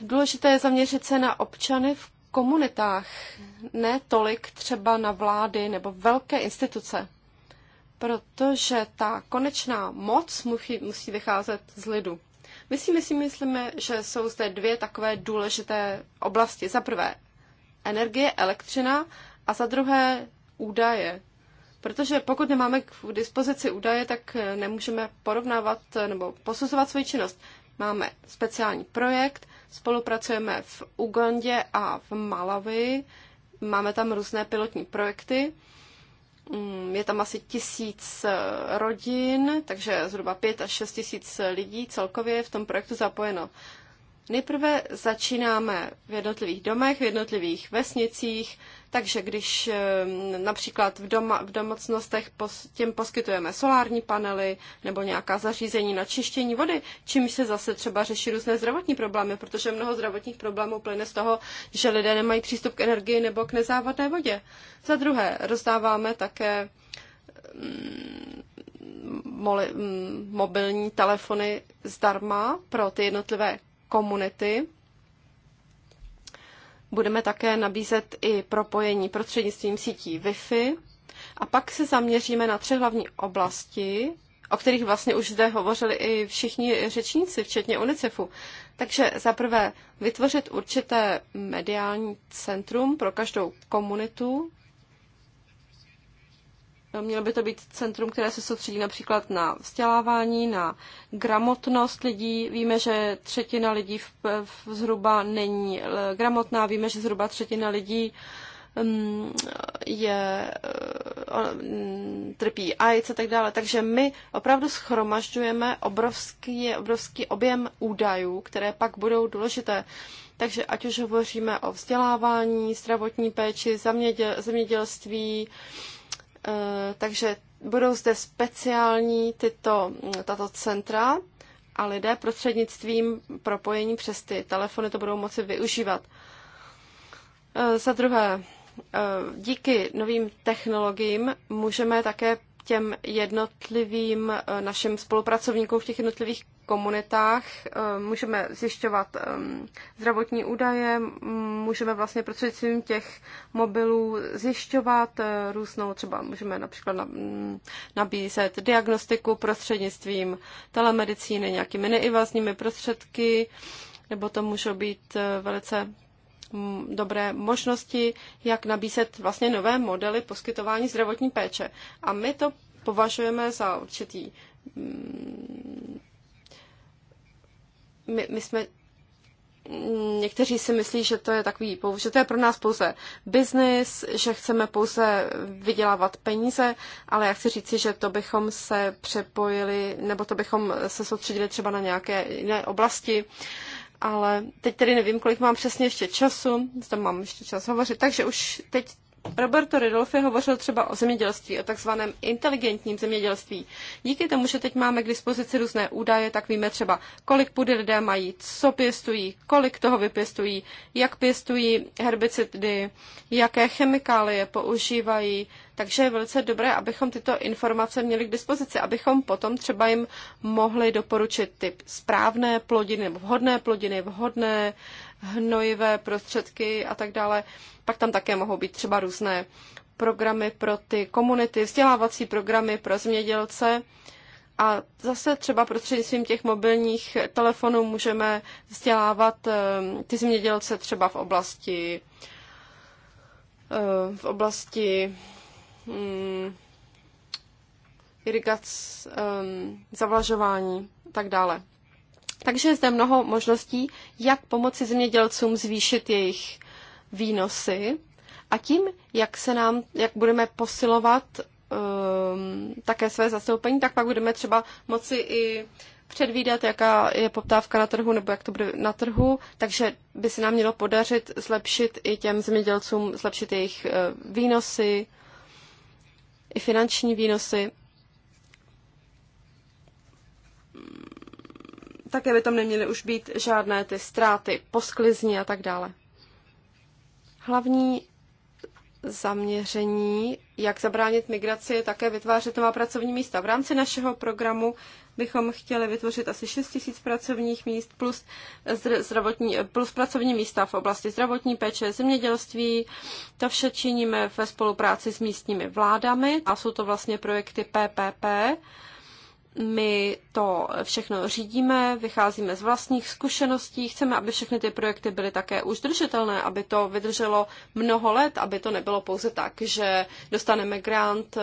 [SPEAKER 3] Důležité je zaměřit se na občany v komunitách, ne tolik třeba na vlády nebo velké instituce, protože ta konečná moc musí vycházet z lidu. My si myslím, myslíme, že jsou zde dvě takové důležité oblasti. Za prvé energie, elektřina a za druhé údaje, Protože pokud nemáme k dispozici údaje, tak eh, nemůžeme porovnávat eh, nebo posuzovat svoji činnost. Máme speciální projekt, spolupracujeme v Ugandě a v Malawi, máme tam různé pilotní projekty. Mm, je tam asi tisíc eh, rodin, takže zhruba pět až šest tisíc lidí celkově je v tom projektu zapojeno. Nejprve začínáme v jednotlivých domech, v jednotlivých vesnicích, takže když eh, například v, doma, v domácnostech pos, těm poskytujeme solární panely nebo nějaká zařízení na čištění vody, čím se zase třeba řeší různé zdravotní problémy, protože mnoho zdravotních problémů plyne z toho, že lidé nemají přístup k energii nebo k nezávadné vodě. Za druhé, rozdáváme také mm, moli, mm, mobilní telefony zdarma pro ty jednotlivé komunity, Budeme také nabízet i propojení prostřednictvím sítí Wi-Fi. A pak se zaměříme na tři hlavní oblasti, o kterých vlastně už zde hovořili i všichni řečníci, včetně UNICEFu. Takže zaprvé vytvořit určité mediální centrum pro každou komunitu No, mělo by to být centrum, které se soustředí například na vzdělávání, na gramotnost lidí. Víme, že třetina lidí v, v, zhruba není eh, gramotná, víme, že zhruba třetina lidí mm, je, eh, mm, trpí AIDS a tak dále. Takže my opravdu schromažďujeme obrovský, obrovský objem údajů, které pak budou důležité. Takže ať už hovoříme o vzdělávání, zdravotní péči, zemědělství, Eh, takže budou zde speciální tyto, mm, tato centra a lidé prostřednictvím propojení přes ty telefony to budou moci využívat. Eh, za druhé, eh, díky novým technologiím můžeme také těm jednotlivým eh, našim spolupracovníkům v těch jednotlivých komunitách. Eh, můžeme zjišťovat ehm, zdravotní údaje, můžeme vlastně prostřednictvím těch mobilů zjišťovat eh, různou, třeba můžeme například mm, nabízet diagnostiku prostřednictvím telemedicíny, nějakými neinvazními prostředky, nebo to můžou být velice dobré možnosti, jak nabízet vlastně nové modely poskytování zdravotní péče. A my to považujeme za určitý. Mm, my, my jsme mm, někteří si myslí, že to je takový, že to je pro nás pouze biznis, že chceme pouze vydělávat peníze, ale já chci říci, že to bychom se přepojili, nebo to bychom se soustředili třeba na nějaké jiné oblasti. Uh, ale teď tedy nevím, kolik mám přesně ještě času, zda mám ještě čas hovořit, takže už teď Roberto Ridolfi hovořil třeba o zemědělství, o takzvaném inteligentním zemědělství. Díky tomu, že teď máme k dispozici různé údaje, tak víme třeba, kolik půdy lidé mají, co pěstují, kolik toho vypěstují, jak pěstují herbicidy, jaké chemikálie používají. Takže je velice dobré, abychom tyto informace měli k dispozici, abychom potom třeba jim mohli doporučit typ správné plodiny, vhodné plodiny, vhodné hnojivé prostředky a tak dále. Pak tam také mohou být třeba různé programy pro ty komunity, vzdělávací programy pro zemědělce. A zase třeba prostřednictvím těch mobilních telefonů můžeme vzdělávat eh, ty zemědělce třeba v oblasti eh, v oblasti um, zavlažování a tak dále. Takže je zde mnoho možností, jak pomoci zemědělcům zvýšit jejich výnosy a tím, jak se nám, jak budeme posilovat um, také své zastoupení, tak pak budeme třeba moci i předvídat, jaká je poptávka na trhu nebo jak to bude na trhu, takže by se nám mělo podařit zlepšit i těm zemědělcům, zlepšit jejich eh, výnosy, i finanční výnosy. také by tam neměly už být žádné ty ztráty, posklizni a tak dále. Hlavní zaměření, jak zabránit migraci, je také vytvářet nová pracovní místa. V rámci našeho programu bychom chtěli vytvořit asi 6 tisíc pracovních míst plus, zdravotní, plus pracovní místa v oblasti zdravotní péče, zemědělství. To vše činíme ve spolupráci s místními vládami a jsou to vlastně projekty PPP my to všechno řídíme, vycházíme z vlastních zkušeností, chceme, aby všechny ty projekty byly také už držitelné, aby to vydrželo mnoho let, aby to nebylo pouze tak, že dostaneme grant, eh,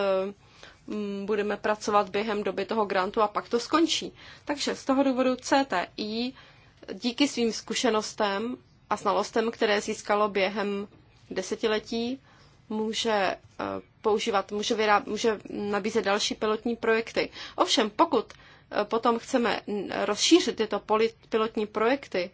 [SPEAKER 3] budeme pracovat během doby toho grantu a pak to skončí. Takže z toho důvodu CTI díky svým zkušenostem a znalostem, které získalo během desetiletí, může eh, používat, může, vyrá, může nabízet další pilotní projekty. Ovšem, pokud eh, potom chceme rozšířit tyto pilotní projekty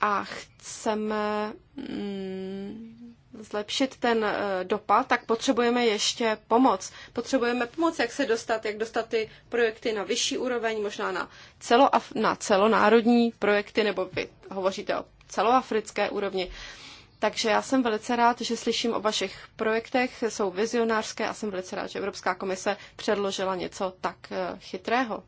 [SPEAKER 3] a chceme mm, zlepšit ten eh, dopad, tak potřebujeme ještě pomoc. Potřebujeme pomoc, jak se dostat, jak dostat ty projekty na vyšší úroveň, možná na, celo, na celonárodní projekty, nebo vy hovoříte o celoafrické úrovni. Takže já jsem velice rád, že slyším o vašich projektech, jsou vizionářské a jsem velice rád, že Evropská komise předložila něco tak eh, chytrého.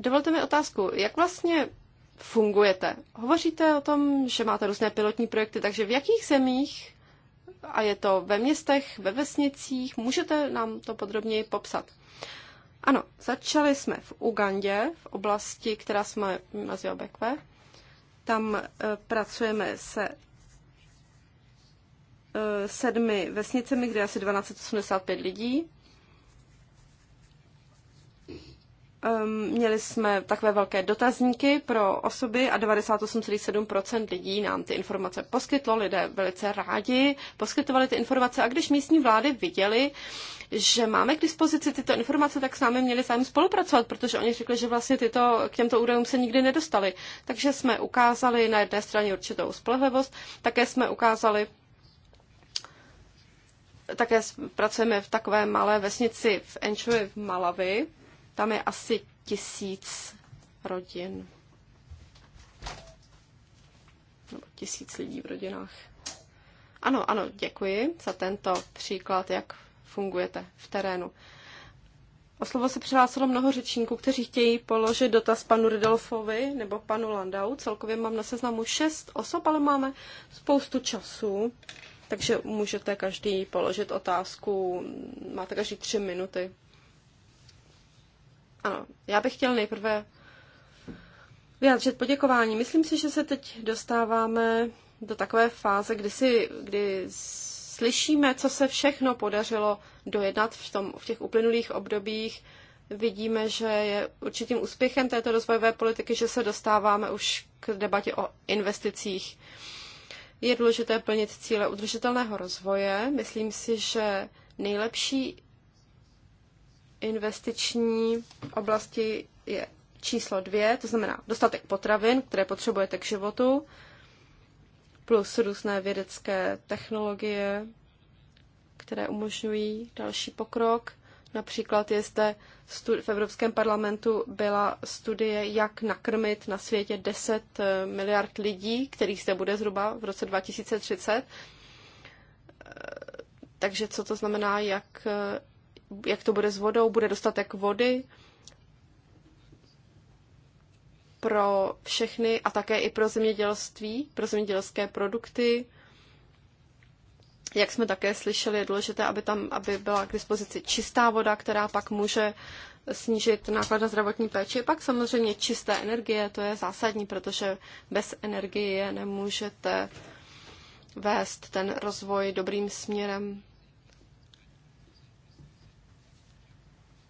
[SPEAKER 3] Dovolte mi otázku, jak vlastně fungujete? Hovoříte o tom, že máte různé pilotní projekty, takže v jakých zemích, a je to ve městech, ve vesnicích, můžete nám to podrobněji popsat? Ano, začali jsme v Ugandě, v oblasti, která se jmenuje Mazio Bekve. Tam e, pracujeme se e, sedmi vesnicemi, kde je asi 1285 lidí. Ehm, měli jsme takové velké dotazníky pro osoby a 98,7% lidí nám ty informace poskytlo. Lidé velice rádi poskytovali ty informace a když místní vlády viděli, že máme k dispozici tyto informace, tak s námi měli sám spolupracovat, protože oni řekli, že vlastně tyto, k těmto údajům se nikdy nedostali. Takže jsme ukázali na jedné straně určitou spolehlivost, také jsme ukázali také pracujeme v takové malé vesnici v Enčuji v Malavi, tam je asi tisíc rodin. Nebo tisíc lidí v rodinách. Ano, ano, děkuji za tento příklad, jak fungujete v terénu. O slovo se přihlásilo mnoho řečníků, kteří chtějí položit dotaz panu Rudolfovi nebo panu Landau. Celkově mám na seznamu šest osob, ale máme spoustu času, takže můžete každý položit otázku. Máte každý tři minuty. Ano, já bych chtěl nejprve vyjádřit poděkování. Myslím si, že se teď dostáváme do takové fáze, kdy, si, kdy slyšíme, co se všechno podařilo dojednat v, tom, v těch uplynulých obdobích. Vidíme, že je určitým úspěchem této rozvojové politiky, že se dostáváme už k debatě o investicích. Je důležité plnit cíle udržitelného rozvoje. Myslím si, že nejlepší investiční oblasti je číslo dvě, to znamená dostatek potravin, které potřebujete k životu, plus různé vědecké technologie, které umožňují další pokrok. Například je zde v Evropském parlamentu byla studie, jak nakrmit na světě 10 eh, miliard lidí, kterých zde bude zhruba v roce 2030. Eh, takže co to znamená, jak eh, jak to bude s vodou, bude dostatek vody pro všechny a také i pro zemědělství, pro zemědělské produkty. Jak jsme také slyšeli, je důležité, aby tam aby byla k dispozici čistá voda, která pak může snížit náklad na zdravotní péči. Pak samozřejmě čisté energie, to je zásadní, protože bez energie nemůžete vést ten rozvoj dobrým směrem.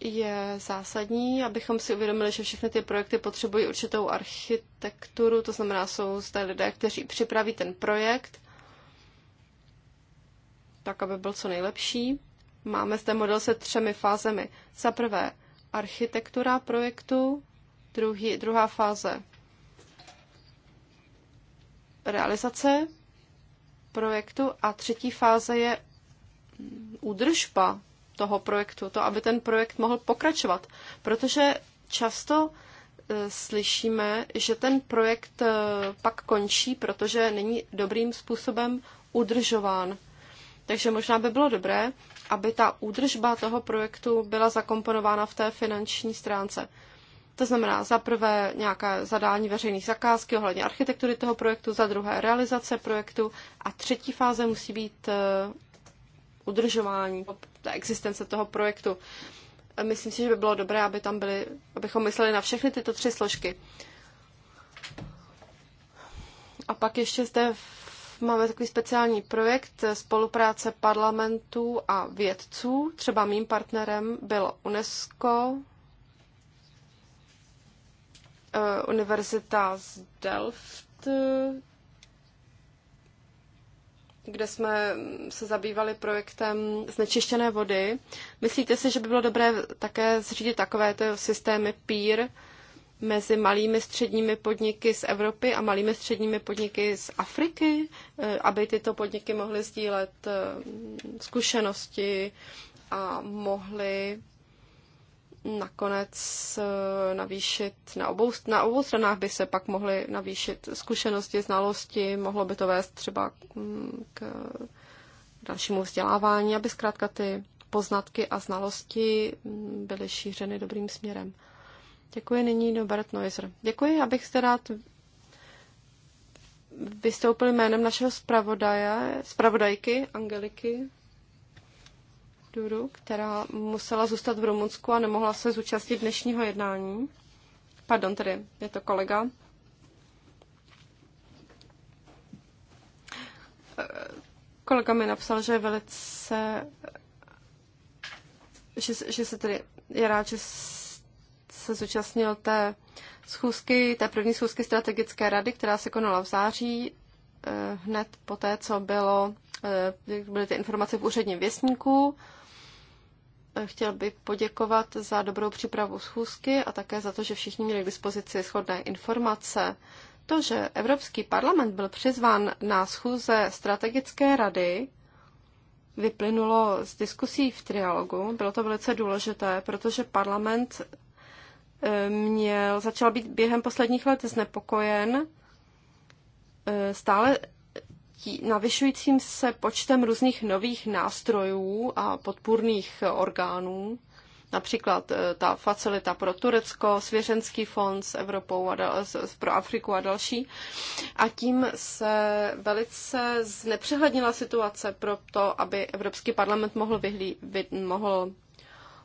[SPEAKER 3] je zásadní, abychom si uvědomili, že všechny ty projekty potřebují určitou architekturu, to znamená, jsou zde lidé, kteří připraví ten projekt, tak, aby byl co nejlepší. Máme zde model se třemi fázemi. Za prvé architektura projektu, druhý, druhá fáze realizace projektu a třetí fáze je údržba toho projektu, to, aby ten projekt mohl pokračovat. Protože často e, slyšíme, že ten projekt e, pak končí, protože není dobrým způsobem udržován. Takže možná by bylo dobré, aby ta údržba toho projektu byla zakomponována v té finanční stránce. To znamená za prvé nějaké zadání veřejných zakázky ohledně architektury toho projektu, za druhé realizace projektu a třetí fáze musí být e, udržování, ta existence toho projektu. Myslím si, že by bylo dobré, aby tam byly, abychom mysleli na všechny tyto tři složky. A pak ještě zde máme takový speciální projekt eh, spolupráce parlamentů a vědců. Třeba mým partnerem byl UNESCO, eh, univerzita z Delft, eh, kde jsme se zabývali projektem znečištěné vody. Myslíte si, že by bylo dobré také zřídit takovéto systémy PIR mezi malými středními podniky z Evropy a malými středními podniky z Afriky, eh, aby tyto podniky mohly sdílet eh, zkušenosti a mohly nakonec eh, navýšit na obou, na obou stranách by se pak mohly navýšit zkušenosti, znalosti, mohlo by to vést třeba mm, k dalšímu vzdělávání, aby zkrátka ty poznatky a znalosti mm, byly šířeny dobrým směrem. Děkuji nyní Robert Neuser. Děkuji, abych se rád vystoupil jménem našeho zpravodaje, zpravodajky Angeliky Duru, která musela zůstat v Rumunsku a nemohla se zúčastnit dnešního jednání. Pardon, tedy je to kolega. Eh, kolega mi napsal, že je velice, že, že se tedy je rád, že se zúčastnil té schůzky, té první schůzky strategické rady, která se konala v září, eh, hned po té, co bylo, eh, byly ty informace v úředním věstníku. Chtěl bych poděkovat za dobrou přípravu schůzky a také za to, že všichni měli k dispozici shodné informace. To, že Evropský parlament byl přizván na schůze strategické rady, vyplynulo z diskusí v trialogu. Bylo to velice důležité, protože parlament eh, měl, začal být během posledních let znepokojen eh, stále navyšujícím se počtem různých nových nástrojů a podpůrných orgánů, například eh, ta facilita pro Turecko, Svěřenský fond s Evropou a dal, pro Afriku a další. A tím se velice znepřehlednila situace pro to, aby Evropský parlament mohl, vyhlí, vy, mohl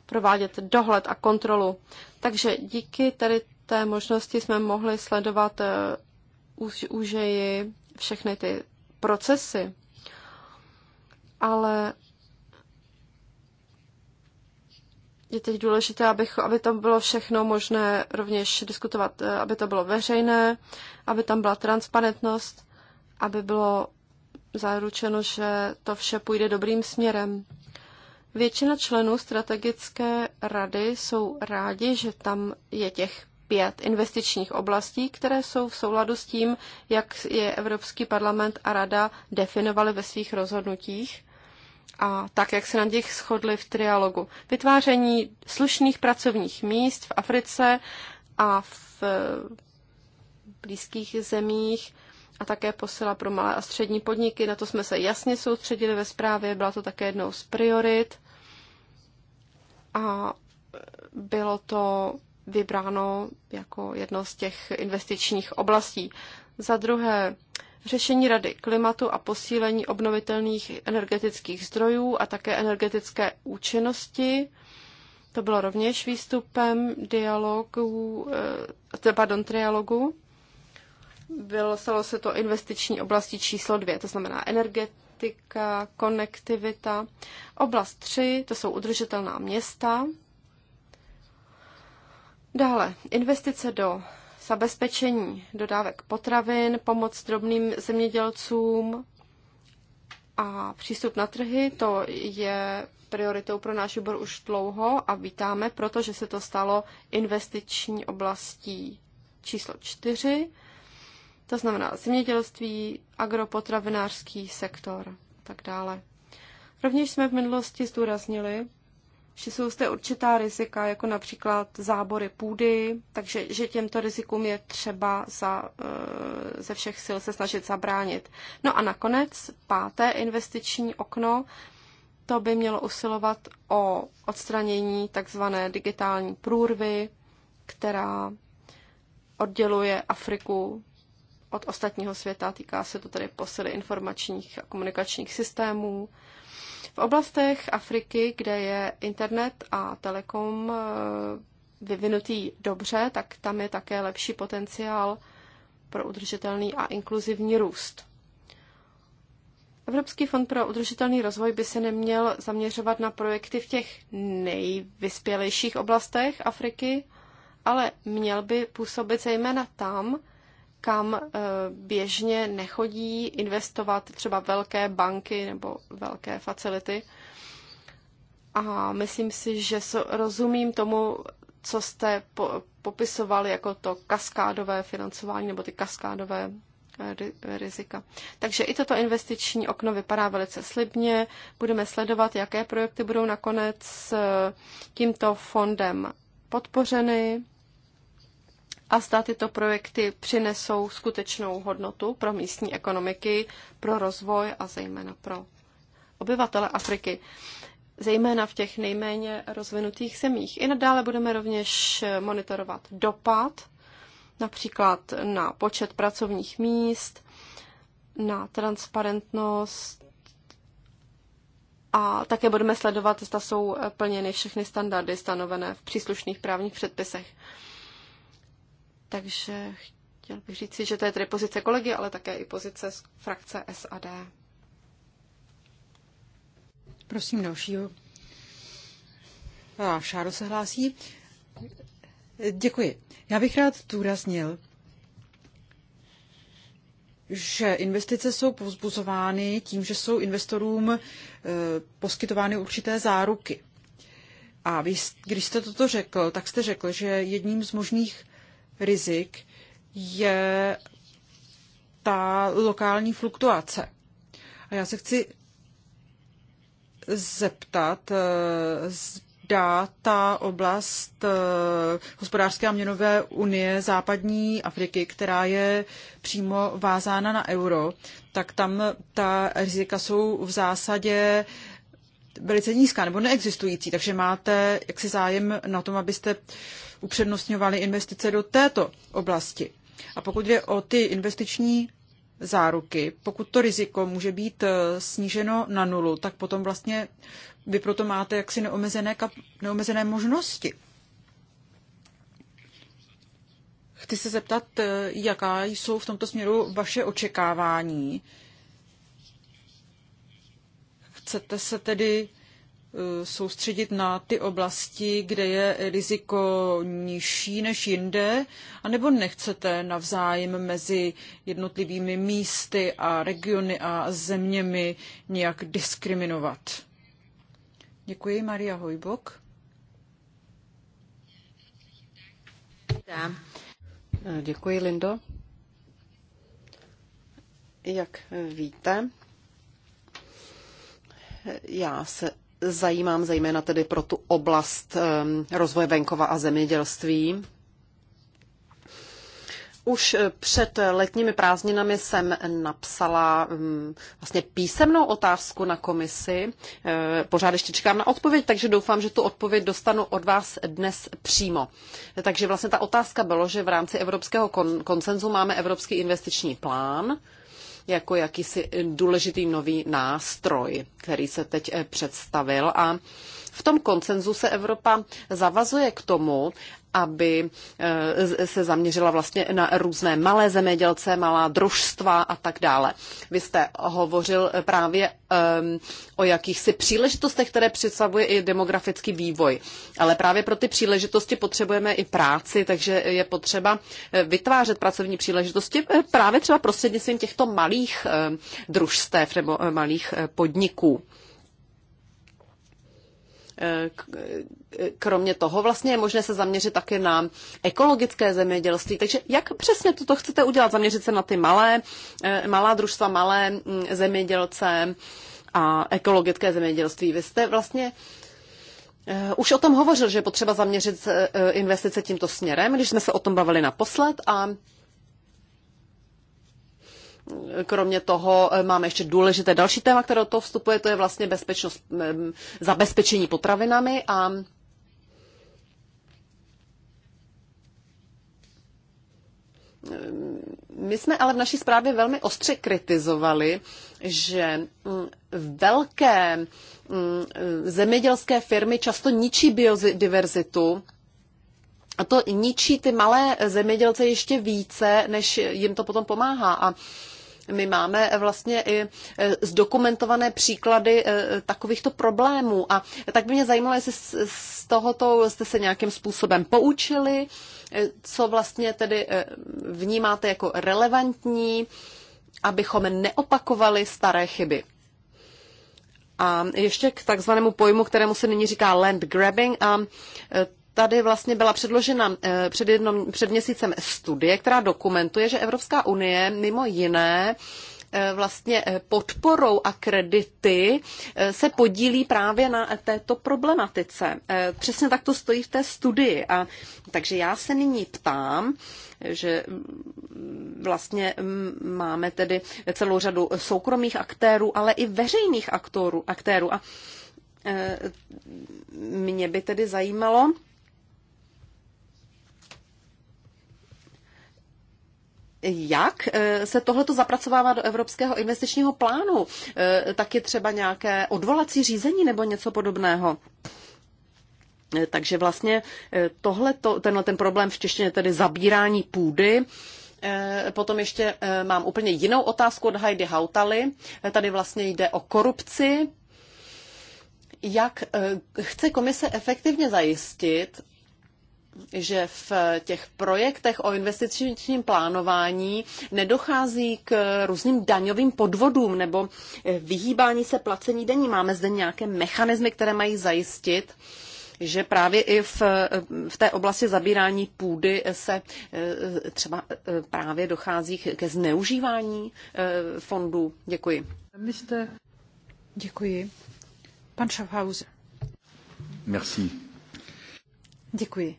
[SPEAKER 3] provádět dohled a kontrolu. Takže díky tady té možnosti jsme mohli sledovat eh, už, užeji všechny ty procesy. Ale je teď důležité, abych, aby tam bylo všechno možné rovněž diskutovat, eh, aby to bylo veřejné, aby tam byla transparentnost, aby bylo zaručeno, že to vše půjde dobrým směrem. Většina členů strategické rady jsou rádi, že tam je těch pět investičních oblastí, které jsou v souladu s tím, jak je Evropský parlament a Rada definovali ve svých rozhodnutích a tak, jak se na nich shodli v trialogu. Vytváření slušných pracovních míst v Africe a v eh, blízkých zemích a také posila pro malé a střední podniky. Na to jsme se jasně soustředili ve zprávě, byla to také jednou z priorit a bylo to vybráno jako jedno z těch investičních oblastí. Za druhé, řešení rady klimatu a posílení obnovitelných energetických zdrojů a také energetické účinnosti. To bylo rovněž výstupem dialogu, eh, pardon, trialogu. Bylo, stalo se to investiční oblasti číslo dvě, to znamená energetika, konektivita. Oblast tři, to jsou udržitelná města. Dále investice do zabezpečení dodávek potravin, pomoc drobným zemědělcům a přístup na trhy, to je prioritou pro náš výbor už dlouho a vítáme, protože se to stalo investiční oblastí číslo čtyři, to znamená zemědělství, agropotravinářský sektor a tak dále. Rovněž jsme v minulosti zdůraznili, že jsou zde určitá rizika, jako například zábory půdy, takže že těmto rizikům je třeba za, eh, ze všech sil se snažit zabránit. No a nakonec páté investiční okno, to by mělo usilovat o odstranění takzvané digitální průrvy, která odděluje Afriku od ostatního světa. Týká se to tedy posily informačních a komunikačních systémů, v oblastech Afriky, kde je internet a telekom eh, vyvinutý dobře, tak tam je také lepší potenciál pro udržitelný a inkluzivní růst. Evropský fond pro udržitelný rozvoj by se neměl zaměřovat na projekty v těch nejvyspělejších oblastech Afriky, ale měl by působit zejména tam, kam eh, běžně nechodí investovat třeba velké banky nebo velké facility. A myslím si, že rozumím tomu, co jste po- popisovali jako to kaskádové financování nebo ty kaskádové eh, rizika. Takže i toto investiční okno vypadá velice slibně. Budeme sledovat, jaké projekty budou nakonec eh, tímto fondem podpořeny a zda tyto projekty přinesou skutečnou hodnotu pro místní ekonomiky, pro rozvoj a zejména pro obyvatele Afriky zejména v těch nejméně rozvinutých zemích. I nadále budeme rovněž monitorovat dopad, například na počet pracovních míst, na transparentnost a také budeme sledovat, zda jsou plněny všechny standardy stanovené v příslušných právních předpisech. Takže chtěl bych říct že to je tedy pozice kolegy, ale také i pozice z frakce
[SPEAKER 2] SAD. Prosím dalšího. A Šáro se hlásí. Děkuji. Já bych rád zdůraznil, že investice jsou povzbuzovány tím, že jsou investorům e, poskytovány určité záruky. A vy, když jste toto řekl, tak jste řekl, že jedním z možných rizik je ta lokální fluktuace. A já se chci zeptat, eh, zda ta oblast eh, hospodářské a měnové unie západní Afriky, která je přímo vázána na euro, tak tam ta rizika jsou v zásadě velice nízká nebo neexistující, takže máte jaksi zájem na tom, abyste upřednostňovaly investice do této oblasti. A pokud jde o ty investiční záruky, pokud to riziko může být eh, sníženo na nulu, tak potom vlastně vy proto máte jaksi neomezené, kap, neomezené možnosti. Chci se zeptat, eh, jaká jsou v tomto směru vaše očekávání. Chcete se tedy Eh, soustředit na ty oblasti, kde je riziko nižší než jinde, anebo nechcete navzájem mezi jednotlivými místy a regiony a zeměmi nějak diskriminovat? Děkuji, Maria Hojbok. Eh, děkuji, Lindo. Jak
[SPEAKER 1] víte, já se zajímám zejména tedy pro tu oblast ehm, rozvoje venkova a zemědělství. Už eh, před letními prázdninami jsem napsala ehm, vlastně písemnou otázku na komisi. Eh, pořád ještě čekám na odpověď, takže doufám, že tu odpověď dostanu od vás dnes přímo. Takže vlastně ta otázka bylo, že v rámci evropského konsenzu máme evropský investiční plán, jako jakýsi důležitý nový nástroj, který se teď eh, představil a v tom koncenzu se Evropa zavazuje k tomu, aby eh, se zaměřila vlastně na různé malé zemědělce, malá družstva a tak dále. Vy jste hovořil právě um, o jakýchsi příležitostech, které představuje i demografický vývoj. Ale právě pro ty příležitosti potřebujeme i práci, takže je potřeba eh, vytvářet pracovní příležitosti právě třeba prostřednictvím těchto malých družstev nebo malých podniků. Kromě toho vlastně je možné se zaměřit také na ekologické zemědělství. Takže jak přesně toto chcete udělat? Zaměřit se na ty malé, eh, malá družstva, malé mm, zemědělce a ekologické zemědělství. Vy jste vlastně eh, už o tom hovořil, že je potřeba zaměřit eh, investice tímto směrem, když jsme se o tom bavili naposled a Kromě toho eh, máme ještě důležité další téma, které do toho vstupuje, to je vlastně bezpečnost, eh, zabezpečení potravinami a eh, My jsme ale v naší zprávě velmi ostře kritizovali, že mm, velké mm, zemědělské firmy často ničí biodiverzitu a to ničí ty malé zemědělce ještě více, než jim to potom pomáhá. A my máme eh, vlastně i eh, zdokumentované příklady eh, takovýchto problémů a tak by mě zajímalo, jestli z tohoto jste se nějakým způsobem poučili, co vlastně tedy vnímáte jako relevantní, abychom neopakovali staré chyby. A ještě k takzvanému pojmu, kterému se nyní říká land grabbing a Tady vlastně byla předložena eh, před, jednom, před měsícem studie, která dokumentuje, že Evropská unie mimo jiné eh, vlastně eh, podporou a kredity se podílí právě na této problematice. Přesně tak to stojí v té studii. A, takže já se nyní ptám, že mm, vlastně mm, máme tedy celou řadu soukromých aktérů, ale i veřejných aktorů, aktérů. A mě by tedy zajímalo, jak eh, se tohleto zapracovává do Evropského investičního plánu? Eh, Taky třeba nějaké odvolací řízení nebo něco podobného? Eh, takže vlastně tohleto, tenhle ten problém v češtině tedy zabírání půdy, Potom ještě mám úplně jinou otázku od Heidi Hautaly. Tady vlastně jde o korupci. Jak chce komise efektivně zajistit, že v těch projektech o investičním plánování nedochází k různým daňovým podvodům nebo vyhýbání se placení daní. Máme zde nějaké mechanismy, které mají zajistit, že právě i v, v té oblasti zabírání půdy se e, třeba e, právě dochází ke zneužívání e, fondů.
[SPEAKER 2] Děkuji. Mister... Děkuji. Pan Schaffhauser. Merci. Děkuji.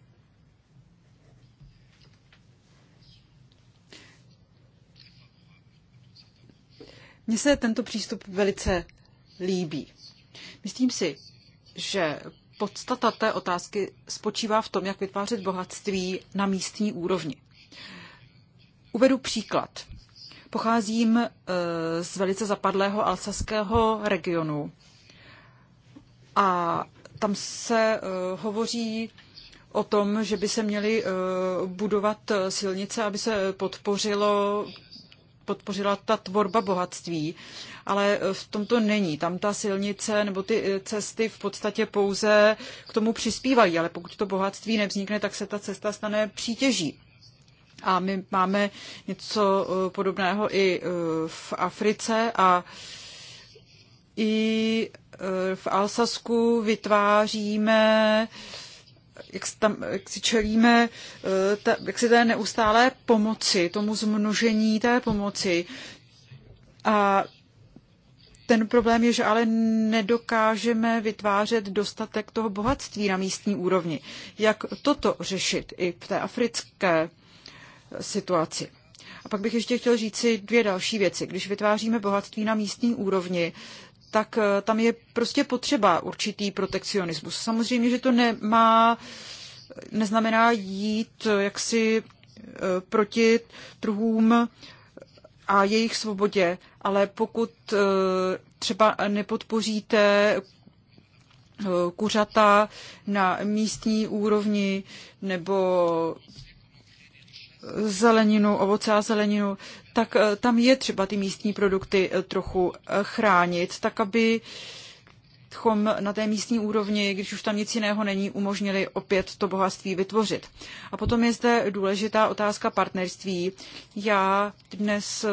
[SPEAKER 2] Mně se tento přístup velice líbí. Myslím si, že podstata té otázky spočívá v tom, jak vytvářet bohatství na místní úrovni. Uvedu příklad. Pocházím eh, z velice zapadlého alsaského regionu a tam se eh, hovoří o tom, že by se měly eh, budovat silnice, aby se podpořilo podpořila ta tvorba bohatství, ale eh, v tom to není. Tam ta silnice nebo ty eh, cesty v podstatě pouze k tomu přispívají, ale pokud to bohatství nevznikne, tak se ta cesta stane přítěží. A my máme něco eh, podobného i v Africe a i v Alsasku vytváříme uh, jak, tam, jak si čelíme eh, ta, jak si té neustálé pomoci, tomu zmnožení té pomoci. A ten problém je, že ale nedokážeme vytvářet dostatek toho bohatství na místní úrovni. Jak toto řešit i v té africké situaci? A pak bych ještě chtěl říct si dvě další věci. Když vytváříme bohatství na místní úrovni, tak eh, tam je prostě potřeba určitý protekcionismus. Samozřejmě, že to nemá, neznamená jít eh, jaksi eh, proti trhům a jejich svobodě, ale pokud třeba nepodpoříte kuřata na místní úrovni nebo zeleninu, ovoce a zeleninu, tak eh, tam je třeba ty místní produkty eh, trochu eh, chránit, tak aby na té místní úrovni, když už tam nic jiného není, umožnili opět to bohatství vytvořit. A potom je zde důležitá otázka partnerství. Já dnes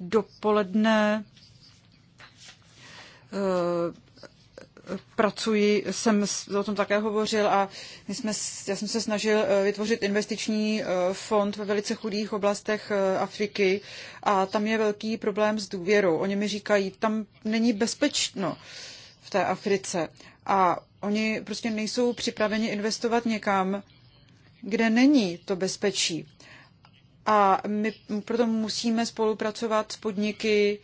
[SPEAKER 2] dopoledne pracuji, jsem o tom také hovořil a my jsme, já jsem se snažil eh, vytvořit investiční eh, fond ve velice chudých oblastech eh, Afriky a tam je velký problém s důvěrou. Oni mi říkají, tam není bezpečno v té Africe a oni prostě nejsou připraveni investovat někam, kde není to bezpečí. A my proto musíme spolupracovat s podniky,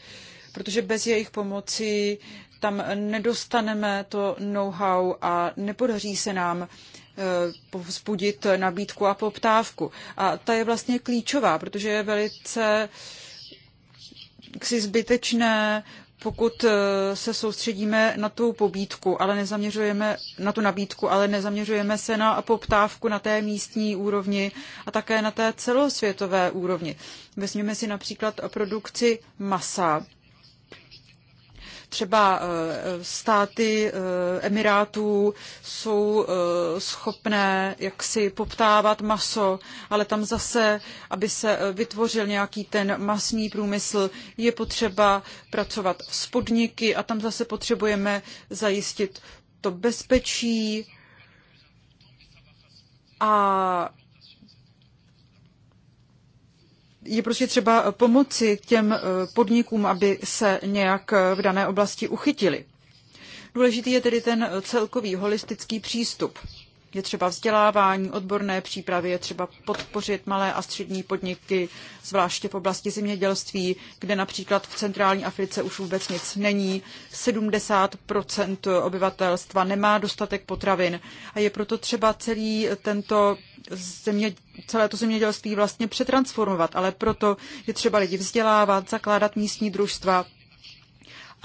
[SPEAKER 2] protože bez jejich pomoci tam nedostaneme to know-how a nepodaří se nám eh, povzbudit nabídku a poptávku. A ta je vlastně klíčová, protože je velice ksi zbytečné, pokud eh, se soustředíme na tu pobídku, ale nezaměřujeme na tu nabídku, ale nezaměřujeme se na poptávku na té místní úrovni a také na té celosvětové úrovni. Vezměme si například produkci masa Třeba eh, státy eh, Emirátů jsou eh, schopné jaksi poptávat maso, ale tam zase, aby se vytvořil nějaký ten masní průmysl, je potřeba pracovat s podniky a tam zase potřebujeme zajistit to bezpečí a je prostě třeba eh, pomoci těm eh, podnikům, aby se nějak eh, v dané oblasti uchytili. Důležitý je tedy ten celkový holistický přístup je třeba vzdělávání, odborné přípravy, je třeba podpořit malé a střední podniky, zvláště v oblasti zemědělství, kde například v centrální Africe už vůbec nic není. 70 obyvatelstva nemá dostatek potravin a je proto třeba celý tento země, celé to zemědělství vlastně přetransformovat, ale proto je třeba lidi vzdělávat, zakládat místní družstva,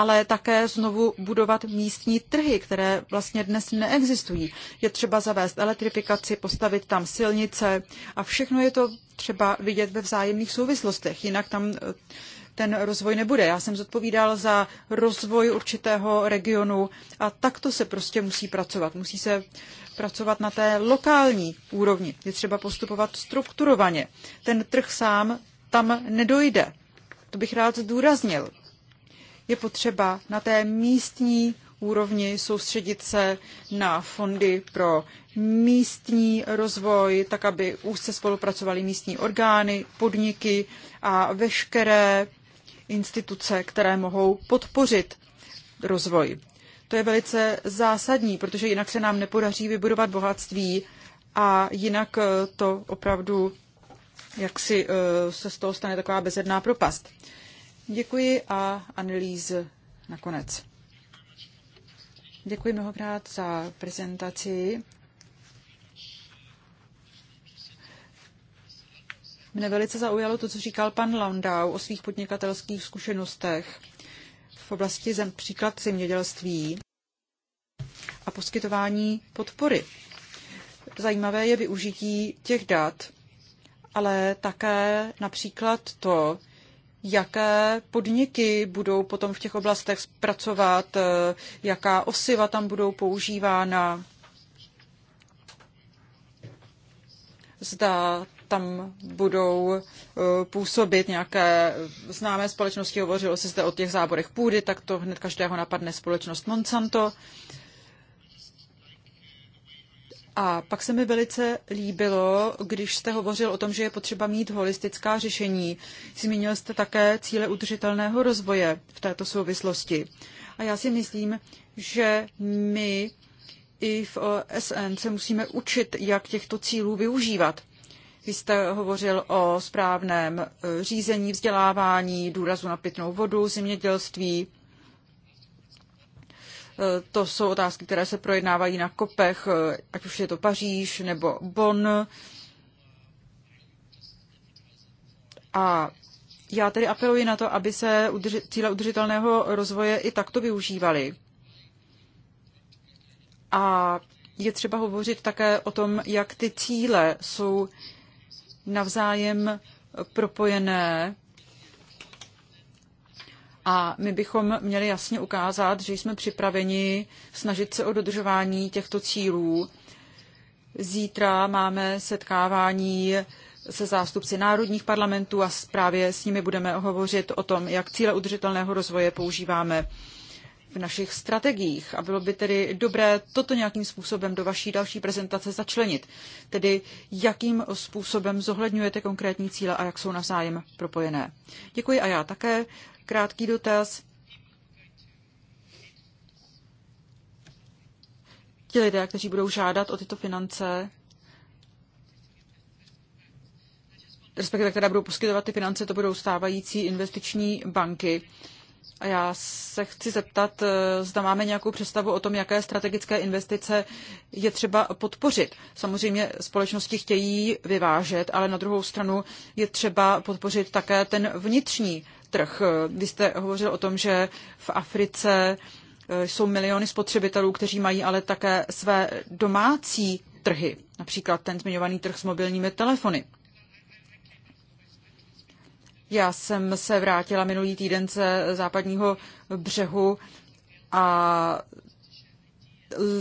[SPEAKER 2] ale také znovu budovat místní trhy, které vlastně dnes neexistují. Je třeba zavést elektrifikaci, postavit tam silnice a všechno je to třeba vidět ve vzájemných souvislostech, jinak tam eh, ten rozvoj nebude. Já jsem zodpovídal za rozvoj určitého regionu a takto se prostě musí pracovat. Musí se pracovat na té lokální úrovni. Je třeba postupovat strukturovaně. Ten trh sám tam nedojde. To bych rád zdůraznil je potřeba na té místní úrovni soustředit se na fondy pro místní rozvoj, tak aby úzce spolupracovaly místní orgány, podniky a veškeré instituce, které mohou podpořit rozvoj. To je velice zásadní, protože jinak se nám nepodaří vybudovat bohatství a jinak eh, to opravdu jak si eh, se z toho stane taková bezjedná propast. Děkuji a Annelise nakonec. Děkuji mnohokrát za prezentaci. Mne velice zaujalo to, co říkal pan Landau o svých podnikatelských zkušenostech v oblasti zem, příklad zemědělství a poskytování podpory. Zajímavé je využití těch dat, ale také například to, jaké podniky budou potom v těch oblastech pracovat, eh, jaká osiva tam budou používána, zda tam budou eh, působit nějaké známé společnosti. Hovořilo se zde o těch záborech půdy, tak to hned každého napadne společnost Monsanto. A pak se mi velice líbilo, když jste hovořil o tom, že je potřeba mít holistická řešení. Zmínil jste také cíle udržitelného rozvoje v této souvislosti. A já si myslím, že my i v OSN se musíme učit, jak těchto cílů využívat. Vy jste hovořil o správném eh, řízení, vzdělávání, důrazu na pitnou vodu, zemědělství. To jsou otázky, které se projednávají na kopech, eh, ať už je to Paříž nebo Bonn. A já tedy apeluji na to, aby se udrži- cíle udržitelného rozvoje i takto využívaly. A je třeba hovořit také o tom, jak ty cíle jsou navzájem propojené a my bychom měli jasně ukázat, že jsme připraveni snažit se o dodržování těchto cílů. Zítra máme setkávání se zástupci národních parlamentů a právě s nimi budeme hovořit o tom, jak cíle udržitelného rozvoje používáme v našich strategiích. A bylo by tedy dobré toto nějakým způsobem do vaší další prezentace začlenit. Tedy jakým způsobem zohledňujete konkrétní cíle a jak jsou navzájem propojené. Děkuji a já také krátký dotaz. Ti lidé, kteří budou žádat o tyto finance, respektive které budou poskytovat ty finance, to budou stávající investiční banky. A já se chci zeptat, eh, zda máme nějakou představu o tom, jaké strategické investice je třeba podpořit. Samozřejmě společnosti chtějí vyvážet, ale na druhou stranu je třeba podpořit také ten vnitřní trh. Vy jste hovořil o tom, že v Africe eh, jsou miliony spotřebitelů, kteří mají ale také své domácí trhy, například ten zmiňovaný trh s mobilními telefony. Já jsem se vrátila minulý týden ze západního břehu a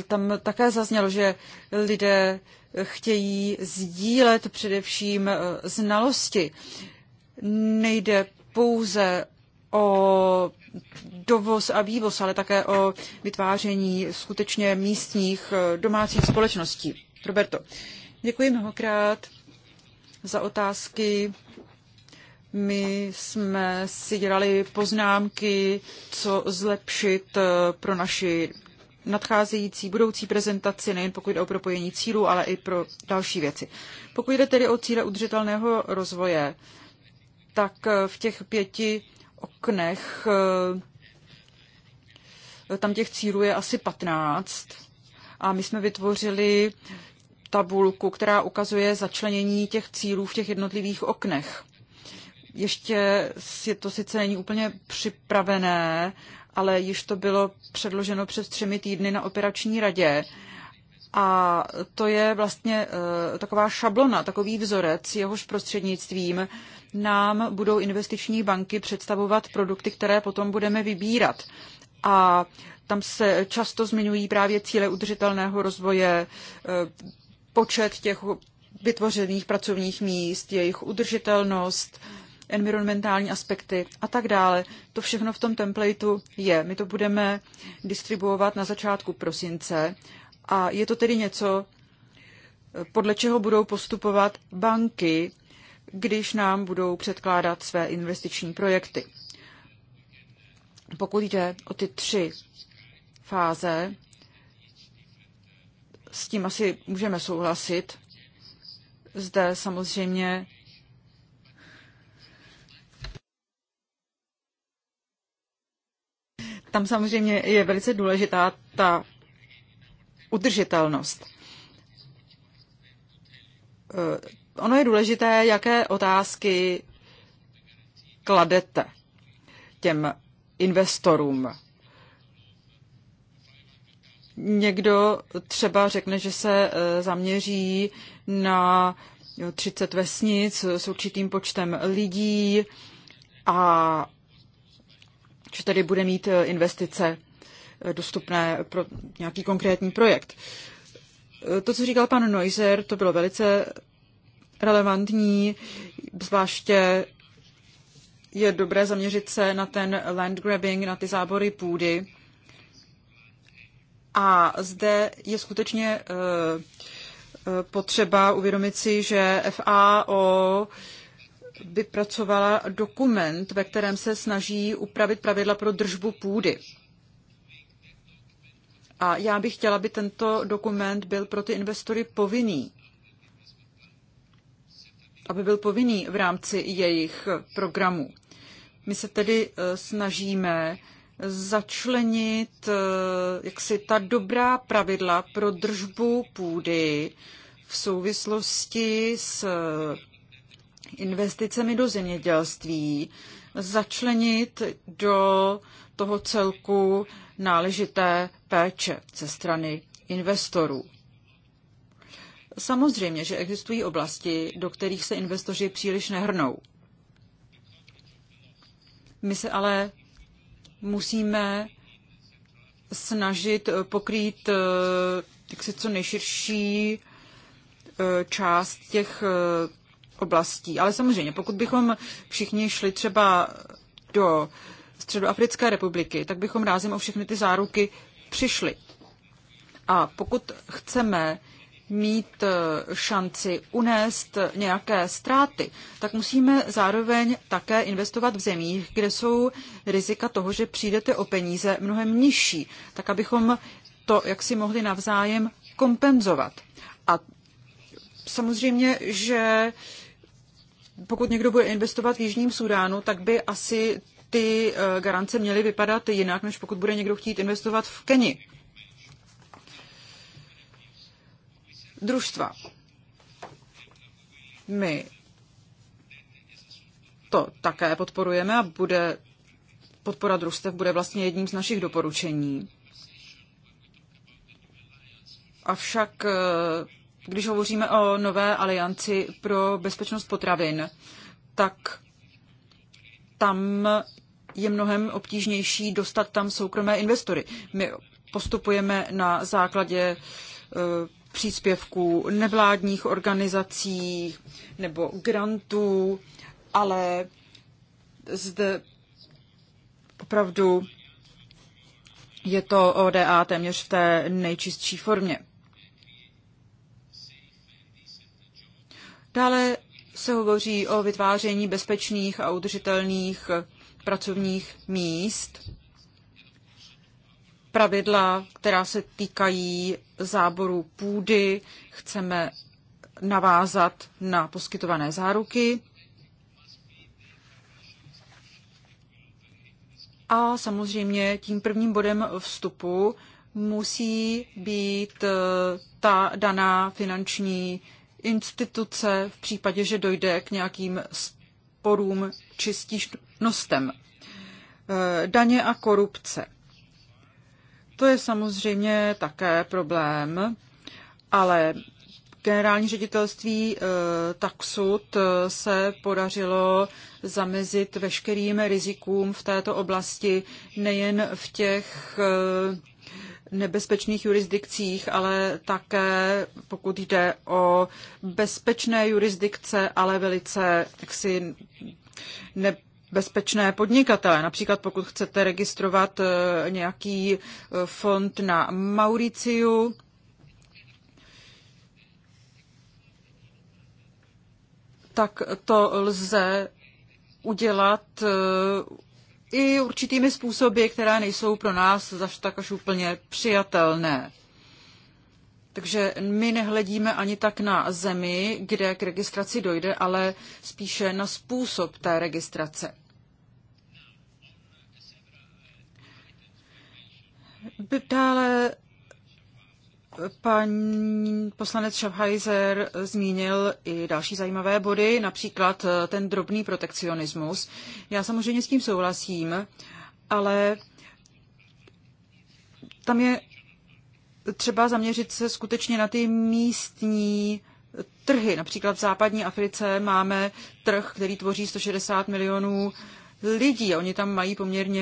[SPEAKER 2] tam také zaznělo, že lidé chtějí sdílet především eh, znalosti. Nejde pouze o dovoz a vývoz, ale také o vytváření skutečně místních eh, domácích společností. Roberto, děkuji mnohokrát za otázky. My jsme si dělali poznámky, co zlepšit eh, pro naši nadcházející budoucí prezentaci, nejen pokud jde o propojení cílů, ale i pro další věci. Pokud jde tedy o cíle udržitelného rozvoje, tak eh, v těch pěti oknech eh, tam těch cílů je asi 15 a my jsme vytvořili tabulku, která ukazuje začlenění těch cílů v těch jednotlivých oknech. Ještě je to sice není úplně připravené, ale již to bylo předloženo před třemi týdny na operační radě. A to je vlastně eh, taková šablona, takový vzorec, jehož prostřednictvím nám budou investiční banky představovat produkty, které potom budeme vybírat. A tam se často zmiňují právě cíle udržitelného rozvoje, e, počet těch vytvořených pracovních míst, jejich udržitelnost, environmentální aspekty a tak dále. To všechno v tom templateu je. My to budeme distribuovat na začátku prosince a je to tedy něco, podle čeho budou postupovat banky když nám budou předkládat své investiční projekty. Pokud jde o ty tři fáze, s tím asi můžeme souhlasit. Zde samozřejmě tam samozřejmě je velice důležitá ta udržitelnost ono je důležité, jaké otázky kladete těm investorům. Někdo třeba řekne, že se eh, zaměří na 30 vesnic s určitým počtem lidí a že tady bude mít eh, investice eh, dostupné pro nějaký konkrétní projekt. To, co říkal pan Neuser, to bylo velice relevantní, zvláště je dobré zaměřit se na ten land grabbing, na ty zábory půdy. A zde je skutečně eh, eh, potřeba uvědomit si, že FAO vypracovala dokument, ve kterém se snaží upravit pravidla pro držbu půdy. A já bych chtěla, aby tento dokument byl pro ty investory povinný aby byl povinný v rámci jejich programů. My se tedy eh, snažíme začlenit eh, jaksi ta dobrá pravidla pro držbu půdy v souvislosti s eh, investicemi do zemědělství, začlenit do toho celku náležité péče ze strany investorů. Samozřejmě, že existují oblasti, do kterých se investoři příliš nehrnou. My se ale musíme snažit pokrýt eh, si, co nejširší eh, část těch eh, oblastí. Ale samozřejmě, pokud bychom všichni šli třeba do Středoafrické republiky, tak bychom rázem o všechny ty záruky přišli. A pokud chceme mít eh, šanci unést nějaké ztráty, tak musíme zároveň také investovat v zemích, kde jsou rizika toho, že přijdete o peníze mnohem nižší, tak abychom to jak si mohli navzájem kompenzovat. A samozřejmě, že pokud někdo bude investovat v Jižním Sudánu, tak by asi ty eh, garance měly vypadat jinak, než pokud bude někdo chtít investovat v Keni. družstva. My to také podporujeme a bude, podpora družstev bude vlastně jedním z našich doporučení. Avšak, eh, když hovoříme o nové alianci pro bezpečnost potravin, tak tam je mnohem obtížnější dostat tam soukromé investory. My postupujeme na základě eh, příspěvků nevládních organizací nebo grantů, ale zde opravdu je to ODA téměř v té nejčistší formě. Dále se hovoří o vytváření bezpečných a udržitelných pracovních míst pravidla, která se týkají záboru půdy, chceme navázat na poskytované záruky. A samozřejmě tím prvním bodem vstupu musí být eh, ta daná finanční instituce v případě, že dojde k nějakým sporům či stížnostem. Eh, daně a korupce. To je samozřejmě také problém, ale generální ředitelství eh, Taxud eh, se podařilo zamezit veškerým rizikům v této oblasti, nejen v těch eh, nebezpečných jurisdikcích, ale také pokud jde o bezpečné jurisdikce, ale velice jaksi ne, bezpečné podnikatele. Například pokud chcete registrovat eh, nějaký eh, fond na Mauriciu, tak to lze udělat eh, i určitými způsoby, které nejsou pro nás zaš tak až úplně přijatelné. Takže my nehledíme ani tak na zemi, kde k registraci dojde, ale spíše na způsob té registrace. Dále pan poslanec Schaffheiser zmínil i další zajímavé body, například eh, ten drobný protekcionismus. Já samozřejmě s tím souhlasím, ale tam je třeba zaměřit se skutečně na ty místní trhy. Například v západní Africe máme trh, který tvoří 160 milionů lidí. Oni tam mají poměrně